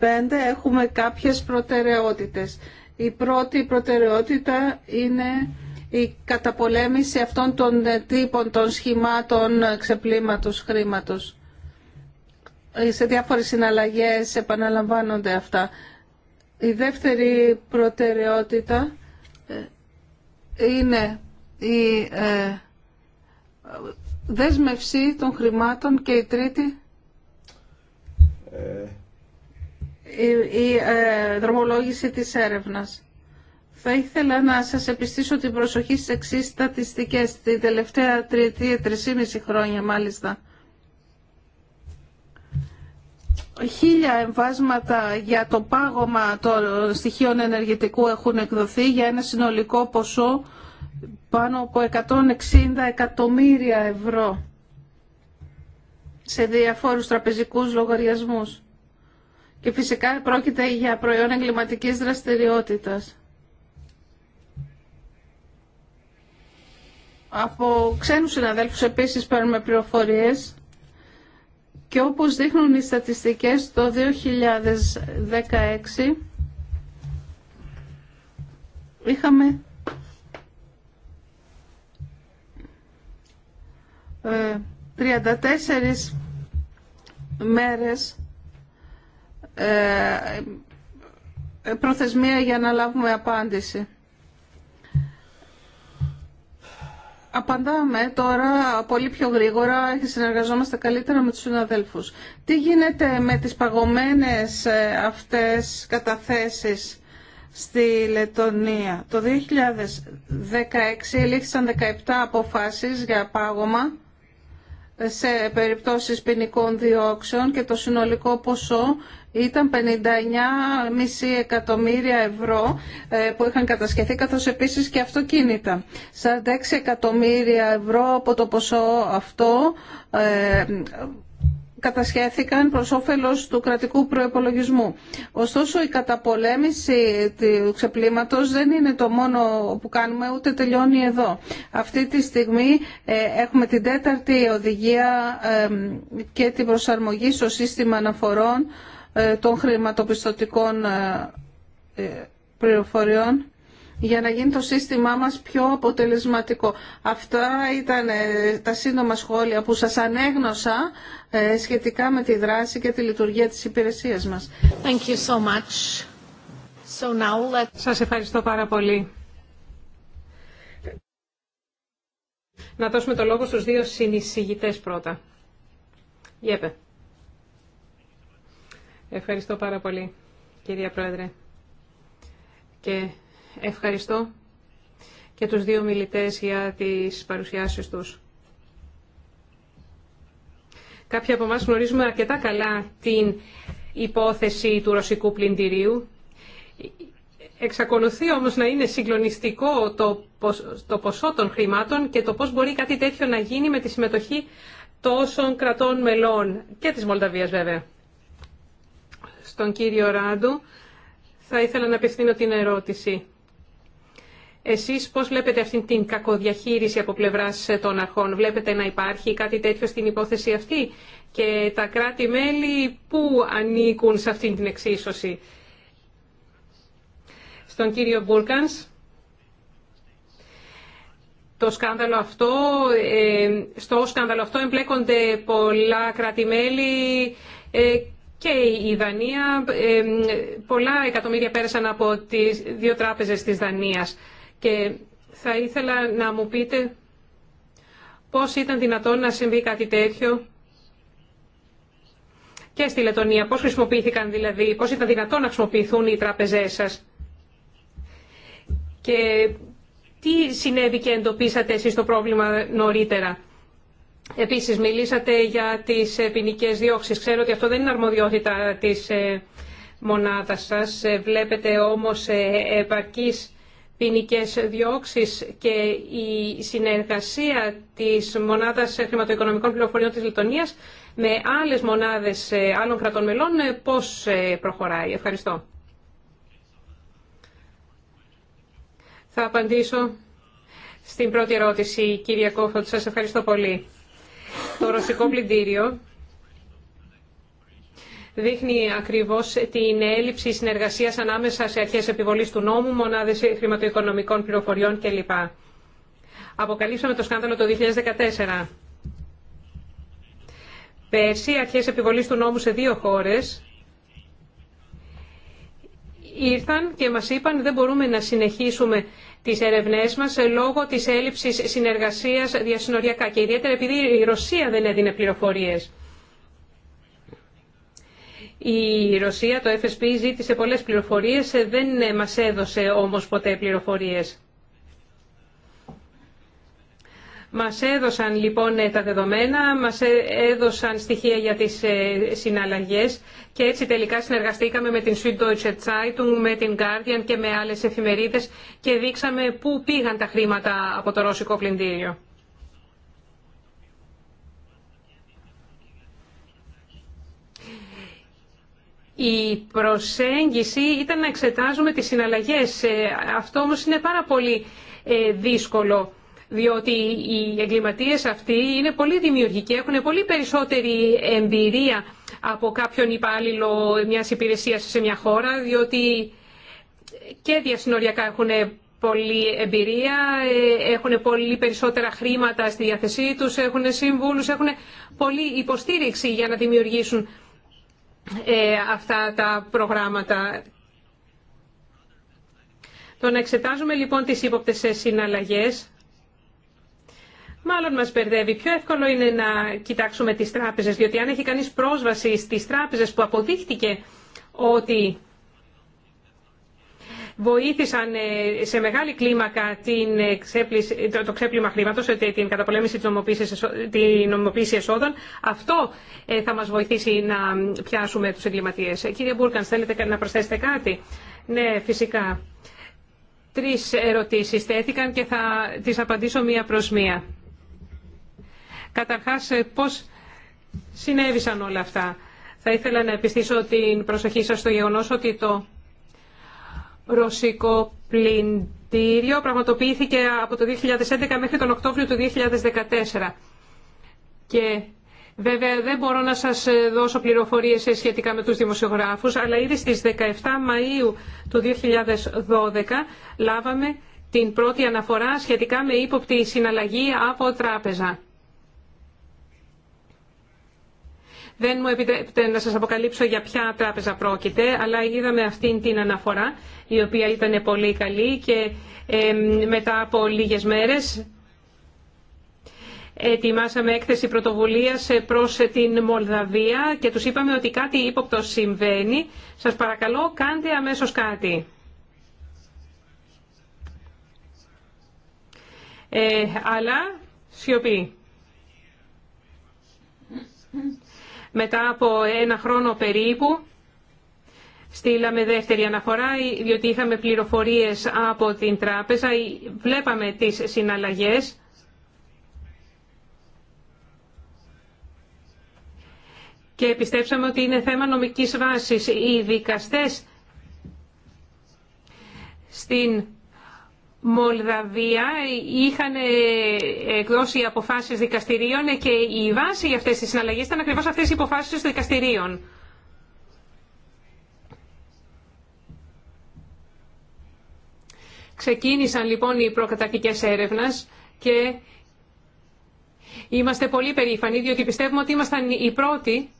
2005 έχουμε κάποιες προτεραιότητες. Η πρώτη προτεραιότητα είναι η καταπολέμηση αυτών των ε, τύπων των σχημάτων ε, ξεπλήματος χρήματος. Ε, σε διάφορες συναλλαγές επαναλαμβάνονται αυτά. Η δεύτερη προτεραιότητα είναι η δέσμευση των χρημάτων και η τρίτη η δρομολόγηση της έρευνας. Θα ήθελα να σας επιστήσω την προσοχή στι εξή στατιστικές, την τελευταία τριετία, τρισήμιση χρόνια μάλιστα. Χίλια εμβάσματα για το πάγωμα των στοιχείων ενεργητικού έχουν εκδοθεί για ένα συνολικό ποσό πάνω από 160 εκατομμύρια ευρώ σε διαφόρους τραπεζικούς λογαριασμούς. Και φυσικά πρόκειται για προϊόν εγκληματικής δραστηριότητας. Από ξένους συναδέλφους επίσης παίρνουμε πληροφορίες και όπως δείχνουν οι στατιστικές το 2016 είχαμε ε, 34 μέρες ε, ε, προθεσμία για να λάβουμε απάντηση. απαντάμε τώρα πολύ πιο γρήγορα και συνεργαζόμαστε καλύτερα με τους συναδέλφους. Τι γίνεται με τις παγωμένες ε, αυτές καταθέσεις στη Λετωνία. Το 2016 ελήφθησαν 17 αποφάσεις για πάγωμα ε, σε περιπτώσεις ποινικών διώξεων και το συνολικό ποσό ήταν 59,5 εκατομμύρια ευρώ ε, που είχαν κατασκευθεί, καθώς επίσης και αυτοκίνητα. 46 εκατομμύρια ευρώ από το ποσό αυτό ε, κατασχέθηκαν προς όφελος του κρατικού προεπολογισμού. Ωστόσο η καταπολέμηση του ξεπλήματος δεν είναι το μόνο που κάνουμε ούτε τελειώνει εδώ. Αυτή τη στιγμή ε, έχουμε την τέταρτη οδηγία και την προσαρμογή στο σύστημα αναφορών ε, των χρηματοπιστωτικών ε, ε, πληροφοριών για να γίνει το σύστημά μας πιο αποτελεσματικό. Αυτά ήταν τα σύντομα σχόλια που σας ανέγνωσα σχετικά με τη δράση και τη λειτουργία της υπηρεσίας μας. Thank you so much. So now Σας ευχαριστώ πάρα πολύ. Να δώσουμε το λόγο στους δύο συνεισηγητές πρώτα. yeah. Ευχαριστώ πάρα πολύ, κυρία Πρόεδρε. Και ευχαριστώ και τους δύο μιλητές για τις παρουσιάσεις τους. Κάποιοι από εμά γνωρίζουμε αρκετά καλά την υπόθεση του ρωσικού πλυντηρίου. Εξακολουθεί όμως να είναι συγκλονιστικό το ποσό των χρημάτων και το πώς μπορεί κάτι τέτοιο να γίνει με τη συμμετοχή τόσων κρατών μελών και της Μολδαβίας βέβαια στον κύριο Ράντου, θα ήθελα να απευθύνω την ερώτηση. Εσείς πώς βλέπετε αυτήν την κακοδιαχείριση από πλευράς των αρχών. Βλέπετε να υπάρχει κάτι τέτοιο στην υπόθεση αυτή και τα κράτη-μέλη που ανήκουν σε αυτή την εξίσωση. Στον κύριο Μπούλκανς. Το σκάνδαλο αυτό, ε, στο σκάνδαλο αυτό εμπλέκονται πολλά κράτη-μέλη ε, και η Δανία, πολλά εκατομμύρια πέρασαν από τις δύο τράπεζες της Δανίας. Και θα ήθελα να μου πείτε πώς ήταν δυνατόν να συμβεί κάτι τέτοιο και στη Λετωνία. Πώς χρησιμοποιήθηκαν δηλαδή, πώς ήταν δυνατόν να χρησιμοποιηθούν οι τράπεζές σας. Και τι συνέβη και εντοπίσατε εσείς το πρόβλημα νωρίτερα. Επίσης, μιλήσατε για τις ε, ποινικέ διώξεις. Ξέρω ότι αυτό δεν είναι αρμοδιότητα της ε, μονάδας σας. Ε, βλέπετε όμως επαρκείς ποινικέ διώξεις και η συνεργασία της μονάδας χρηματοοικονομικών πληροφοριών της Λιτωνίας με άλλες μονάδες άλλων κρατών μελών πώς προχωράει. Ευχαριστώ. Θα απαντήσω στην πρώτη ερώτηση, κύριε Κόφωτ. Σας ευχαριστώ πολύ. Το ρωσικό πλυντήριο δείχνει ακριβώς την έλλειψη συνεργασίας ανάμεσα σε αρχές επιβολής του νόμου, μονάδες χρηματοοικονομικών πληροφοριών κλπ. Αποκαλύψαμε το σκάνδαλο το 2014. Πέρσι, αρχές επιβολής του νόμου σε δύο χώρες ήρθαν και μας είπαν δεν μπορούμε να συνεχίσουμε τι έρευνε μα λόγω της έλλειψης συνεργασίας διασυνοριακά και ιδιαίτερα επειδή η Ρωσία δεν έδινε πληροφορίες. Η Ρωσία, το FSP, ζήτησε πολλές πληροφορίες, δεν μας έδωσε όμως ποτέ πληροφορίες. Μας έδωσαν λοιπόν ε, τα δεδομένα, μας ε, έδωσαν στοιχεία για τις ε, συναλλαγές και έτσι τελικά συνεργαστήκαμε με την Süddeutsche Zeitung, με την Guardian και με άλλες εφημερίδες και δείξαμε πού πήγαν τα χρήματα από το ρώσικο πλυντήριο. Η προσέγγιση ήταν να εξετάζουμε τις συναλλαγές. Αυτό όμως είναι πάρα πολύ δύσκολο διότι οι εγκληματίες αυτοί είναι πολύ δημιουργικοί, έχουν πολύ περισσότερη εμπειρία από κάποιον υπάλληλο μιας υπηρεσίας σε μια χώρα, διότι και διασυνοριακά έχουν πολύ εμπειρία, ε, έχουν πολύ περισσότερα χρήματα στη διάθεσή τους, έχουν συμβούλους, έχουν πολύ υποστήριξη για να δημιουργήσουν ε, αυτά τα προγράμματα. Το να εξετάζουμε λοιπόν τις ύποπτες συναλλαγές μάλλον μα μπερδεύει. Πιο εύκολο είναι να κοιτάξουμε τι Τράπεζε, διότι αν έχει κανεί πρόσβαση στι Τράπεζε που αποδείχτηκε ότι βοήθησαν ε, σε μεγάλη κλίμακα την ε, το, το ξέπλυμα χρήματο, ε, την καταπολέμηση τη νομιμοποίηση εσόδων. Αυτό θα μα βοηθήσει να πιάσουμε του εγκληματίε. Κύριε Μπούρκαν, θέλετε να προσθέσετε κάτι. Ναι, φυσικά. Τρει ερωτήσει θέθηκαν και θα τι απαντήσω μία προ μία. Καταρχάς, ε, πώς συνέβησαν όλα αυτά. Θα ήθελα να επιστήσω την προσοχή σας στο γεγονός ότι το ρωσικό πλυντήριο πραγματοποιήθηκε από το 2011 μέχρι τον Οκτώβριο του 2014. Και βέβαια δεν μπορώ να σας ε, δώσω πληροφορίες ε, σχετικά με τους δημοσιογράφους, αλλά ήδη στις 17 Μαΐου του 2012 λάβαμε την πρώτη αναφορά σχετικά με ύποπτη συναλλαγή από τράπεζα. Δεν μου επιτρέπετε να σας αποκαλύψω για ποια τράπεζα πρόκειται, αλλά είδαμε αυτήν την αναφορά, η οποία ήταν πολύ καλή και μετά από λίγες μέρες ετοιμάσαμε έκθεση πρωτοβουλίας προς την Μολδαβία και τους είπαμε ότι κάτι ύποπτο συμβαίνει. Σας παρακαλώ, κάντε αμέσως κάτι. Ε, αλλά σιωπή. Μετά από ένα χρόνο περίπου στείλαμε δεύτερη αναφορά διότι είχαμε πληροφορίες από την τράπεζα, βλέπαμε τις συναλλαγές. Και πιστέψαμε ότι είναι θέμα νομικής βάσης. Οι δικαστές στην Μολδαβία είχαν ε, εκδώσει αποφάσεις δικαστηρίων και η βάση για αυτές τις συναλλαγές ήταν ακριβώς αυτές οι αποφάσεις των δικαστηρίων. Ξεκίνησαν λοιπόν οι προκαταρκτικές έρευνες και είμαστε πολύ περήφανοι διότι πιστεύουμε ότι ήμασταν οι πρώτοι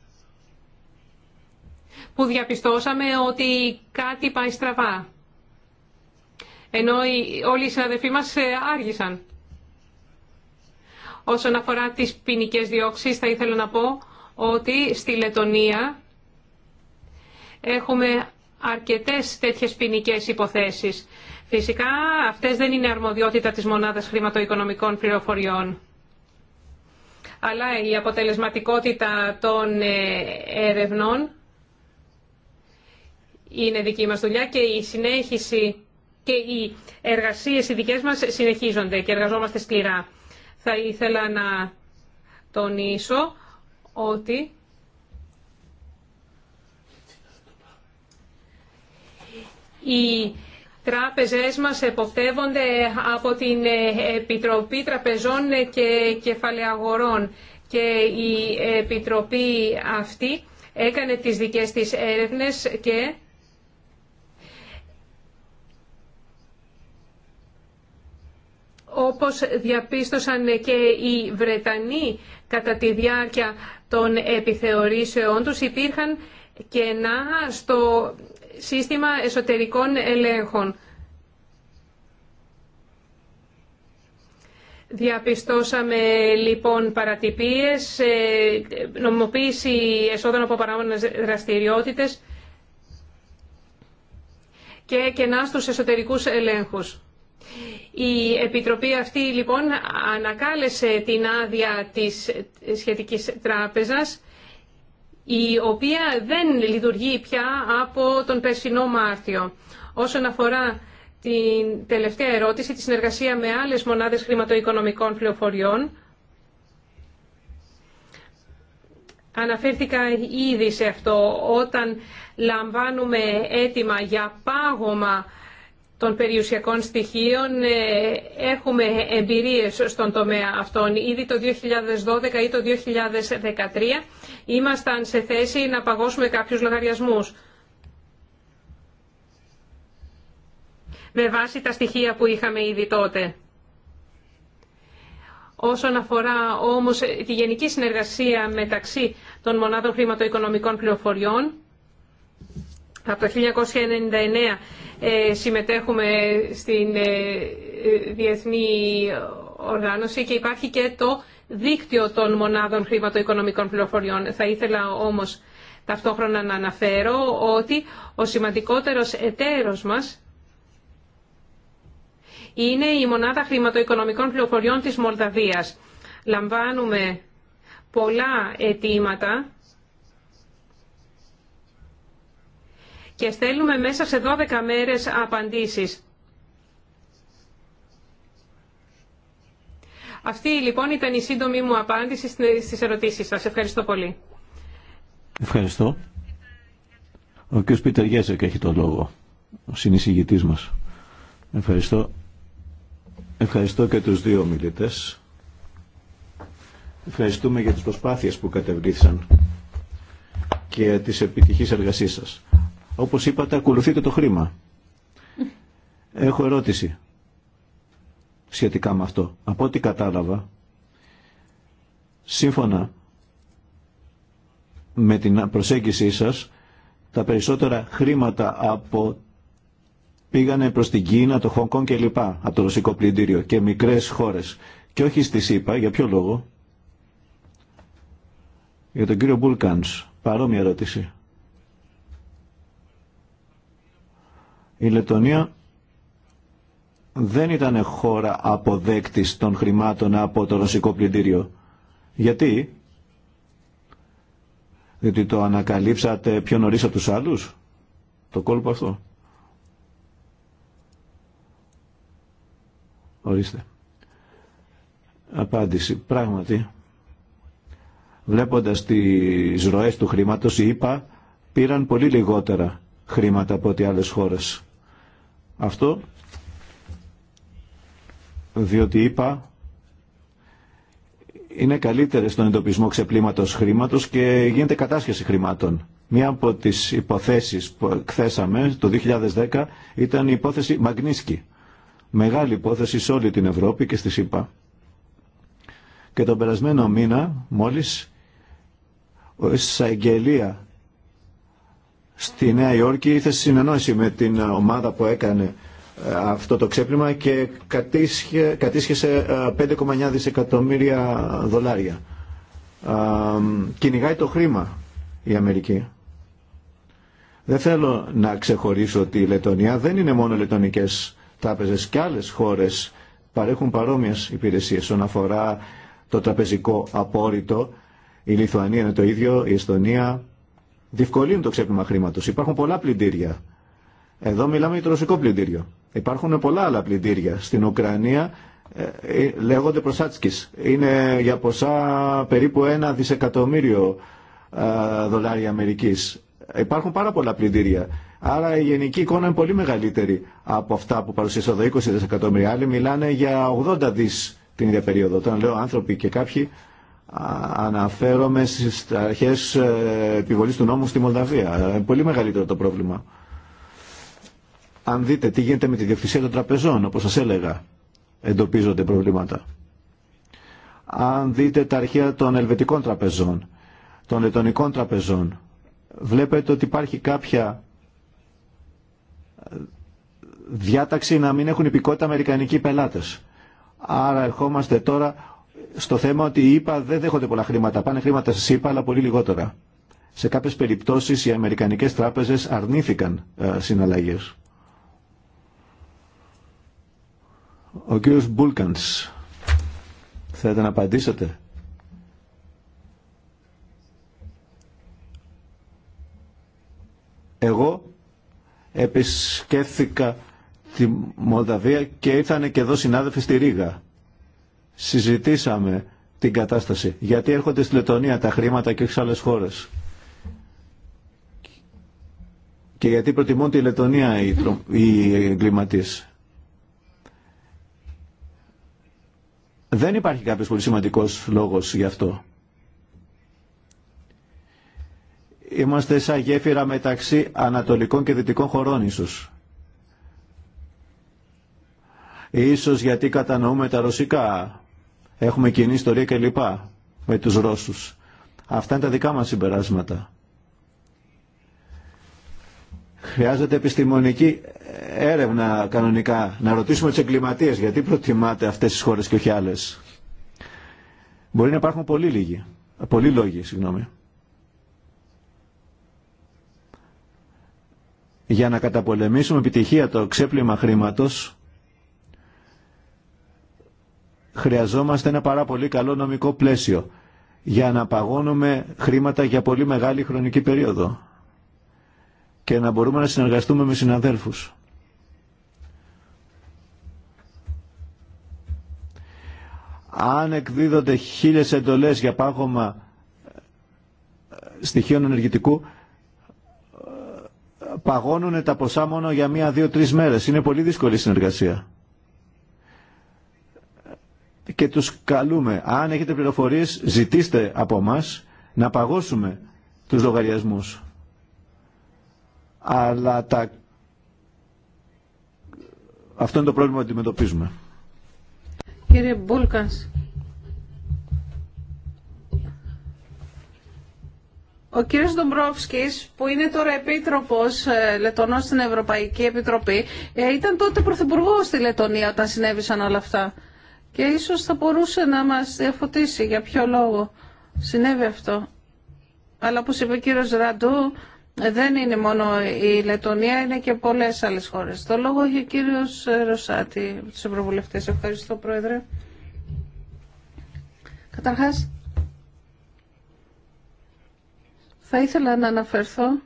που διαπιστώσαμε ότι κάτι πάει στραβά ενώ όλοι οι συναδελφοί μας ε, άργησαν. Όσον αφορά τις ποινικέ διώξεις, θα ήθελα να πω ότι στη Λετωνία έχουμε αρκετές τέτοιες ποινικέ υποθέσεις. Φυσικά αυτές δεν είναι αρμοδιότητα της μονάδας χρηματοοικονομικών πληροφοριών. Αλλά η αποτελεσματικότητα των ε, ερευνών είναι δική μας δουλειά και η συνέχιση και οι εργασίες οι δικές μας συνεχίζονται και εργαζόμαστε σκληρά. Θα ήθελα να τονίσω ότι οι τράπεζές μας εποπτεύονται από την Επιτροπή Τραπεζών και Κεφαλαιαγορών και η Επιτροπή αυτή έκανε τις δικές της έρευνες και όπως διαπίστωσαν και οι Βρετανοί κατά τη διάρκεια των επιθεωρήσεών τους, υπήρχαν κενά στο σύστημα εσωτερικών ελέγχων. Διαπιστώσαμε λοιπόν παρατυπίες, ε, νομιμοποίηση εσόδων από παράγοντε δραστηριότητες και κενά στους εσωτερικούς ελέγχους. Η Επιτροπή αυτή λοιπόν ανακάλεσε την άδεια της σχετικής τράπεζας η οποία δεν λειτουργεί πια από τον περσινό Μάρτιο. Όσον αφορά την τελευταία ερώτηση, τη συνεργασία με άλλες μονάδες χρηματοοικονομικών πληροφοριών, Αναφέρθηκα ήδη σε αυτό. Όταν λαμβάνουμε αίτημα για πάγωμα των περιουσιακών στοιχείων. Ε, έχουμε εμπειρίες στον τομέα αυτών. Ήδη το 2012 ή το 2013 ήμασταν σε θέση να παγώσουμε κάποιους λογαριασμούς. με βάση τα στοιχεία που είχαμε ήδη τότε. Όσον αφορά όμως τη γενική συνεργασία μεταξύ των μονάδων χρηματοοικονομικών πληροφοριών, από το 1999 ε, συμμετέχουμε στην ε, ε, διεθνή οργάνωση και υπάρχει και το δίκτυο των μονάδων χρηματοοικονομικών πληροφοριών. Θα ήθελα όμως ταυτόχρονα να αναφέρω ότι ο σημαντικότερος εταίρος μας είναι η μονάδα χρηματοοικονομικών πληροφοριών της Μολδαβίας. Λαμβάνουμε πολλά αιτήματα και στέλνουμε μέσα σε 12 μέρες απαντήσεις. Αυτή λοιπόν ήταν η σύντομη μου απάντηση στις ερωτήσεις σας. Ευχαριστώ πολύ. Ευχαριστώ. Ο κ. Πίτερ Γέζεκ έχει το λόγο, ο συνεισηγητής μας. Ευχαριστώ. Ευχαριστώ και τους δύο μιλητές. Ευχαριστούμε για τις προσπάθειες που κατεβλήθησαν και τις επιτυχείς εργασίες σας. Όπως είπατε, ακολουθείτε το χρήμα. Έχω ερώτηση σχετικά με αυτό. Από ό,τι κατάλαβα, σύμφωνα με την προσέγγιση σας, τα περισσότερα χρήματα από πήγανε προς την Κίνα, το Χονγκ Κόνγκ κλπ. από το ρωσικό πλυντήριο και μικρές χώρες. Και όχι στη ΣΥΠΑ, για ποιο λόγο. Για τον κύριο Μπούλκανς, παρόμοια ερώτηση. Η Λετωνία δεν ήταν χώρα αποδέκτης των χρημάτων από το ρωσικό πλυντήριο. Γιατί? Διότι το ανακαλύψατε πιο νωρίς από τους άλλους. Το κόλπο αυτό. Ορίστε. Απάντηση. Πράγματι, βλέποντας τις ροές του χρήματος, είπα πήραν πολύ λιγότερα χρήματα από ό,τι άλλες χώρες. Αυτό διότι είπα είναι καλύτερες στον εντοπισμό ξεπλήματος χρήματος και γίνεται κατάσχεση χρημάτων. Μία από τις υποθέσεις που εκθέσαμε το 2010 ήταν η υπόθεση Μαγνίσκι, Μεγάλη υπόθεση σε όλη την Ευρώπη και στη ΣΥΠΑ. Και τον περασμένο μήνα μόλις η εισαγγελία στη Νέα Υόρκη ήρθε συνεννόηση με την ομάδα που έκανε ε, αυτό το ξέπλυμα και κατήσχεσε 5,9 ε, δισεκατομμύρια δολάρια. Κυνηγάει το χρήμα η Αμερική. Δεν θέλω να ξεχωρίσω ότι η Λετωνία δεν είναι μόνο λετωνικές τράπεζες και άλλες χώρες παρέχουν παρόμοιες υπηρεσίες όσον αφορά το τραπεζικό απόρριτο. Η Λιθουανία είναι το ίδιο, η Εστονία, διευκολύνουν το ξέπλυμα χρήματο. Υπάρχουν πολλά πλυντήρια. Εδώ μιλάμε για το ρωσικό πλυντήριο. Υπάρχουν πολλά άλλα πλυντήρια. Στην Ουκρανία ε, ε λέγονται προσάτσκι. Είναι για ποσά περίπου ένα δισεκατομμύριο ε, δολάρια Αμερική. Υπάρχουν πάρα πολλά πλυντήρια. Άρα η γενική εικόνα είναι πολύ μεγαλύτερη από αυτά που παρουσίασα εδώ, 20 δισεκατομμύρια. Άλλοι μιλάνε για 80 δι την ίδια περίοδο. Όταν λέω άνθρωποι και κάποιοι Αναφέρομαι στις αρχές ε, επιβολής του νόμου στη Μολδαβία. Ε, πολύ μεγαλύτερο το πρόβλημα. Αν δείτε τι γίνεται με τη διευθυνσία των τραπεζών, όπως σας έλεγα, εντοπίζονται προβλήματα. Αν δείτε τα αρχεία των ελβετικών τραπεζών, των λετωνικών τραπεζών, βλέπετε ότι υπάρχει κάποια ε, διάταξη να μην έχουν υπηκότητα αμερικανικοί πελάτες. Άρα ερχόμαστε τώρα στο θέμα ότι οι ΗΠΑ δεν δέχονται πολλά χρήματα. Πάνε χρήματα στις ΕΠΑ, αλλά πολύ λιγότερα. Σε κάποιε περιπτώσεις οι αμερικανικές τράπεζες αρνήθηκαν ε, συναλλαγές. Ο κύριος Μπούλκανς, θέλετε να απαντήσετε. Εγώ επισκέφθηκα τη Μολδαβία και ήρθαν και εδώ συνάδελφοι στη Ρήγα συζητήσαμε την κατάσταση. Γιατί έρχονται στη Λετωνία τα χρήματα και όχι σε άλλες χώρες. Και γιατί προτιμούν τη Λετωνία οι, οι Δεν υπάρχει κάποιος πολύ σημαντικός λόγος γι' αυτό. Είμαστε σαν γέφυρα μεταξύ ανατολικών και δυτικών χωρών ίσως. Ίσως γιατί κατανοούμε τα ρωσικά έχουμε κοινή ιστορία λοιπά με τους Ρώσους. Αυτά είναι τα δικά μας συμπεράσματα. Χρειάζεται επιστημονική έρευνα κανονικά. Να ρωτήσουμε τις εγκληματίες γιατί προτιμάτε αυτές τις χώρες και όχι άλλες. Μπορεί να υπάρχουν πολλοί λίγοι. λόγοι, συγγνώμη. Για να καταπολεμήσουμε επιτυχία το ξέπλυμα χρήματος χρειαζόμαστε ένα πάρα πολύ καλό νομικό πλαίσιο για να παγώνουμε χρήματα για πολύ μεγάλη χρονική περίοδο και να μπορούμε να συνεργαστούμε με συναδέλφους. Αν εκδίδονται χίλιες εντολές για πάγωμα ε, στοιχείων ενεργητικού, ε, παγώνουν τα ποσά μόνο για μία, δύο, τρεις μέρες. Είναι πολύ δύσκολη συνεργασία και τους καλούμε. Αν έχετε πληροφορίες, ζητήστε από μας να παγώσουμε τους λογαριασμούς. Αλλά τα... αυτό είναι το πρόβλημα που αντιμετωπίζουμε. Κύριε Μπούλκας, Ο κύριος Ντομπρόφσκης, που είναι τώρα επίτροπος ε, Λετωνός στην Ευρωπαϊκή Επιτροπή, ε, ήταν τότε πρωθυπουργός στη Λετωνία όταν συνέβησαν όλα αυτά και ίσως θα μπορούσε να μας διαφωτίσει για ποιο λόγο συνέβη αυτό. Αλλά όπως είπε ο κύριος Ραντού, δεν είναι μόνο η Λετωνία, είναι και πολλές άλλες χώρες. Το λόγο έχει ο κύριος Ρωσάτη, τους Ευρωβουλευτές. Ευχαριστώ, Πρόεδρε. Καταρχάς, θα ήθελα να αναφερθώ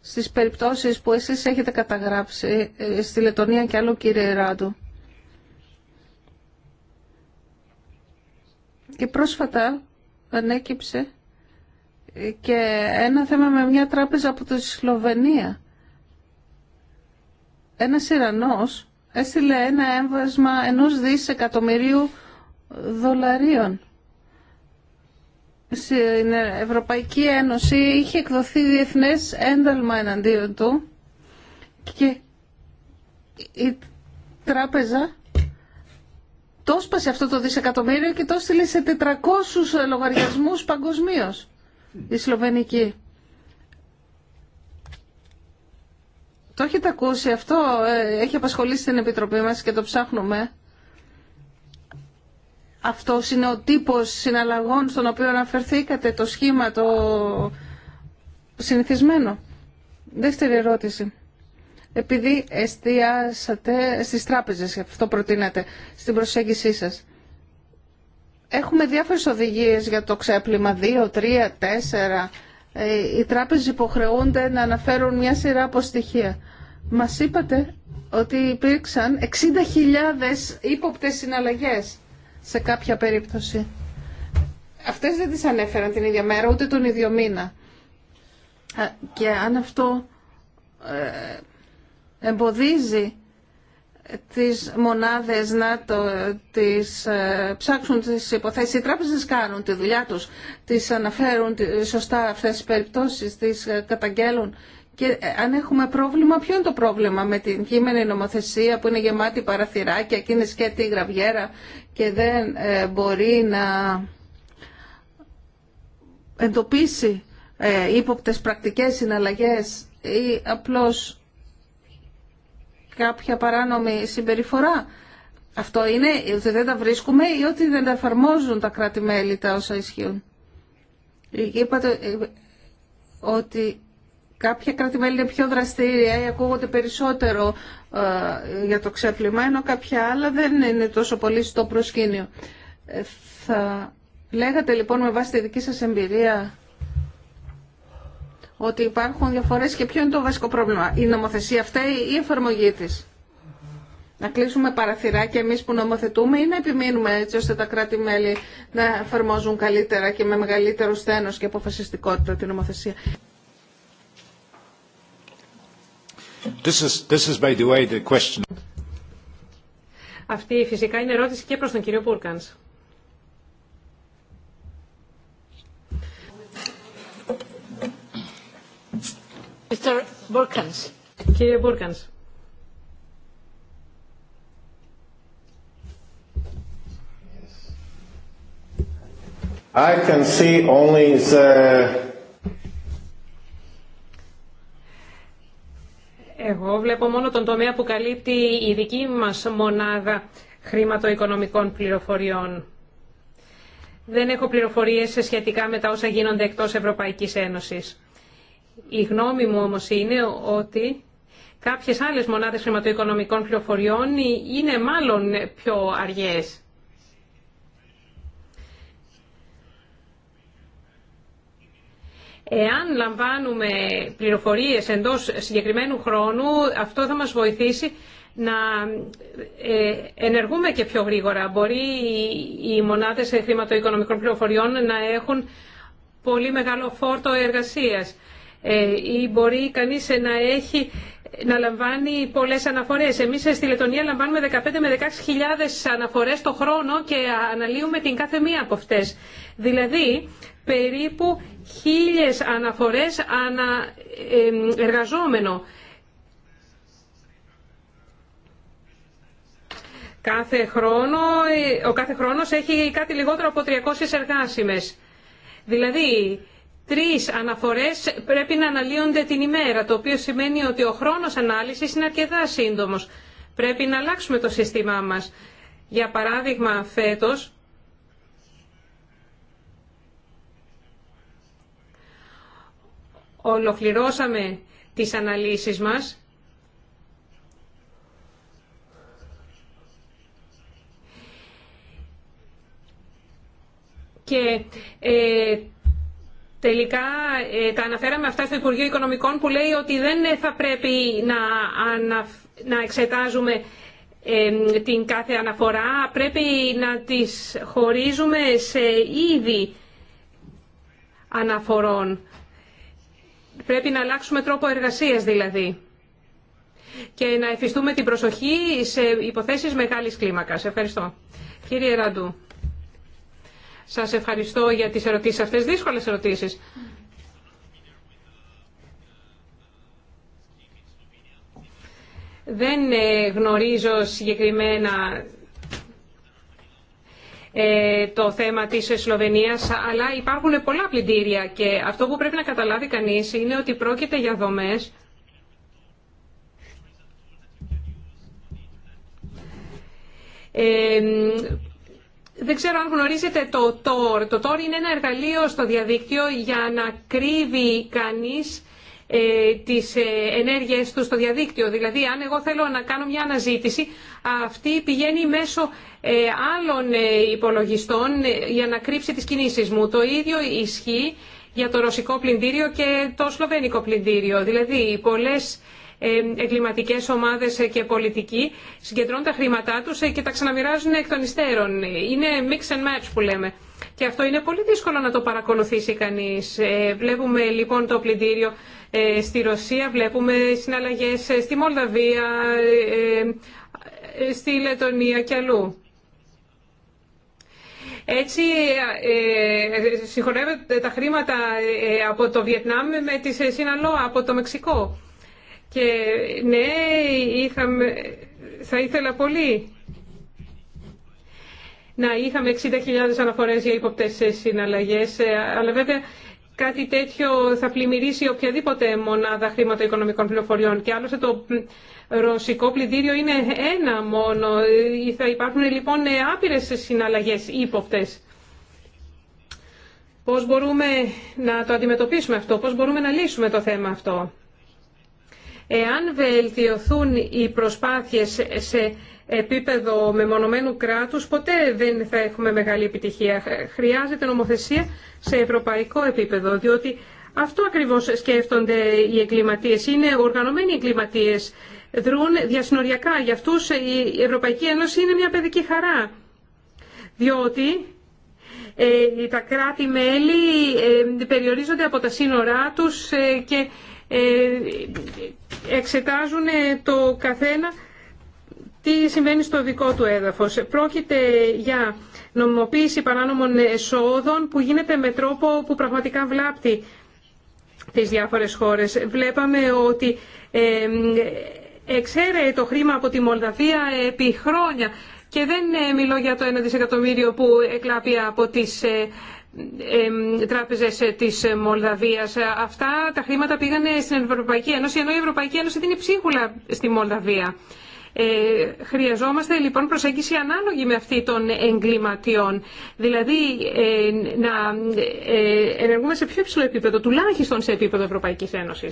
στις περιπτώσεις που εσείς έχετε καταγράψει ε, στη Λετωνία και άλλο κύριε Ράντου. Και πρόσφατα ανέκυψε και ένα θέμα με μια τράπεζα από τη Σλοβενία. Ένας Ιρανός έστειλε ένα έμβασμα ενός δισεκατομμυρίου δολαρίων. Στην Ευρωπαϊκή Ένωση είχε εκδοθεί διεθνές ένταλμα εναντίον του και η τράπεζα το σπασε αυτό το δισεκατομμύριο και το έστειλε σε 400 λογαριασμού παγκοσμίω. η Σλοβενική. Το έχετε ακούσει αυτό, ε, έχει απασχολήσει την Επιτροπή μας και το ψάχνουμε. Αυτό είναι ο τύπος συναλλαγών στον οποίο αναφερθήκατε, το σχήμα, το συνηθισμένο. Δεύτερη ερώτηση επειδή εστιάσατε στις τράπεζες, αυτό προτείνετε, στην προσέγγισή σας. Έχουμε διάφορες οδηγίες για το ξέπλυμα, 2, 3, 4. Οι τράπεζες υποχρεούνται να αναφέρουν μια σειρά από στοιχεία. Μας είπατε ότι υπήρξαν 60.000 ύποπτες συναλλαγές σε κάποια περίπτωση. Αυτές δεν τις ανέφεραν την ίδια μέρα, ούτε τον ίδιο μήνα. Ε, και αν αυτό ε, εμποδίζει τις μονάδες να το, τις, ε, ψάξουν τις υποθέσεις. Οι τράπεζες κάνουν τη δουλειά τους, τις αναφέρουν σωστά αυτές τις περιπτώσεις, τις ε, καταγγέλουν. Και ε, αν έχουμε πρόβλημα, ποιο είναι το πρόβλημα με την κείμενη νομοθεσία που είναι γεμάτη παραθυράκια και είναι σκέτη γραβιέρα και δεν μπορεί να εντοπίσει ε, ύποπτες πρακτικές συναλλαγές ή απλώς κάποια παράνομη συμπεριφορά. Αυτό είναι ότι δεν τα βρίσκουμε ή ότι δεν τα εφαρμόζουν τα κράτη-μέλη τα όσα ισχύουν. Ε, είπατε ε, ότι κάποια κράτη-μέλη είναι πιο δραστήρια ή ακούγονται περισσότερο ε, για το ξέπλυμα, ενώ κάποια άλλα δεν είναι τόσο πολύ στο προσκήνιο. Θα λέγατε λοιπόν με βάση τη δική σας εμπειρία ότι υπάρχουν διαφορές και ποιο είναι το βασικό πρόβλημα. Η νομοθεσία αυτή ή η εφαρμογή της. Να κλείσουμε και εμείς που νομοθετούμε ή να επιμείνουμε έτσι ώστε τα κράτη-μέλη να εφαρμόζουν καλύτερα και με μεγαλύτερο στένος και αποφασιστικότητα την νομοθεσία. This is, this is by the way the question. Αυτή φυσικά είναι ερώτηση και προς τον κύριο Πούρκανς. Κύριε Εγώ βλέπω μόνο τον τομέα που καλύπτει η δική μας μονάδα χρηματοοικονομικών πληροφοριών. Δεν έχω πληροφορίες σχετικά με τα όσα γίνονται εκτός Ευρωπαϊκής Ένωσης. Η γνώμη μου όμως είναι ότι κάποιες άλλες μονάδες χρηματοοικονομικών πληροφοριών είναι μάλλον πιο αργές. Εάν λαμβάνουμε πληροφορίες εντός συγκεκριμένου χρόνου, αυτό θα μας βοηθήσει να ε, ενεργούμε και πιο γρήγορα. Μπορεί οι μονάδες χρηματοοικονομικών πληροφοριών να έχουν πολύ μεγάλο φόρτο εργασίας. Ε, ή μπορεί κανείς να έχει να λαμβάνει πολλές αναφορές. Εμείς στη Λετωνία λαμβάνουμε 15 με 16 χιλιάδες αναφορές το χρόνο και αναλύουμε την κάθε μία από αυτές. Δηλαδή, περίπου χίλιες αναφορές ανα εργαζόμενο. Κάθε χρόνο, ε, ο κάθε χρόνος έχει κάτι λιγότερο από 300 εργάσιμες. Δηλαδή, τρεις αναφορές πρέπει να αναλύονται την ημέρα, το οποίο σημαίνει ότι ο χρόνος ανάλυσης είναι αρκετά σύντομος. Πρέπει να αλλάξουμε το σύστημά μας. Για παράδειγμα, φέτος, ολοκληρώσαμε τις αναλύσεις μας και ε, Τελικά ε, τα αναφέραμε αυτά στο Υπουργείο Οικονομικών που λέει ότι δεν ε, θα πρέπει να, εξετάζουμε την κάθε αναφορά, πρέπει να τις χωρίζουμε σε είδη αναφορών. Πρέπει να αλλάξουμε τρόπο εργασίας δηλαδή και να εφιστούμε την προσοχή σε υποθέσεις μεγάλης κλίμακας. Ευχαριστώ. Κύριε Ραντού. Σας ευχαριστώ για τις ερωτήσεις αυτές, δύσκολες ερωτήσεις. Δεν ε, γνωρίζω συγκεκριμένα ε, το θέμα της Σλοβενίας, αλλά υπάρχουν πολλά πλυντήρια και αυτό που πρέπει να καταλάβει κανείς είναι ότι πρόκειται για δομές ε, δεν ξέρω αν γνωρίζετε το Tor. Το Tor είναι ένα εργαλείο στο διαδίκτυο για να κρύβει κανείς ε, τις ε, ενέργειες του στο διαδίκτυο. Δηλαδή, αν εγώ θέλω να κάνω μια αναζήτηση, αυτή πηγαίνει μέσω ε, άλλων ε, υπολογιστών για να κρύψει τις κινήσεις μου. Το ίδιο ισχύει για το ρωσικό πλυντήριο και το σλοβένικο πλυντήριο. Δηλαδή, πολλές εγκληματικές ομάδες και πολιτικοί, συγκεντρώνουν τα χρήματά τους ε, και τα ξαναμοιράζουν εκ των υστέρων. Είναι mix and match που λέμε. Και αυτό είναι πολύ δύσκολο να το παρακολουθήσει κανείς. Ε, βλέπουμε λοιπόν το πλυντήριο ε, στη Ρωσία, βλέπουμε συναλλαγές στη Μολδαβία, στη Λετωνία και αλλού. Έτσι συγχωνεύονται τα χρήματα από το Βιετνάμ με τις Σιναλό, από το Μεξικό. Και ναι, είχαμε, θα ήθελα πολύ να είχαμε 60.000 αναφορές για υποπτές συναλλαγές, ε, αλλά βέβαια κάτι τέτοιο θα πλημμυρίσει οποιαδήποτε μονάδα οικονομικών πληροφοριών. Και άλλωστε το ρωσικό πλυντήριο είναι ένα μόνο. Ε, θα υπάρχουν λοιπόν ε, άπειρες συναλλαγές ύποπτες. Πώς μπορούμε να το αντιμετωπίσουμε αυτό, πώς μπορούμε να λύσουμε το θέμα αυτό. Εάν βελτιωθούν οι προσπάθειες σε επίπεδο μεμονωμένου κράτους, ποτέ δεν θα έχουμε μεγάλη επιτυχία. Χρειάζεται νομοθεσία σε ευρωπαϊκό επίπεδο, διότι αυτό ακριβώς σκέφτονται οι εγκληματίες. Είναι οργανωμένοι εγκληματίες, δρούν διασυνοριακά. Για αυτούς η Ευρωπαϊκή Ένωση είναι μια παιδική χαρά, διότι ε, τα κράτη-μέλη ε, περιορίζονται από τα σύνορά τους ε, ε, εξετάζουν ε, το καθένα τι συμβαίνει στο δικό του έδαφος. Πρόκειται για νομιμοποίηση παράνομων εσόδων που γίνεται με τρόπο που πραγματικά βλάπτει τις διάφορες χώρες. Βλέπαμε ότι ε, εξαίρεε το χρήμα από τη Μολδαβία επί χρόνια και δεν μιλώ για το 1 δισεκατομμύριο που εκλάπει από τις τράπεζες της Μολδαβίας. Αυτά τα χρήματα πήγαν στην Ευρωπαϊκή Ένωση, ενώ η Ευρωπαϊκή Ένωση δίνει ψίχουλα στη Μολδαβία. Ε, χρειαζόμαστε λοιπόν προσέγγιση ανάλογη με αυτή των εγκληματιών. Δηλαδή ε, να ε, ενεργούμε σε πιο υψηλό επίπεδο, τουλάχιστον σε επίπεδο Ευρωπαϊκή Ένωση.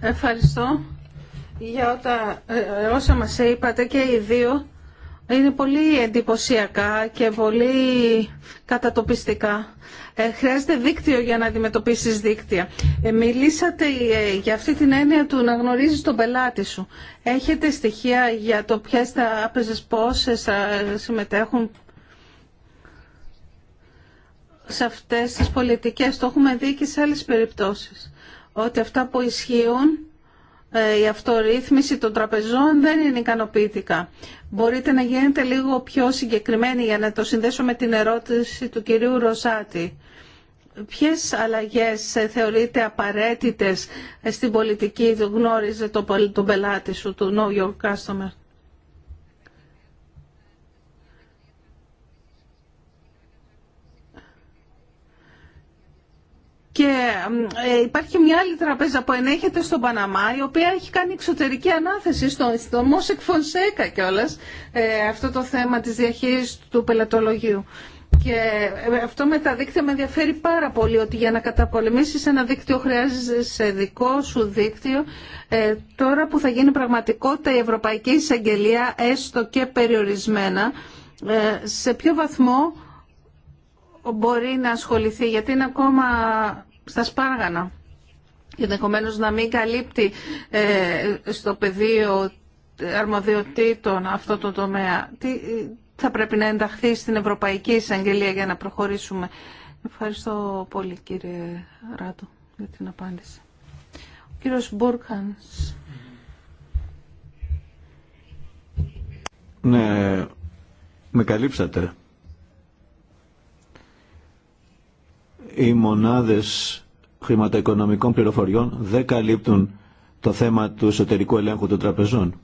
Ευχαριστώ για ότα, ε, όσα μας είπατε και οι δύο είναι πολύ εντυπωσιακά και πολύ κατατοπιστικά. Ε, χρειάζεται δίκτυο για να αντιμετωπίσεις δίκτυα. Ε, μιλήσατε για αυτή την έννοια του να γνωρίζεις τον πελάτη σου. Έχετε στοιχεία για το ποιες τράπεζες πόσες συμμετέχουν σε αυτές τις πολιτικές. Το έχουμε δει και σε άλλες περιπτώσεις. Ότι αυτά που ισχύουν ε, η αυτορύθμιση των τραπεζών δεν είναι ικανοποιητικά. Μπορείτε να γίνετε λίγο πιο συγκεκριμένοι για να το συνδέσω με την ερώτηση του κυρίου Ροσάτη. Ποιες αλλαγές ε, θεωρείτε απαραίτητες ε, στην πολιτική γνώριζε τον πελάτη σου, του Know Your Customer. Και ε, υπάρχει μια άλλη τραπέζα που ενέχεται στον Παναμά, η οποία έχει κάνει εξωτερική ανάθεση στο, στο Μόσεκ Φονσέκα κιόλα ε, αυτό το θέμα της διαχείρισης του πελατολογίου. Και ε, αυτό με τα δίκτυα με ενδιαφέρει πάρα πολύ ότι για να καταπολεμήσεις ένα δίκτυο χρειάζεσαι δικό σου δίκτυο. Ε, τώρα που θα γίνει πραγματικότητα η Ευρωπαϊκή Εισαγγελία έστω και περιορισμένα, ε, σε ποιο βαθμό μπορεί να ασχοληθεί, γιατί είναι ακόμα στα σπάργανα. Ενδεχομένω να μην καλύπτει ε, στο πεδίο αρμοδιοτήτων αυτό το τομέα. Τι θα πρέπει να ενταχθεί στην Ευρωπαϊκή Εισαγγελία για να προχωρήσουμε. Ευχαριστώ πολύ κύριε Ράτο για την απάντηση. Ο κύριος Μπούρκανς. Ναι, με καλύψατε. οι μονάδες χρηματοοικονομικών πληροφοριών δεν καλύπτουν το θέμα του εσωτερικού ελέγχου των τραπεζών.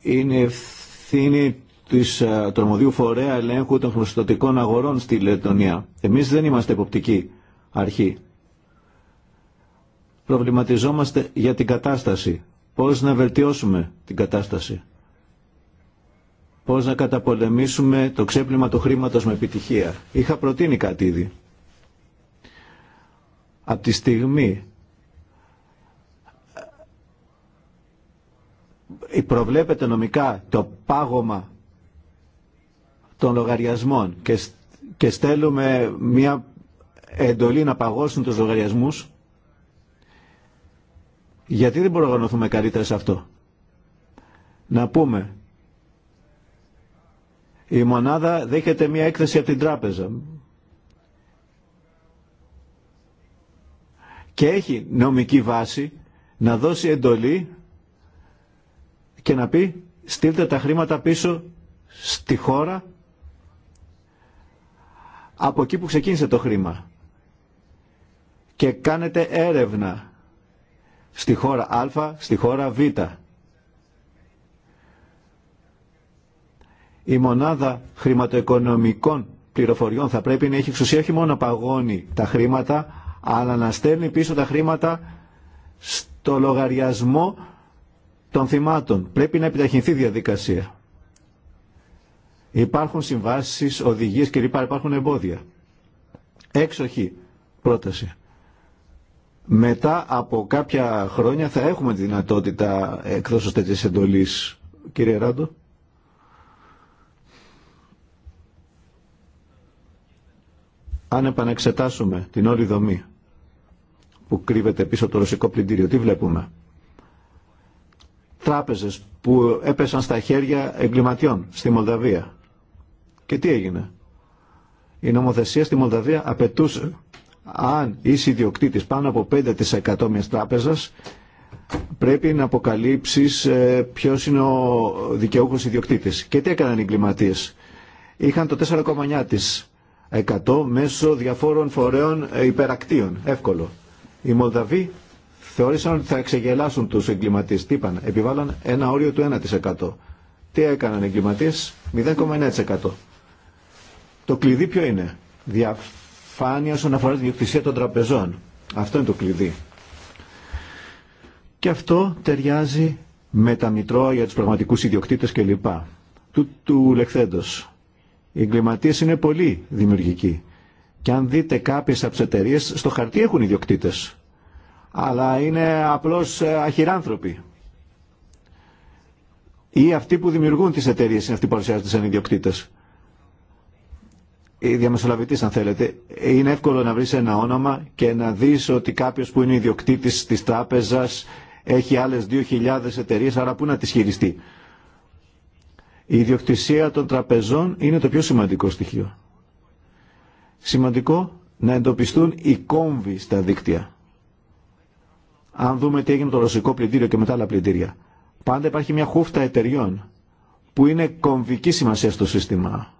Είναι ευθύνη της ε, τρομοδίου φορέα ελέγχου των χρηματοδοτικών αγορών στη Λετωνία. Εμείς δεν είμαστε εποπτική αρχή. Προβληματιζόμαστε για την κατάσταση. Πώς να βελτιώσουμε την κατάσταση πώς να καταπολεμήσουμε το ξέπλυμα του χρήματος με επιτυχία. Είχα προτείνει κάτι ήδη. Από τη στιγμή ε, προβλέπεται νομικά το πάγωμα των λογαριασμών και, στέλνουμε μια εντολή να παγώσουν τους λογαριασμούς, γιατί δεν μπορούμε να καλύτερα σε αυτό. Να πούμε η μονάδα δέχεται μία έκθεση από την τράπεζα. Και έχει νομική βάση να δώσει εντολή και να πει στείλτε τα χρήματα πίσω στη χώρα από εκεί που ξεκίνησε το χρήμα και κάνετε έρευνα στη χώρα Α, στη χώρα Β η μονάδα χρηματοοικονομικών πληροφοριών θα πρέπει να έχει εξουσία όχι μόνο να παγώνει τα χρήματα, αλλά να στέλνει πίσω τα χρήματα στο λογαριασμό των θυμάτων. Πρέπει να επιταχυνθεί η διαδικασία. Υπάρχουν συμβάσεις, οδηγίες κλπ. Υπάρχουν εμπόδια. Έξοχη πρόταση. Μετά από κάποια χρόνια θα έχουμε τη δυνατότητα εκδόσεως τέτοιες εντολής. Κύριε Ράντο. αν επανεξετάσουμε την όλη δομή που κρύβεται πίσω από το ρωσικό πλυντήριο, τι βλέπουμε. Τράπεζες που έπεσαν στα χέρια εγκληματιών στη Μολδαβία. Και τι έγινε. Η νομοθεσία στη Μολδαβία απαιτούσε αν είσαι ιδιοκτήτης πάνω από 5% μιας τράπεζας πρέπει να αποκαλύψεις ε, ποιος είναι ο δικαιούχος ιδιοκτήτης. Και τι έκαναν οι εγκληματίες. Είχαν το 4,9% 100 μέσω διαφόρων φορέων υπερακτίων. Εύκολο. Οι Μολδαβοί θεώρησαν ότι θα εξεγελάσουν τους εγκληματίες. Τι είπαν, επιβάλλαν ένα όριο του 1%. Τι έκαναν οι εγκληματίες, 0,9%. Το κλειδί ποιο είναι, διαφάνεια όσον αφορά τη διοκτησία των τραπεζών. Αυτό είναι το κλειδί. Και αυτό ταιριάζει με τα μητρώα για τους πραγματικούς ιδιοκτήτες κλπ. Του, του λεχθέντος. Οι εγκληματίε είναι πολύ δημιουργικοί. Και αν δείτε κάποιε από τι εταιρείε, στο χαρτί έχουν ιδιοκτήτε. Αλλά είναι απλώ ε, αχυράνθρωποι. Ή αυτοί που δημιουργούν τι εταιρείε είναι αυτοί που παρουσιάζονται σαν ιδιοκτήτε. Η αυτοι που δημιουργουν τι εταιρειε ειναι αυτοι που παρουσιαζονται σαν ιδιοκτητε Οι διαμεσολαβητη αν θέλετε. Είναι εύκολο να βρει ένα όνομα και να δει ότι κάποιο που είναι ιδιοκτήτη τη τράπεζα έχει άλλε 2.000 εταιρείε, άρα πού να τι χειριστεί. Η ιδιοκτησία των τραπεζών είναι το πιο σημαντικό στοιχείο. Σημαντικό να εντοπιστούν οι κόμβοι στα δίκτυα. Αν δούμε τι έγινε το ρωσικό πλυντήριο και μετά άλλα πλυντήρια. Πάντα υπάρχει μια χούφτα εταιριών που είναι κομβική σημασία στο σύστημα.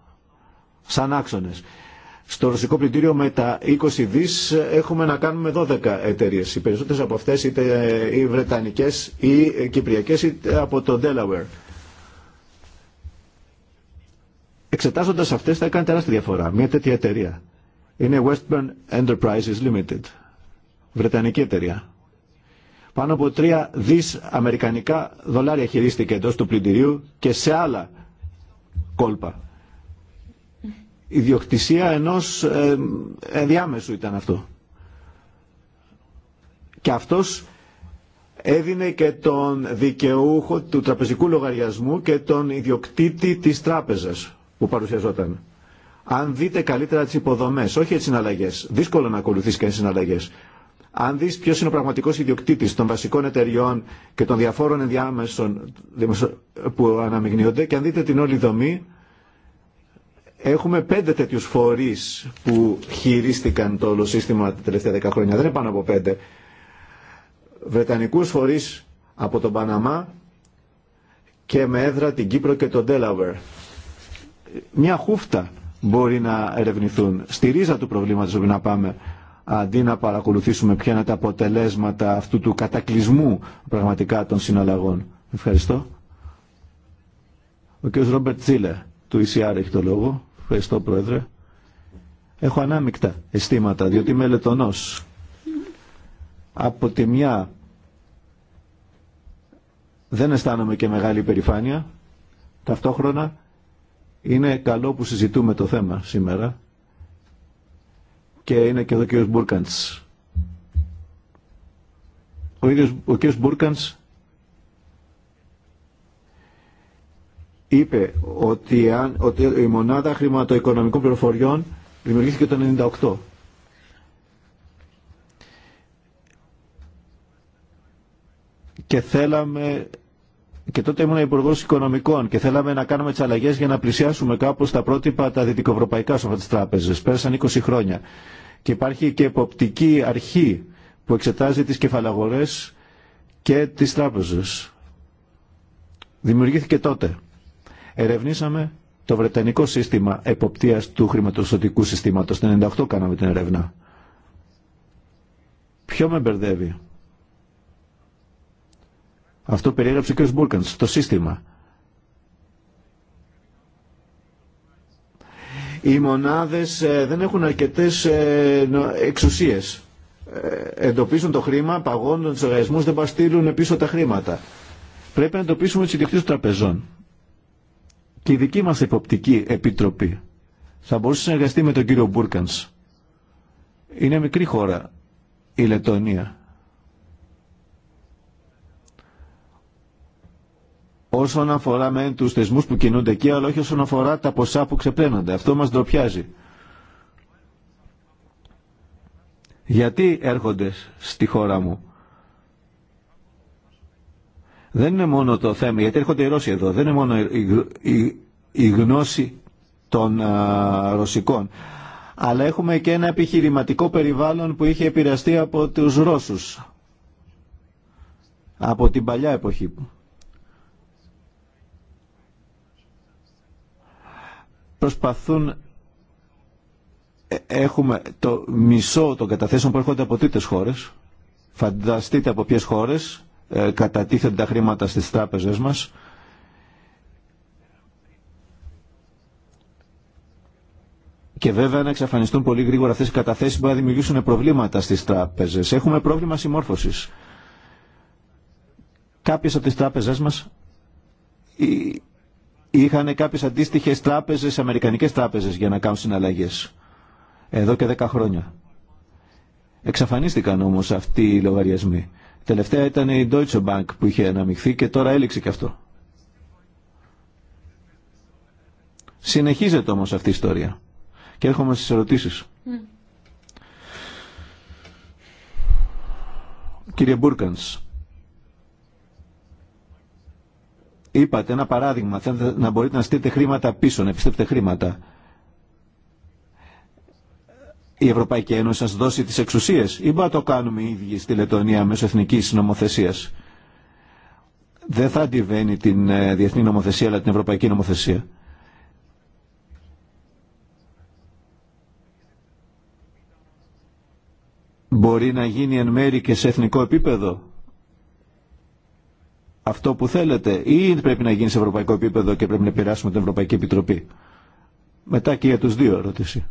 Σαν άξονε. Στο ρωσικό πλυντήριο με τα 20 δι έχουμε να κάνουμε 12 εταιρείε. Οι περισσότερε από αυτέ είτε οι βρετανικέ ή κυπριακέ, είτε από το Delaware. Εξετάζοντα αυτέ θα έκανε τεράστια διαφορά. Μια τέτοια εταιρεία. Είναι Westburn Enterprises Limited. Βρετανική εταιρεία. Πάνω από τρία δις αμερικανικά δολάρια χειρίστηκε εντό του πλυντηρίου και σε άλλα κόλπα. Η διοκτησία ενός ενδιάμεσου ήταν αυτό. Και αυτός έδινε και τον δικαιούχο του τραπεζικού λογαριασμού και τον ιδιοκτήτη της τράπεζας που παρουσιαζόταν. Αν δείτε καλύτερα τι υποδομέ, όχι τι συναλλαγέ. Δύσκολο να ακολουθήσει κανεί συναλλαγέ. Αν δει ποιο είναι ο πραγματικό ιδιοκτήτη των βασικών εταιριών και των διαφόρων ενδιάμεσων που αναμειγνύονται και αν δείτε την όλη δομή, έχουμε πέντε τέτοιου φορεί που χειρίστηκαν το όλο σύστημα τα τελευταία δέκα χρόνια. Δεν είναι πάνω από πέντε. Βρετανικού φορεί από τον Παναμά και με έδρα την Κύπρο και τον Delaware μια χούφτα μπορεί να ερευνηθούν. Στη ρίζα του προβλήματος που να πάμε αντί να παρακολουθήσουμε ποια είναι τα αποτελέσματα αυτού του κατακλυσμού πραγματικά των συναλλαγών. Ευχαριστώ. Ο κ. Ρόμπερτ Τσίλε του ECR έχει το λόγο. Ευχαριστώ Πρόεδρε. Έχω ανάμεικτα αισθήματα διότι είμαι Από τη μια δεν αισθάνομαι και μεγάλη υπερηφάνεια. Ταυτόχρονα είναι καλό που συζητούμε το θέμα σήμερα και είναι και εδώ ο κ. Μπούρκαντς. Ο, ίδιος, ο Μπούρκαντς είπε ότι, αν, ότι η μονάδα χρηματοοικονομικών πληροφοριών δημιουργήθηκε το 1998. Και θέλαμε και τότε ήμουν υπουργό οικονομικών και θέλαμε να κάνουμε τι αλλαγέ για να πλησιάσουμε κάπω τα πρότυπα τα δυτικοευρωπαϊκά σε αυτέ τι τράπεζε. Πέρασαν 20 χρόνια. Και υπάρχει και εποπτική αρχή που εξετάζει τι κεφαλαγορέ και τι τράπεζε. Δημιουργήθηκε τότε. Ερευνήσαμε το βρετανικό σύστημα εποπτείας του χρηματοδοτικού συστήματος. Το 1998 κάναμε την ερευνά. Ποιο με μπερδεύει. Αυτό περιέγραψε ο κ. Μπούρκαν, το σύστημα. Οι μονάδες ε, δεν έχουν αρκετές ε, εξουσίες. Ε, εντοπίζουν το χρήμα, παγώνουν τους οργανισμούς, δεν παστήλουν πίσω τα χρήματα. Πρέπει να εντοπίσουμε τους ιδιοκτήτες τραπεζών. Και η δική μας υποπτική επιτροπή θα μπορούσε να εργαστεί με τον κύριο Μπούρκανς. Είναι μικρή χώρα η Λετωνία. όσον αφορά με τους θεσμούς που κινούνται εκεί, αλλά όχι όσον αφορά τα ποσά που ξεπλένονται. Αυτό μας ντροπιάζει. Γιατί έρχονται στη χώρα μου. Δεν είναι μόνο το θέμα, γιατί έρχονται οι Ρώσοι εδώ, δεν είναι μόνο η, γνώση των α, Ρωσικών. Αλλά έχουμε και ένα επιχειρηματικό περιβάλλον που είχε επηρεαστεί από τους Ρώσους. Από την παλιά εποχή. προσπαθούν ε, έχουμε το μισό των καταθέσεων που έρχονται από τρίτες χώρες φανταστείτε από ποιες χώρες ε, κατατίθενται τα χρήματα στις τράπεζες μας Και βέβαια να εξαφανιστούν πολύ γρήγορα αυτές οι καταθέσεις που θα δημιουργήσουν προβλήματα στις τράπεζες. Έχουμε πρόβλημα συμμόρφωσης. Κάποιες από τις τράπεζές μας είχαν κάποιες αντίστοιχες τράπεζες, αμερικανικές τράπεζες για να κάνουν συναλλαγές εδώ και δέκα χρόνια. Εξαφανίστηκαν όμως αυτοί οι λογαριασμοί. Τελευταία ήταν η Deutsche Bank που είχε αναμειχθεί και τώρα έληξε και αυτό. Συνεχίζεται όμως αυτή η ιστορία. Και έρχομαι στις ερωτήσεις. Mm. Κύριε Μπούρκανς, Είπατε ένα παράδειγμα, θέλετε να μπορείτε να στείλετε χρήματα πίσω, να επιστρέψετε χρήματα. Η Ευρωπαϊκή Ένωση σας δώσει τις εξουσίες ή μπορεί να το κάνουμε οι ίδιοι στη Λετωνία μέσω εθνικής νομοθεσίας. Δεν θα αντιβαίνει την ε, διεθνή νομοθεσία αλλά την ευρωπαϊκή νομοθεσία. Μπορεί να γίνει εν μέρη και σε εθνικό επίπεδο αυτό που θέλετε ή πρέπει να γίνει σε ευρωπαϊκό επίπεδο και πρέπει να επηρεάσουμε την Ευρωπαϊκή Επιτροπή. Μετά και για τους δύο ερώτηση.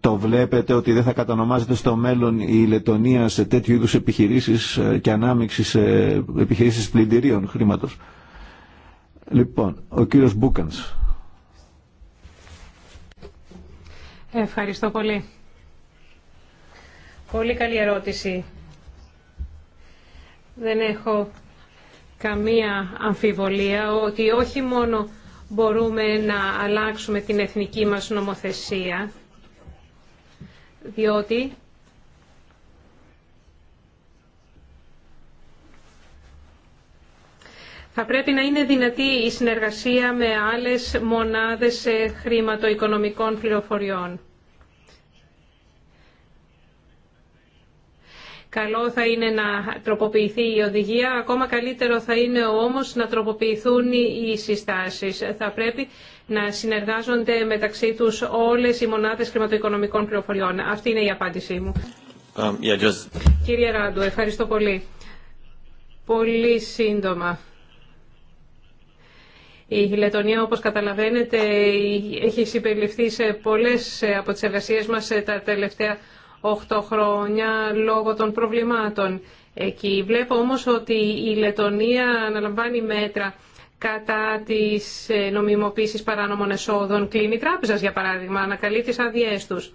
Το βλέπετε ότι δεν θα κατανομάζεται στο μέλλον η Λετωνία σε τέτοιου είδους επιχειρήσεις ε, και ανάμειξη σε επιχειρήσεις πλυντηρίων χρήματος. Λοιπόν, ο κύριος Μπούκανς. Ευχαριστώ πολύ. Πολύ καλή ερώτηση. Δεν έχω καμία αμφιβολία ότι όχι μόνο μπορούμε να αλλάξουμε την εθνική μας νομοθεσία, διότι θα πρέπει να είναι δυνατή η συνεργασία με άλλες μονάδες ε, χρηματοοικονομικών πληροφοριών. Καλό θα είναι να τροποποιηθεί η οδηγία, ακόμα καλύτερο θα είναι όμως να τροποποιηθούν οι συστάσεις. Θα πρέπει να συνεργάζονται μεταξύ τους όλες οι μονάδες χρηματοοικονομικών πληροφοριών. Αυτή είναι η απάντησή μου. Um, yeah, just... Κύριε Ράντου, ευχαριστώ πολύ. Πολύ σύντομα. Η Λετωνία, όπως καταλαβαίνετε, έχει συμπεριληφθεί σε πολλές από τις εργασίες μας τα τελευταία 8 χρόνια λόγω των προβλημάτων εκεί. Βλέπω όμως ότι η Λετωνία αναλαμβάνει μέτρα κατά της ε, νομιμοποίησης παράνομων εσόδων. Κλείνει τράπεζας, για παράδειγμα, ανακαλεί τις άδειές τους.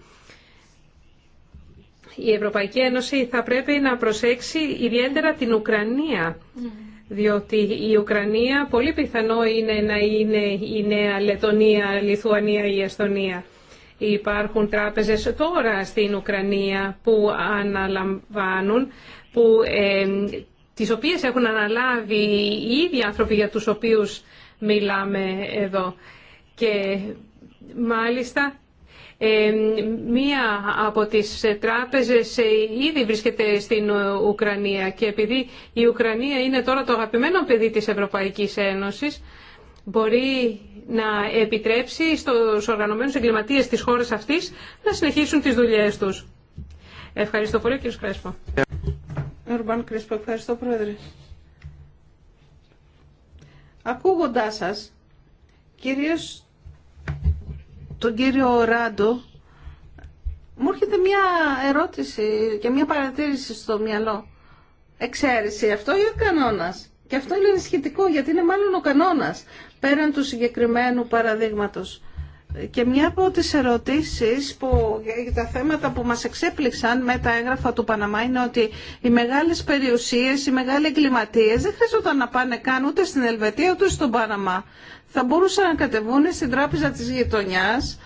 Η Ευρωπαϊκή Ένωση θα πρέπει να προσέξει ιδιαίτερα την Ουκρανία, διότι η Ουκρανία πολύ πιθανό είναι να είναι η νέα Λετωνία, Λιθουανία ή Εστονία. Υπάρχουν τράπεζες τώρα στην Ουκρανία που αναλαμβάνουν, που, ε, τις οποίες έχουν αναλάβει οι ίδιοι άνθρωποι για τους οποίους μιλάμε εδώ. Και μάλιστα μία από τις τράπεζες ήδη βρίσκεται στην Ουκρανία και επειδή η Ουκρανία είναι τώρα το αγαπημένο παιδί της Ευρωπαϊκής Ένωσης, μπορεί να επιτρέψει στους οργανωμένους εγκληματίες της χώρας αυτής να συνεχίσουν τις δουλειές τους. Ευχαριστώ πολύ κύριε Κρέσπο. Ερμπάν Κρέσπο, ευχαριστώ πρόεδρε. Ακούγοντάς σας, κυρίως τον κύριο Ράντο, μου έρχεται μια ερώτηση και μια παρατήρηση στο μυαλό. Εξαίρεση αυτό ή ο κανόνας. Και αυτό είναι ενισχυτικό γιατί είναι μάλλον ο κανόνας πέραν του συγκεκριμένου παραδείγματος. Και μια από τι ερωτήσεις που, για τα θέματα που μας εξέπληξαν με τα έγγραφα του Παναμά είναι ότι οι μεγάλες περιουσίες, οι μεγάλοι εγκληματίες δεν χρειαζόταν να πάνε καν ούτε στην Ελβετία ούτε στον Παναμά. Θα μπορούσαν να κατεβούν στην τράπεζα της γειτονιάς,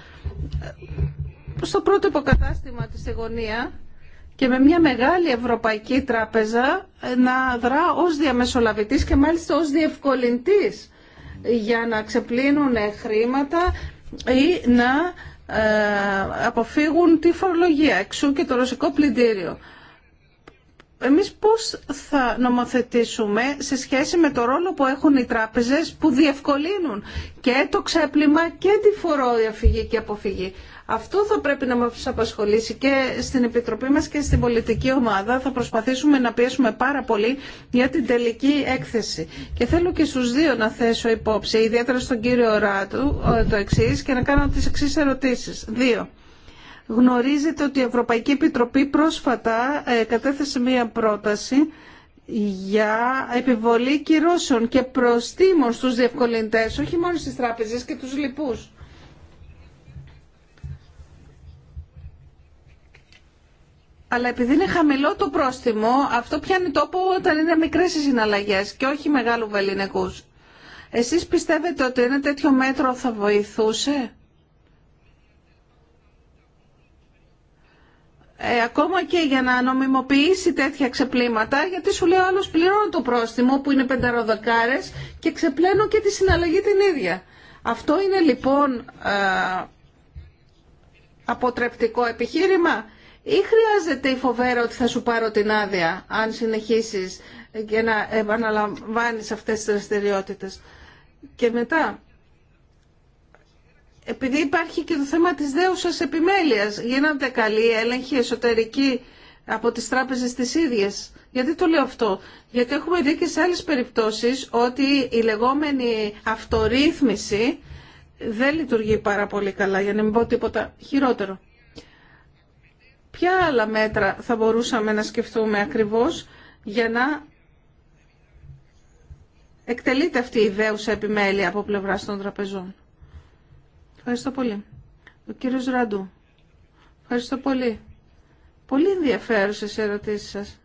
στο πρώτο υποκατάστημα της εγωνία και με μια μεγάλη ευρωπαϊκή τράπεζα να δρά ως διαμεσολαβητής και μάλιστα ως διευκολυντής για να ξεπλύνουν χρήματα ή να ε, αποφύγουν τη φορολογία, εξού και το ρωσικό πλυντήριο. Εμείς πώς θα νομοθετήσουμε σε σχέση με το ρόλο που έχουν οι τράπεζες που διευκολύνουν και το ξέπλυμα και τη φοροδιαφυγή και αποφυγή. Αυτό θα πρέπει να μας απασχολήσει και στην Επιτροπή μας και στην πολιτική ομάδα. Θα προσπαθήσουμε να πιέσουμε πάρα πολύ για την τελική έκθεση. Και θέλω και στους δύο να θέσω υπόψη, ιδιαίτερα στον κύριο Ράτου, ε, το εξή και να κάνω τις εξή ερωτήσεις. Δύο. Γνωρίζετε ότι η Ευρωπαϊκή Επιτροπή πρόσφατα ε, κατέθεσε μία πρόταση για επιβολή κυρώσεων και προστήμων στους διευκολυντές, όχι μόνο στις τράπεζες και τους λοιπούς. Αλλά επειδή είναι χαμηλό το πρόστιμο, αυτό πιάνει τόπο όταν είναι μικρές οι συναλλαγές και όχι μεγάλου βεληνικούς. Εσείς πιστεύετε ότι ένα τέτοιο μέτρο θα βοηθούσε? Ε, ακόμα και για να νομιμοποιήσει τέτοια ξεπλήματα, γιατί σου λέω ο άλλος πληρώνω το πρόστιμο που είναι πενταροδοκάρες και ξεπλένω και τη συναλλαγή την ίδια. Αυτό είναι λοιπόν ε, αποτρεπτικό επιχείρημα ή χρειάζεται η φοβέρα ότι θα σου πάρω την άδεια αν συνεχίσεις και να επαναλαμβάνεις αυτές τις δραστηριότητε. Και μετά, επειδή υπάρχει και το θέμα της δέουσας επιμέλειας, γίνονται καλοί έλεγχοι εσωτερικοί από τις τράπεζες τις ίδιες. Γιατί το λέω αυτό. Γιατί έχουμε δει και σε άλλες περιπτώσεις ότι η λεγόμενη αυτορύθμιση δεν λειτουργεί πάρα πολύ καλά, για να μην πω τίποτα χειρότερο. Ποια άλλα μέτρα θα μπορούσαμε να σκεφτούμε ακριβώς για να εκτελείται αυτή η ιδέουσα επιμέλεια από πλευρά των τραπεζών. Ευχαριστώ πολύ. Ο κύριος Ραντού. Ευχαριστώ πολύ. Πολύ ενδιαφέρουσες οι ερωτήσεις σας.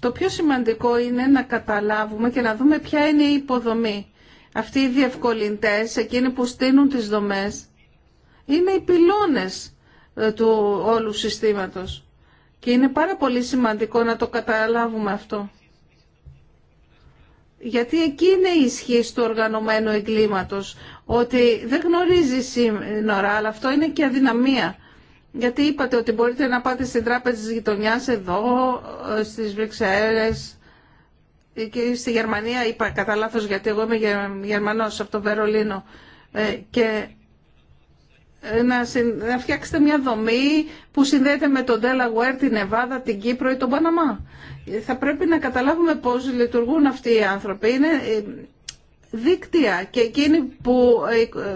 Το πιο σημαντικό είναι να καταλάβουμε και να δούμε ποια είναι η υποδομή. Αυτοί οι διευκολυντές, εκείνοι που στείνουν τις δομές, είναι οι πυλώνες ε, του όλου συστήματος. Και είναι πάρα πολύ σημαντικό να το καταλάβουμε αυτό. Γιατί εκεί είναι η ισχύ του οργανωμένου εγκλήματος, ότι δεν γνωρίζει σύνορα, αλλά αυτό είναι και αδυναμία. Γιατί είπατε ότι μπορείτε να πάτε στην τράπεζα της γειτονιάς εδώ, ε, στις Βρυξέλλες ε, και στη Γερμανία, είπα κατά λάθο γιατί εγώ είμαι Γερμανός από το Βερολίνο και ε, να, φτιάξετε μια δομή που συνδέεται με τον Delaware, την Εβάδα, την Κύπρο ή τον Παναμά. Ε, θα πρέπει να καταλάβουμε πώς λειτουργούν αυτοί οι άνθρωποι. Είναι ε, δίκτυα και εκείνοι που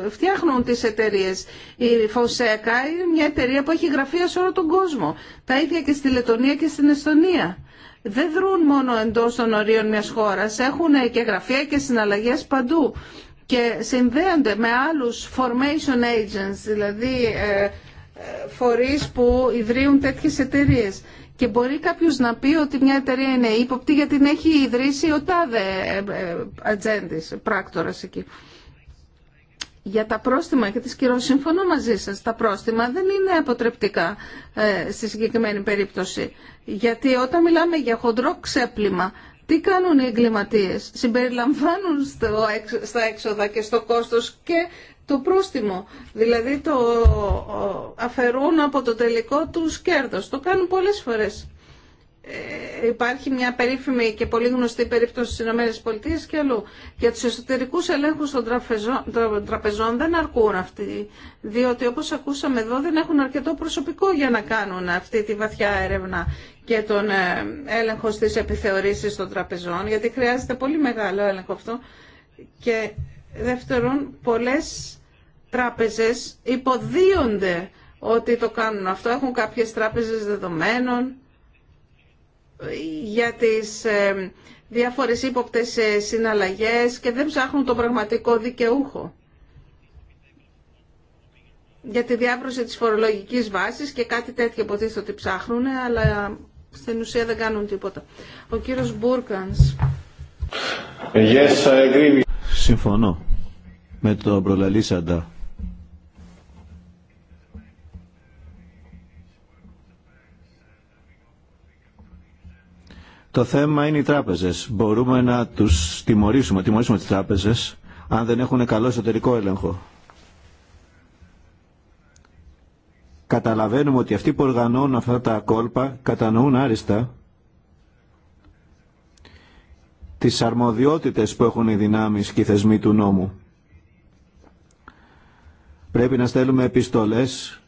φτιάχνουν τις εταιρείε. Η Φωσέκα είναι μια εταιρεία που έχει γραφεία σε όλο τον κόσμο. Τα ίδια και στη Λετωνία και στην Εστονία. Δεν δρούν μόνο εντός των ορίων μιας χώρας, έχουν και γραφεία και συναλλαγές παντού και συνδέονται με άλλους formation agents, δηλαδή ε, ε, φορείς που ιδρύουν τέτοιες εταιρείες. Και μπορεί κάποιος να πει ότι μια εταιρεία είναι ύποπτη γιατί την έχει ιδρύσει ο τάδε ε, ατζέντης, πράκτορας εκεί. Για τα πρόστιμα και τις κυρώσεις, συμφωνώ μαζί σας, τα πρόστιμα δεν είναι αποτρεπτικά στη συγκεκριμένη περίπτωση. Γιατί όταν μιλάμε για χοντρό ξέπλυμα τι κάνουν οι εγκληματίες. Συμπεριλαμβάνουν στα έξοδα και στο κόστος και το πρόστιμο. Δηλαδή το αφαιρούν από το τελικό του κέρδος. Το κάνουν πολλές φορές. Ε, υπάρχει μια περίφημη και πολύ γνωστή περίπτωση στις ΗΠΑ και αλλού. Για τους εσωτερικούς ελέγχους των τραπεζών, τραπεζών δεν αρκούν αυτοί, διότι όπως ακούσαμε εδώ δεν έχουν αρκετό προσωπικό για να κάνουν αυτή τη βαθιά έρευνα και τον ε, έλεγχο στις επιθεωρήσεις των τραπεζών, γιατί χρειάζεται πολύ μεγάλο έλεγχο αυτό. Και δεύτερον, πολλές τράπεζες υποδίονται ότι το κάνουν αυτό. Έχουν κάποιες τράπεζες δεδομένων για τις ε, διάφορες ύποπτες ε, συναλλαγές και δεν ψάχνουν τον πραγματικό δικαιούχο για τη διάβρωση της φορολογικής βάσης και κάτι τέτοιο υποτίθεται ότι ψάχνουν, αλλά στην ουσία δεν κάνουν τίποτα. Ο κύριος Μπούρκανς. Yes, Συμφωνώ με τον προλαλήσαντα. Το θέμα είναι οι τράπεζες. Μπορούμε να τους τιμωρήσουμε, τιμωρήσουμε τις τράπεζες αν δεν έχουν καλό εσωτερικό έλεγχο. Καταλαβαίνουμε ότι αυτοί που οργανώνουν αυτά τα κόλπα κατανοούν άριστα τις αρμοδιότητες που έχουν οι δυνάμεις και οι θεσμοί του νόμου. Πρέπει να στέλνουμε επιστολές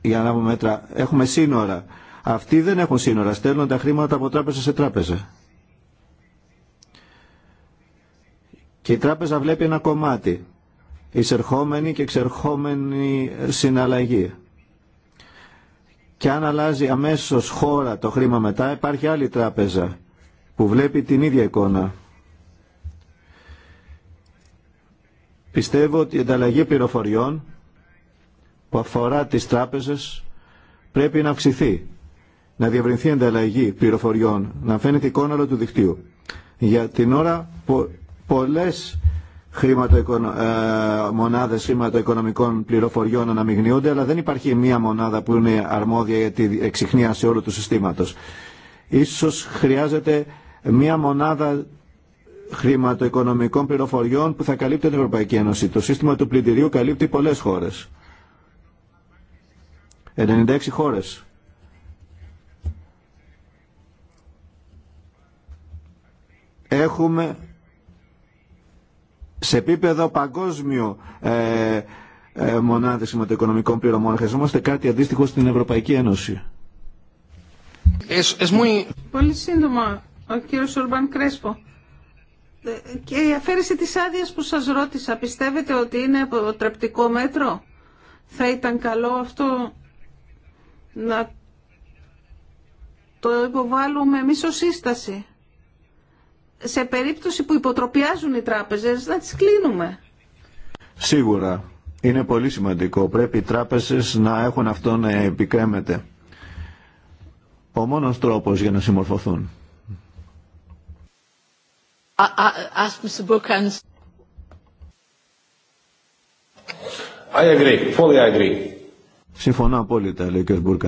για να λάβουμε μέτρα. Έχουμε σύνορα. Αυτοί δεν έχουν σύνορα. Στέλνουν τα χρήματα από τράπεζα σε τράπεζα. Και η τράπεζα βλέπει ένα κομμάτι. Εισερχόμενη και εξερχόμενη συναλλαγή. Και αν αλλάζει αμέσως χώρα το χρήμα μετά, υπάρχει άλλη τράπεζα που βλέπει την ίδια εικόνα. Πιστεύω ότι η ανταλλαγή πληροφοριών που αφορά τις τράπεζες πρέπει να αυξηθεί, να διευρυνθεί η ανταλλαγή πληροφοριών, να φαίνεται η εικόνα του δικτύου. Για την ώρα πολλές ε, Μονάδε χρηματοοικονομικών πληροφοριών αναμειγνύονται, αλλά δεν υπάρχει μία μονάδα που είναι αρμόδια για τη σε όλου του συστήματος. Ίσως χρειάζεται μία μονάδα χρηματοοικονομικών πληροφοριών που θα καλύπτει την Ευρωπαϊκή Ένωση. Το σύστημα του πλυντηρίου καλύπτει πολλές χώρε. 96 χώρε. Έχουμε σε επίπεδο παγκόσμιο ε, ε, μονάδε σηματοοικονομικών πληρωμών. Χρειαζόμαστε κάτι αντίστοιχο στην Ευρωπαϊκή Ένωση. Πολύ σύντομα, ο κύριος Ορμπάν Κρέσπο. Ε, και η αφαίρεση της άδεια που σας ρώτησα, πιστεύετε ότι είναι αποτρεπτικό μέτρο? Θα ήταν καλό αυτό να το υποβάλουμε εμείς σύσταση σε περίπτωση που υποτροπιάζουν οι τράπεζες να τις κλείνουμε. Σίγουρα. Είναι πολύ σημαντικό. Πρέπει οι τράπεζες να έχουν αυτό να επικρέμεται. Ο μόνος τρόπος για να συμμορφωθούν. I agree. Fully agree. Συμφωνώ απόλυτα, λέει ο κ.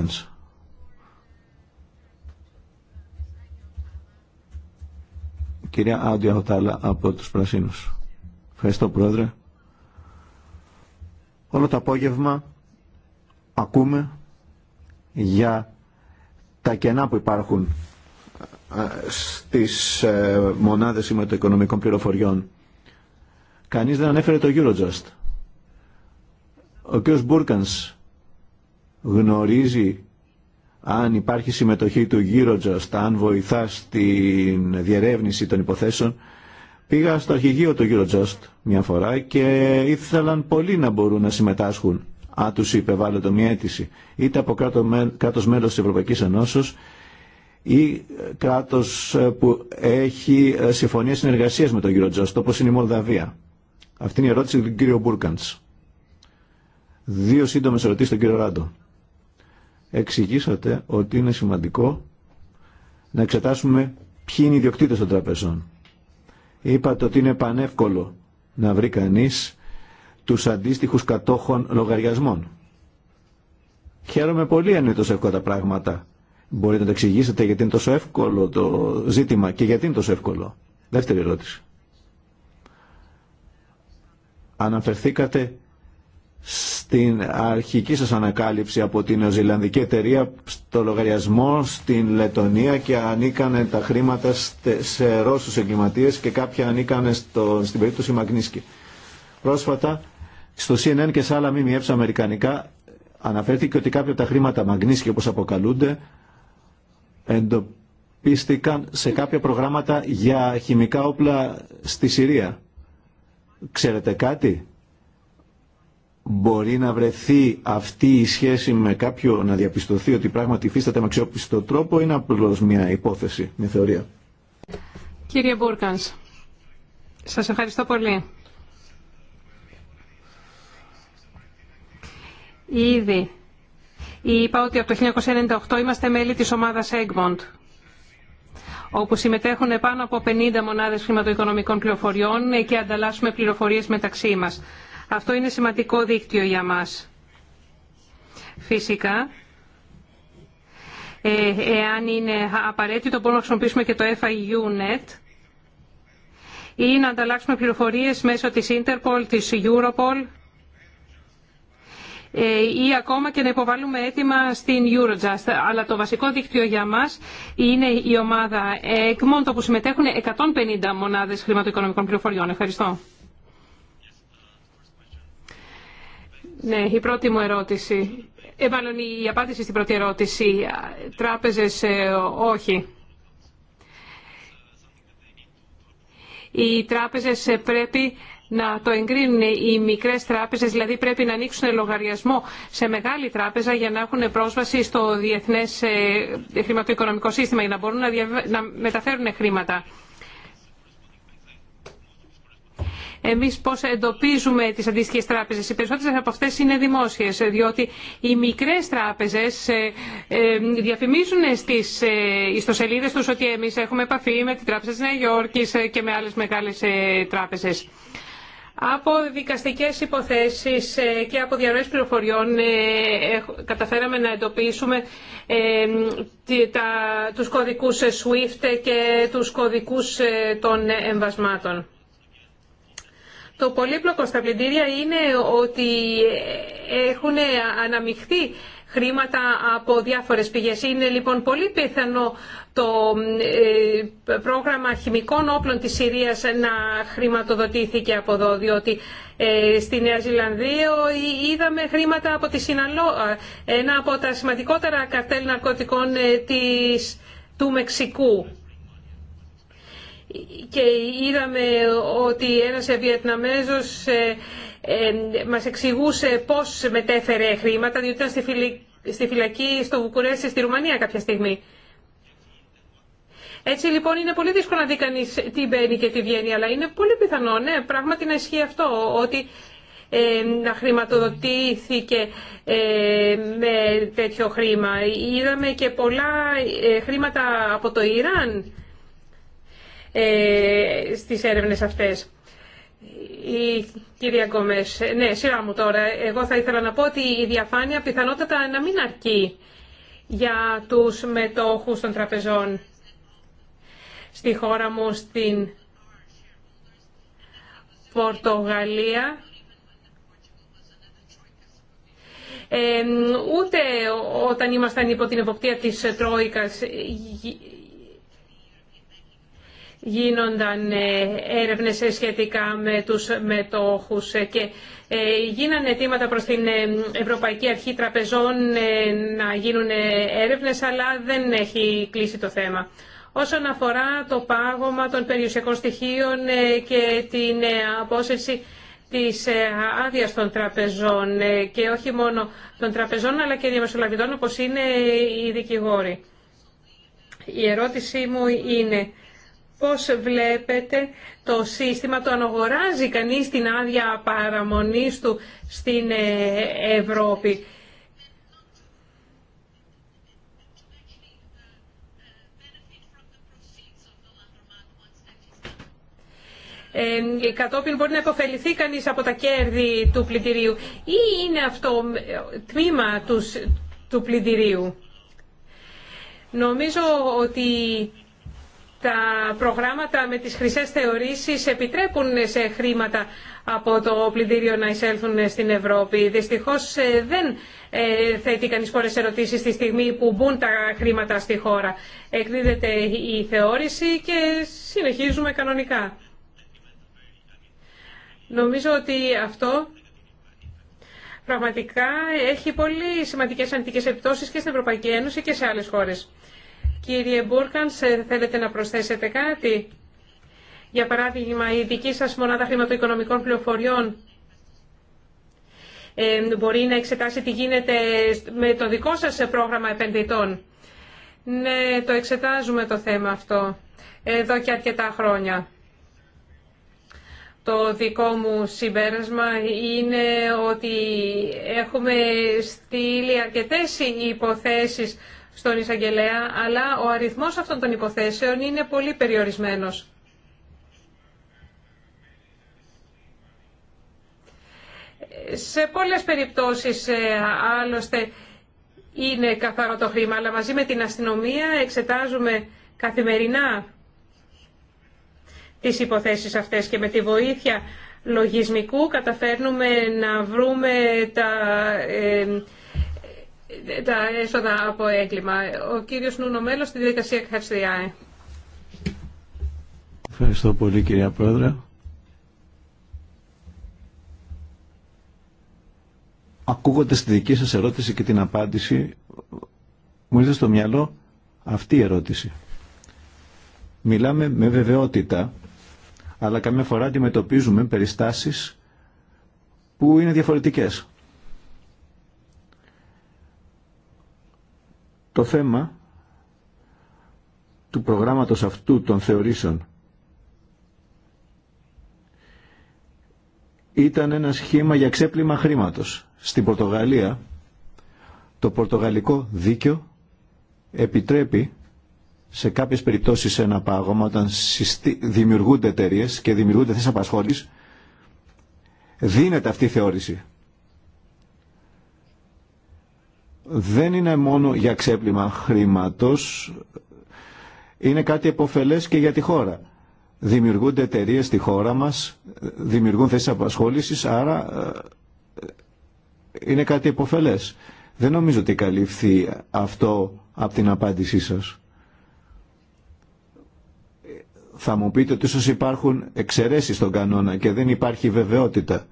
Κυρία Άντια Οτάλα από τους Πρασίνους. Ευχαριστώ Πρόεδρε. Όλο το απόγευμα ακούμε για τα κενά που υπάρχουν ε, στις ε, μονάδες συμμετοοικονομικών πληροφοριών. Κανείς δεν ανέφερε το Eurojust. Ο κ. Μπούρκανς γνωρίζει αν υπάρχει συμμετοχή του Eurojust, αν βοηθά στην διερεύνηση των υποθέσεων. Πήγα στο αρχηγείο του Eurojust μια φορά και ήθελαν πολλοί να μπορούν να συμμετάσχουν. Αν του είπε το μια αίτηση, είτε από κράτο μέλο τη Ευρωπαϊκή Ενώσεω ή ε, κράτο ε, που έχει ε, συμφωνία συνεργασία με το Eurojust, όπω είναι η Μολδαβία. Αυτή είναι η ερώτηση του κύριου Μπούρκαντ. Δύο σύντομε ερωτήσει στον κύριο Ράντο εξηγήσατε ότι είναι σημαντικό να εξετάσουμε ποιοι είναι οι ιδιοκτήτες των τραπεζών. Είπατε ότι είναι πανεύκολο να βρει κανείς τους αντίστοιχους κατόχων λογαριασμών. Χαίρομαι πολύ αν είναι τόσο εύκολα τα πράγματα. Μπορείτε να το εξηγήσετε γιατί είναι τόσο εύκολο το ζήτημα και γιατί είναι τόσο εύκολο. Δεύτερη ερώτηση. Αναφερθήκατε στην αρχική σας ανακάλυψη από την νεοζηλανδική εταιρεία στο λογαριασμό στην Λετωνία και ανήκανε τα χρήματα σε Ρώσους εγκληματίες και κάποια ανήκανε στο, στην περίπτωση Μαγνίσκη. Πρόσφατα στο CNN και σε άλλα ΜΜΕ αμερικανικά αναφέρθηκε ότι κάποια τα χρήματα Μαγνίσκη όπως αποκαλούνται εντοπίστηκαν σε κάποια προγράμματα για χημικά όπλα στη Συρία. Ξέρετε κάτι? μπορεί να βρεθεί αυτή η σχέση με κάποιο να διαπιστωθεί ότι πράγματι υφίσταται με αξιόπιστο τρόπο είναι απλώ μια υπόθεση, μια θεωρία. Κύριε Μπούρκαν, σας ευχαριστώ πολύ. Ήδη είπα ότι από το 1998 είμαστε μέλη της ομάδας Egmont όπου συμμετέχουν πάνω από 50 μονάδες χρηματοοικονομικών πληροφοριών και ανταλλάσσουμε πληροφορίες μεταξύ μας. Αυτό είναι σημαντικό δίκτυο για μας. Φυσικά, ε, εάν είναι απαραίτητο, μπορούμε να χρησιμοποιήσουμε και το FIUNet ή να ανταλλάξουμε πληροφορίες μέσω της Interpol, της Europol ε, ή ακόμα και να υποβάλουμε αίτημα στην Eurojust. Αλλά το βασικό δίκτυο για μας είναι η ομάδα ΕΚΜΟΝ, το που συμμετέχουν 150 μονάδες χρηματοοικονομικών πληροφοριών. Ευχαριστώ. Ναι, η πρώτη μου ερώτηση. Ε, μάλλον η απάντηση στην πρώτη ερώτηση. Τράπεζες, ε, όχι. Οι τράπεζες ε, πρέπει να το εγκρίνουν οι μικρές τράπεζες, δηλαδή πρέπει να ανοίξουν λογαριασμό σε μεγάλη τράπεζα για να έχουν πρόσβαση στο διεθνές ε, χρηματοοικονομικό σύστημα, για να μπορούν να μεταφέρουν χρήματα. εμείς πώς εντοπίζουμε τις αντίστοιχε τράπεζε, Οι περισσότερε από αυτές είναι δημόσιες, διότι οι μικρές τράπεζες ε, ε, διαφημίζουν στις ε, ιστοσελίδες του ότι εμείς έχουμε επαφή με την Τράπεζα τη Νέα Υόρκης και με άλλες μεγάλες τράπεζες. Από δικαστικές υποθέσεις και από διαρροές πληροφοριών καταφέραμε να εντοπίσουμε τους κωδικούς SWIFT και τους κωδικούς των εμβασμάτων. Το πολύπλοκο στα πλυντήρια είναι ότι έχουν αναμειχθεί χρήματα από διάφορες πηγές. Είναι λοιπόν πολύ πιθανό το ε, πρόγραμμα χημικών όπλων της Συρίας να χρηματοδοτήθηκε από εδώ, διότι ε, στη Νέα Ζηλανδία είδαμε χρήματα από τη Συναλό, ε, ένα από τα σημαντικότερα καρτέλ ναρκωτικών της, του Μεξικού και είδαμε ότι ένας Βιετναμέζος ε, ε, μας εξηγούσε πώς μετέφερε χρήματα, διότι ήταν στη φυλακή στο Βουκουρέστι στη Ρουμανία κάποια στιγμή. Έτσι λοιπόν είναι πολύ δύσκολο να δει κανεί τι μπαίνει και τι βγαίνει, αλλά είναι πολύ πιθανό, ναι, πράγματι να ισχύει αυτό, ότι ε, να χρηματοδοτήθηκε ε, με τέτοιο χρήμα. Είδαμε και πολλά χρήματα από το Ιράν ε, στις έρευνες αυτές. Η κυρία Γκόμες, ναι, σειρά μου τώρα. Εγώ θα ήθελα να πω ότι η διαφάνεια πιθανότατα να μην αρκεί για τους μετόχους των τραπεζών στη χώρα μου, στην Πορτογαλία. Ε, ούτε όταν ήμασταν υπό την εποπτεία της Τρόικας γίνονταν ε, έρευνες ε, σχετικά με τους μετόχους ε, και γίνανε αιτήματα προς την Ευρωπαϊκή Αρχή Τραπεζών να γίνουν έρευνες, αλλά δεν έχει κλείσει το θέμα. Όσον αφορά το πάγωμα των περιουσιακών στοιχείων και την απόσυρση της άδεια των τραπεζών και όχι μόνο των τραπεζών αλλά και διαμεσολαβητών όπως είναι οι δικηγόροι. Η ερώτησή μου είναι Πώς βλέπετε το σύστημα, το αγοράζει κανείς την άδεια παραμονής του στην ε, Ευρώπη. Ε, κατόπιν μπορεί να υποφεληθεί κανείς από τα κέρδη του πλυντηρίου ή είναι αυτό τμήμα του, του Νομίζω ότι τα προγράμματα με τις χρυσές θεωρήσεις επιτρέπουν σε χρήματα από το πλυντήριο να εισέλθουν στην Ευρώπη. Δυστυχώς ε, δεν ε, θέτει κανείς πολλές ερωτήσεις στη στιγμή που μπουν τα χρήματα στη χώρα. Εκδίδεται η θεώρηση και συνεχίζουμε κανονικά. Νομίζω ότι αυτό πραγματικά έχει πολύ σημαντικές αντικές επιπτώσεις και στην Ευρωπαϊκή Ένωση και σε άλλες χώρες. Κύριε Μπούρκανς, θέλετε να προσθέσετε κάτι. Για παράδειγμα, η δική σας μονάδα χρηματοοικονομικών πληροφοριών ε, μπορεί να εξετάσει τι γίνεται με το δικό σας πρόγραμμα επενδυτών. Ναι, το εξετάζουμε το θέμα αυτό εδώ και αρκετά χρόνια. Το δικό μου συμπέρασμα είναι ότι έχουμε στείλει αρκετές υποθέσεις στον εισαγγελέα, αλλά ο αριθμός αυτών των υποθέσεων είναι πολύ περιορισμένος. Σε πολλές περιπτώσεις, ε, άλλωστε, είναι καθαρό το χρήμα, αλλά μαζί με την αστυνομία εξετάζουμε καθημερινά τις υποθέσεις αυτές και με τη βοήθεια λογισμικού καταφέρνουμε να βρούμε τα ε, τα έσοδα από έγκλημα. Ο κύριος Νούνο Μέλος στη διαδικασία ΚΑΣΔΙΑΕ. Ευχαριστώ πολύ κυρία Πρόεδρε. Ακούγοντας τη δική σας ερώτηση και την απάντηση, μου ήρθε στο μυαλό αυτή η ερώτηση. Μιλάμε με βεβαιότητα, αλλά καμιά φορά αντιμετωπίζουμε περιστάσεις που είναι διαφορετικές. Το θέμα του προγράμματος αυτού των θεωρήσεων ήταν ένα σχήμα για ξέπλυμα χρήματος. Στην Πορτογαλία το πορτογαλικό δίκαιο επιτρέπει σε κάποιες περιπτώσεις ένα πάγωμα όταν δημιουργούνται εταιρείε και δημιουργούνται θέσεις απασχόλης δίνεται αυτή η θεώρηση δεν είναι μόνο για ξέπλυμα χρήματος, είναι κάτι εποφελές και για τη χώρα. Δημιουργούνται εταιρείε στη χώρα μας, δημιουργούν θέσεις απασχόλησης, άρα ε, είναι κάτι εποφελές. Δεν νομίζω ότι καλύφθη αυτό από την απάντησή σας. Θα μου πείτε ότι ίσως υπάρχουν εξαιρέσεις στον κανόνα και δεν υπάρχει βεβαιότητα.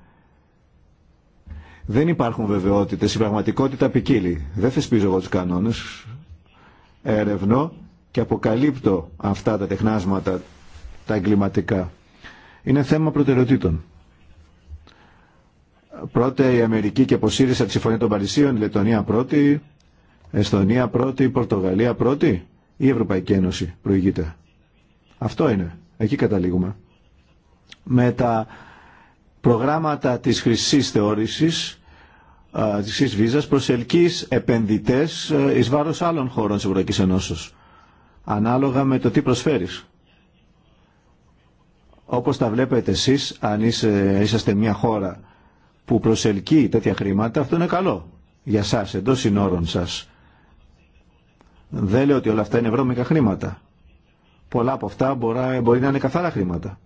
Δεν υπάρχουν βεβαιότητε. Η πραγματικότητα ποικίλει. Δεν θεσπίζω εγώ του κανόνε. Ερευνώ και αποκαλύπτω αυτά τα τεχνάσματα, τα εγκληματικά. Είναι θέμα προτεραιοτήτων. Πρώτα η Αμερική και αποσύρισα τη Συμφωνία των Παρισίων, η Λετωνία πρώτη, Εστονία πρώτη, η Πορτογαλία πρώτη ή η Ευρωπαϊκή Ένωση προηγείται. Αυτό είναι. Εκεί καταλήγουμε. Με τα προγράμματα της χρυσή θεώρησης της βίζας προσελκύει επενδυτές εις βάρος άλλων χωρών της Ευρωπαϊκής Ενώσεως. Ανάλογα με το τι προσφέρεις. Όπως τα βλέπετε εσείς, αν είσαι, είσαστε μια χώρα που προσελκύει τέτοια χρήματα, αυτό είναι καλό για σας, εντός συνόρων σας. Δεν λέω ότι όλα αυτά είναι βρώμικα χρήματα. Πολλά από αυτά μπορεί να είναι καθαρά χρήματα.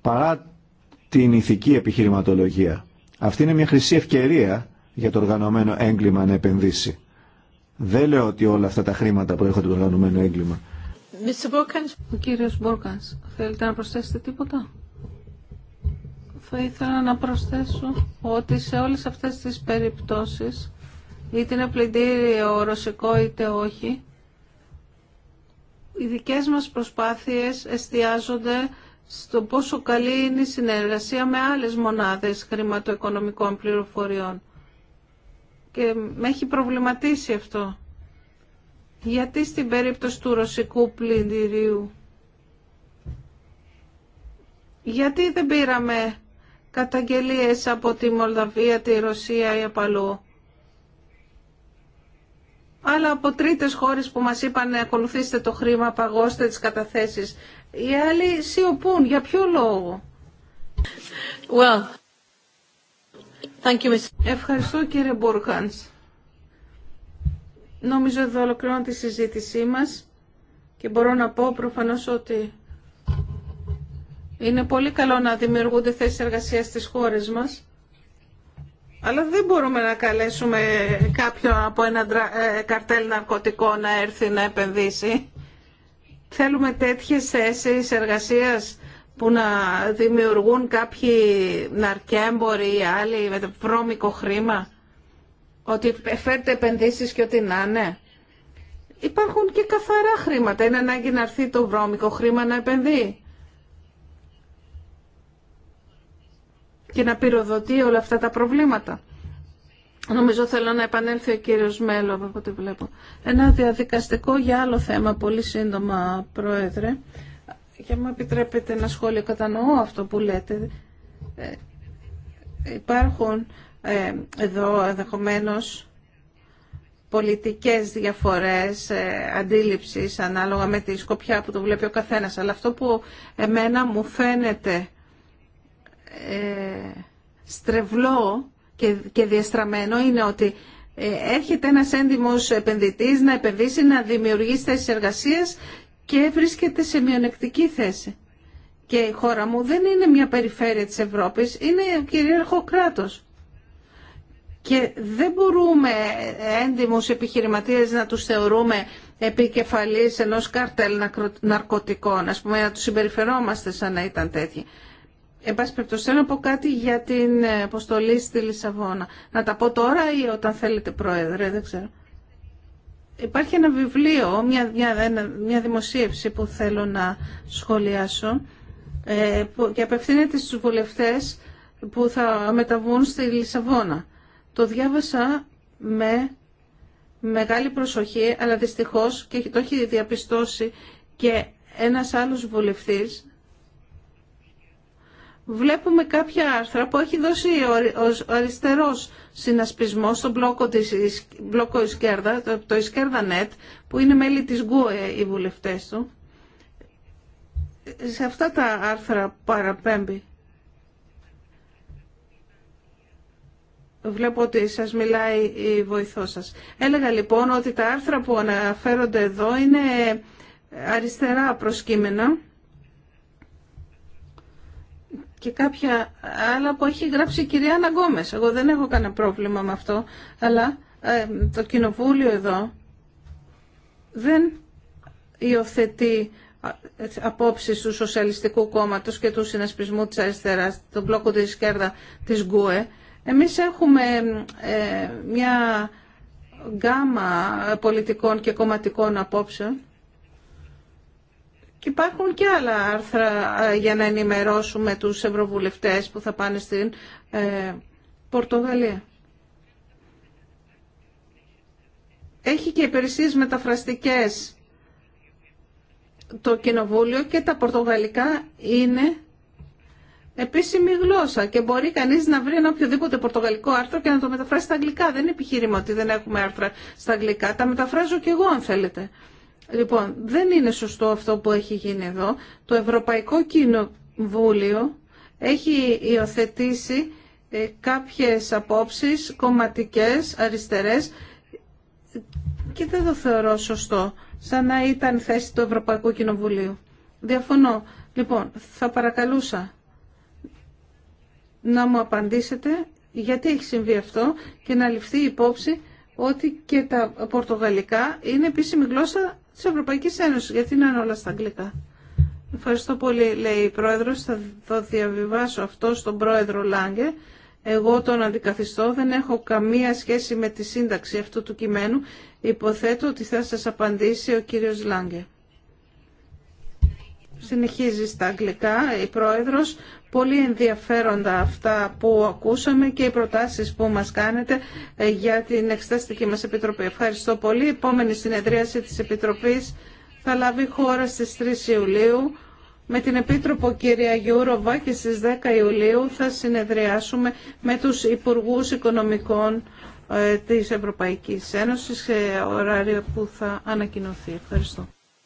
Παρά την ηθική επιχειρηματολογία αυτή είναι μια χρυσή ευκαιρία για το οργανωμένο έγκλημα να επενδύσει. Δεν λέω ότι όλα αυτά τα χρήματα που από το οργανωμένο έγκλημα. Ο κύριος Μπόρκανς, θέλετε να προσθέσετε τίποτα? Θα ήθελα να προσθέσω ότι σε όλες αυτές τις περιπτώσεις, είτε είναι πλυντήριο ρωσικό είτε όχι, οι δικές μας προσπάθειες εστιάζονται στο πόσο καλή είναι η συνεργασία με άλλες μονάδες χρηματοοικονομικών πληροφοριών. Και με έχει προβληματίσει αυτό. Γιατί στην περίπτωση του ρωσικού πλυντηρίου. Γιατί δεν πήραμε καταγγελίες από τη Μολδαβία, τη Ρωσία ή από αλλού. Αλλά από τρίτες χώρες που μας είπαν ακολουθήστε το χρήμα, παγώστε τις καταθέσεις. Οι άλλοι σιωπούν. Για ποιο λόγο. Well, thank you, Ευχαριστώ κύριε Μπορχάνς. Νομίζω εδώ ολοκληρώνω τη συζήτησή μας και μπορώ να πω προφανώς ότι είναι πολύ καλό να δημιουργούνται θέσεις εργασίας στις χώρες μας. Αλλά δεν μπορούμε να καλέσουμε κάποιον από ένα ε, καρτέλ ναρκωτικό να έρθει να επενδύσει. Θέλουμε τέτοιες θέσει εργασίας που να δημιουργούν κάποιοι ναρκέμποροι ή άλλοι με το βρώμικο χρήμα. Ότι φέρτε επενδύσεις και ό,τι να είναι. Υπάρχουν και καθαρά χρήματα. Είναι ανάγκη να έρθει το βρώμικο χρήμα να επενδύει. Και να πυροδοτεί όλα αυτά τα προβλήματα. Νομίζω θέλω να επανέλθει ο κύριος Μέλο από ό,τι βλέπω. Ένα διαδικαστικό για άλλο θέμα, πολύ σύντομα, Πρόεδρε. για μου επιτρέπετε ένα σχόλιο, κατανοώ αυτό που λέτε. Ε, υπάρχουν ε, εδώ ενδεχομένω πολιτικές διαφορές, ε, ανάλογα με τη σκοπιά που το βλέπει ο καθένας. Αλλά αυτό που εμένα μου φαίνεται ε, στρεβλό και διαστραμμένο είναι ότι ε, έρχεται ένας έντιμος επενδυτής να επενδύσει, να δημιουργήσει θέσεις εργασίας και βρίσκεται σε μειονεκτική θέση. Και η χώρα μου δεν είναι μια περιφέρεια της Ευρώπης, είναι κυρίαρχο κράτος. Και δεν μπορούμε ε, έντιμους επιχειρηματίες να τους θεωρούμε επικεφαλής ενός καρτέλ ναρκωτικών, ας πούμε να τους συμπεριφερόμαστε σαν να ήταν τέτοιοι. Εν πάση περιπτώσει, να πω κάτι για την αποστολή στη Λισαβόνα. Να τα πω τώρα ή όταν θέλετε, Πρόεδρε, δεν ξέρω. Υπάρχει ένα βιβλίο, μια, μια, μια δημοσίευση που θέλω να σχολιάσω ε, που, και απευθύνεται στους βουλευτές που θα μεταβούν στη Λισαβόνα. Το διάβασα με μεγάλη προσοχή, αλλά δυστυχώς και το έχει διαπιστώσει και ένας άλλος βουλευτής βλέπουμε κάποια άρθρα που έχει δώσει ο αριστερός συνασπισμό στον μπλόκο, της, μπλόκο Ισκέρδα, το Ισκέρδα.net, που είναι μέλη της ΓΟΕ, οι βουλευτές του. Σε αυτά τα άρθρα παραπέμπει. Βλέπω ότι σας μιλάει η βοηθό σας. Έλεγα λοιπόν ότι τα άρθρα που αναφέρονται εδώ είναι αριστερά προσκύμενα και κάποια άλλα που έχει γράψει η κυρία Αναγκόμες. Εγώ δεν έχω κανένα πρόβλημα με αυτό, αλλά το κοινοβούλιο εδώ δεν υιοθετεί απόψεις του Σοσιαλιστικού Κόμματος και του Συνασπισμού της Αριστεράς, τον πλόκο της κέρδα της Γκουε. Εμείς έχουμε ε, μια γκάμα πολιτικών και κομματικών απόψεων υπάρχουν και άλλα άρθρα για να ενημερώσουμε τους ευρωβουλευτές που θα πάνε στην ε, Πορτογαλία. Έχει και υπηρεσίες μεταφραστικές το Κοινοβούλιο και τα Πορτογαλικά είναι επίσημη γλώσσα και μπορεί κανείς να βρει ένα οποιοδήποτε πορτογαλικό άρθρο και να το μεταφράσει στα αγγλικά. Δεν είναι επιχείρημα ότι δεν έχουμε άρθρα στα αγγλικά. Τα μεταφράζω και εγώ αν θέλετε. Λοιπόν, δεν είναι σωστό αυτό που έχει γίνει εδώ. Το Ευρωπαϊκό Κοινοβούλιο έχει υιοθετήσει ε, κάποιες απόψεις κομματικές, αριστερές και δεν το θεωρώ σωστό, σαν να ήταν θέση του Ευρωπαϊκού Κοινοβουλίου. Διαφωνώ. Λοιπόν, θα παρακαλούσα να μου απαντήσετε γιατί έχει συμβεί αυτό και να ληφθεί υπόψη ότι και τα πορτογαλικά είναι επίσημη γλώσσα Τη Ευρωπαϊκή Ένωση, γιατί είναι όλα στα αγγλικά. Ευχαριστώ πολύ, λέει η Πρόεδρος. Θα το διαβιβάσω αυτό στον Πρόεδρο Λάγκε. Εγώ τον αντικαθιστώ, δεν έχω καμία σχέση με τη σύνταξη αυτού του κειμένου. Υποθέτω ότι θα σα απαντήσει ο κύριος Λάγκε. Συνεχίζει στα αγγλικά η Πρόεδρος. Πολύ ενδιαφέροντα αυτά που ακούσαμε και οι προτάσεις που μας κάνετε ε, για την εξεταστική μας Επιτροπή. Ευχαριστώ πολύ. Η επόμενη συνεδρίαση της Επιτροπής θα λάβει χώρα στις 3 Ιουλίου. Με την Επίτροπο κυρία Γιούροβα και στις 10 Ιουλίου θα συνεδριάσουμε με τους Υπουργούς Οικονομικών ε, της Ευρωπαϊκής Ένωσης σε ωράριο που θα ανακοινωθεί. Ευχαριστώ.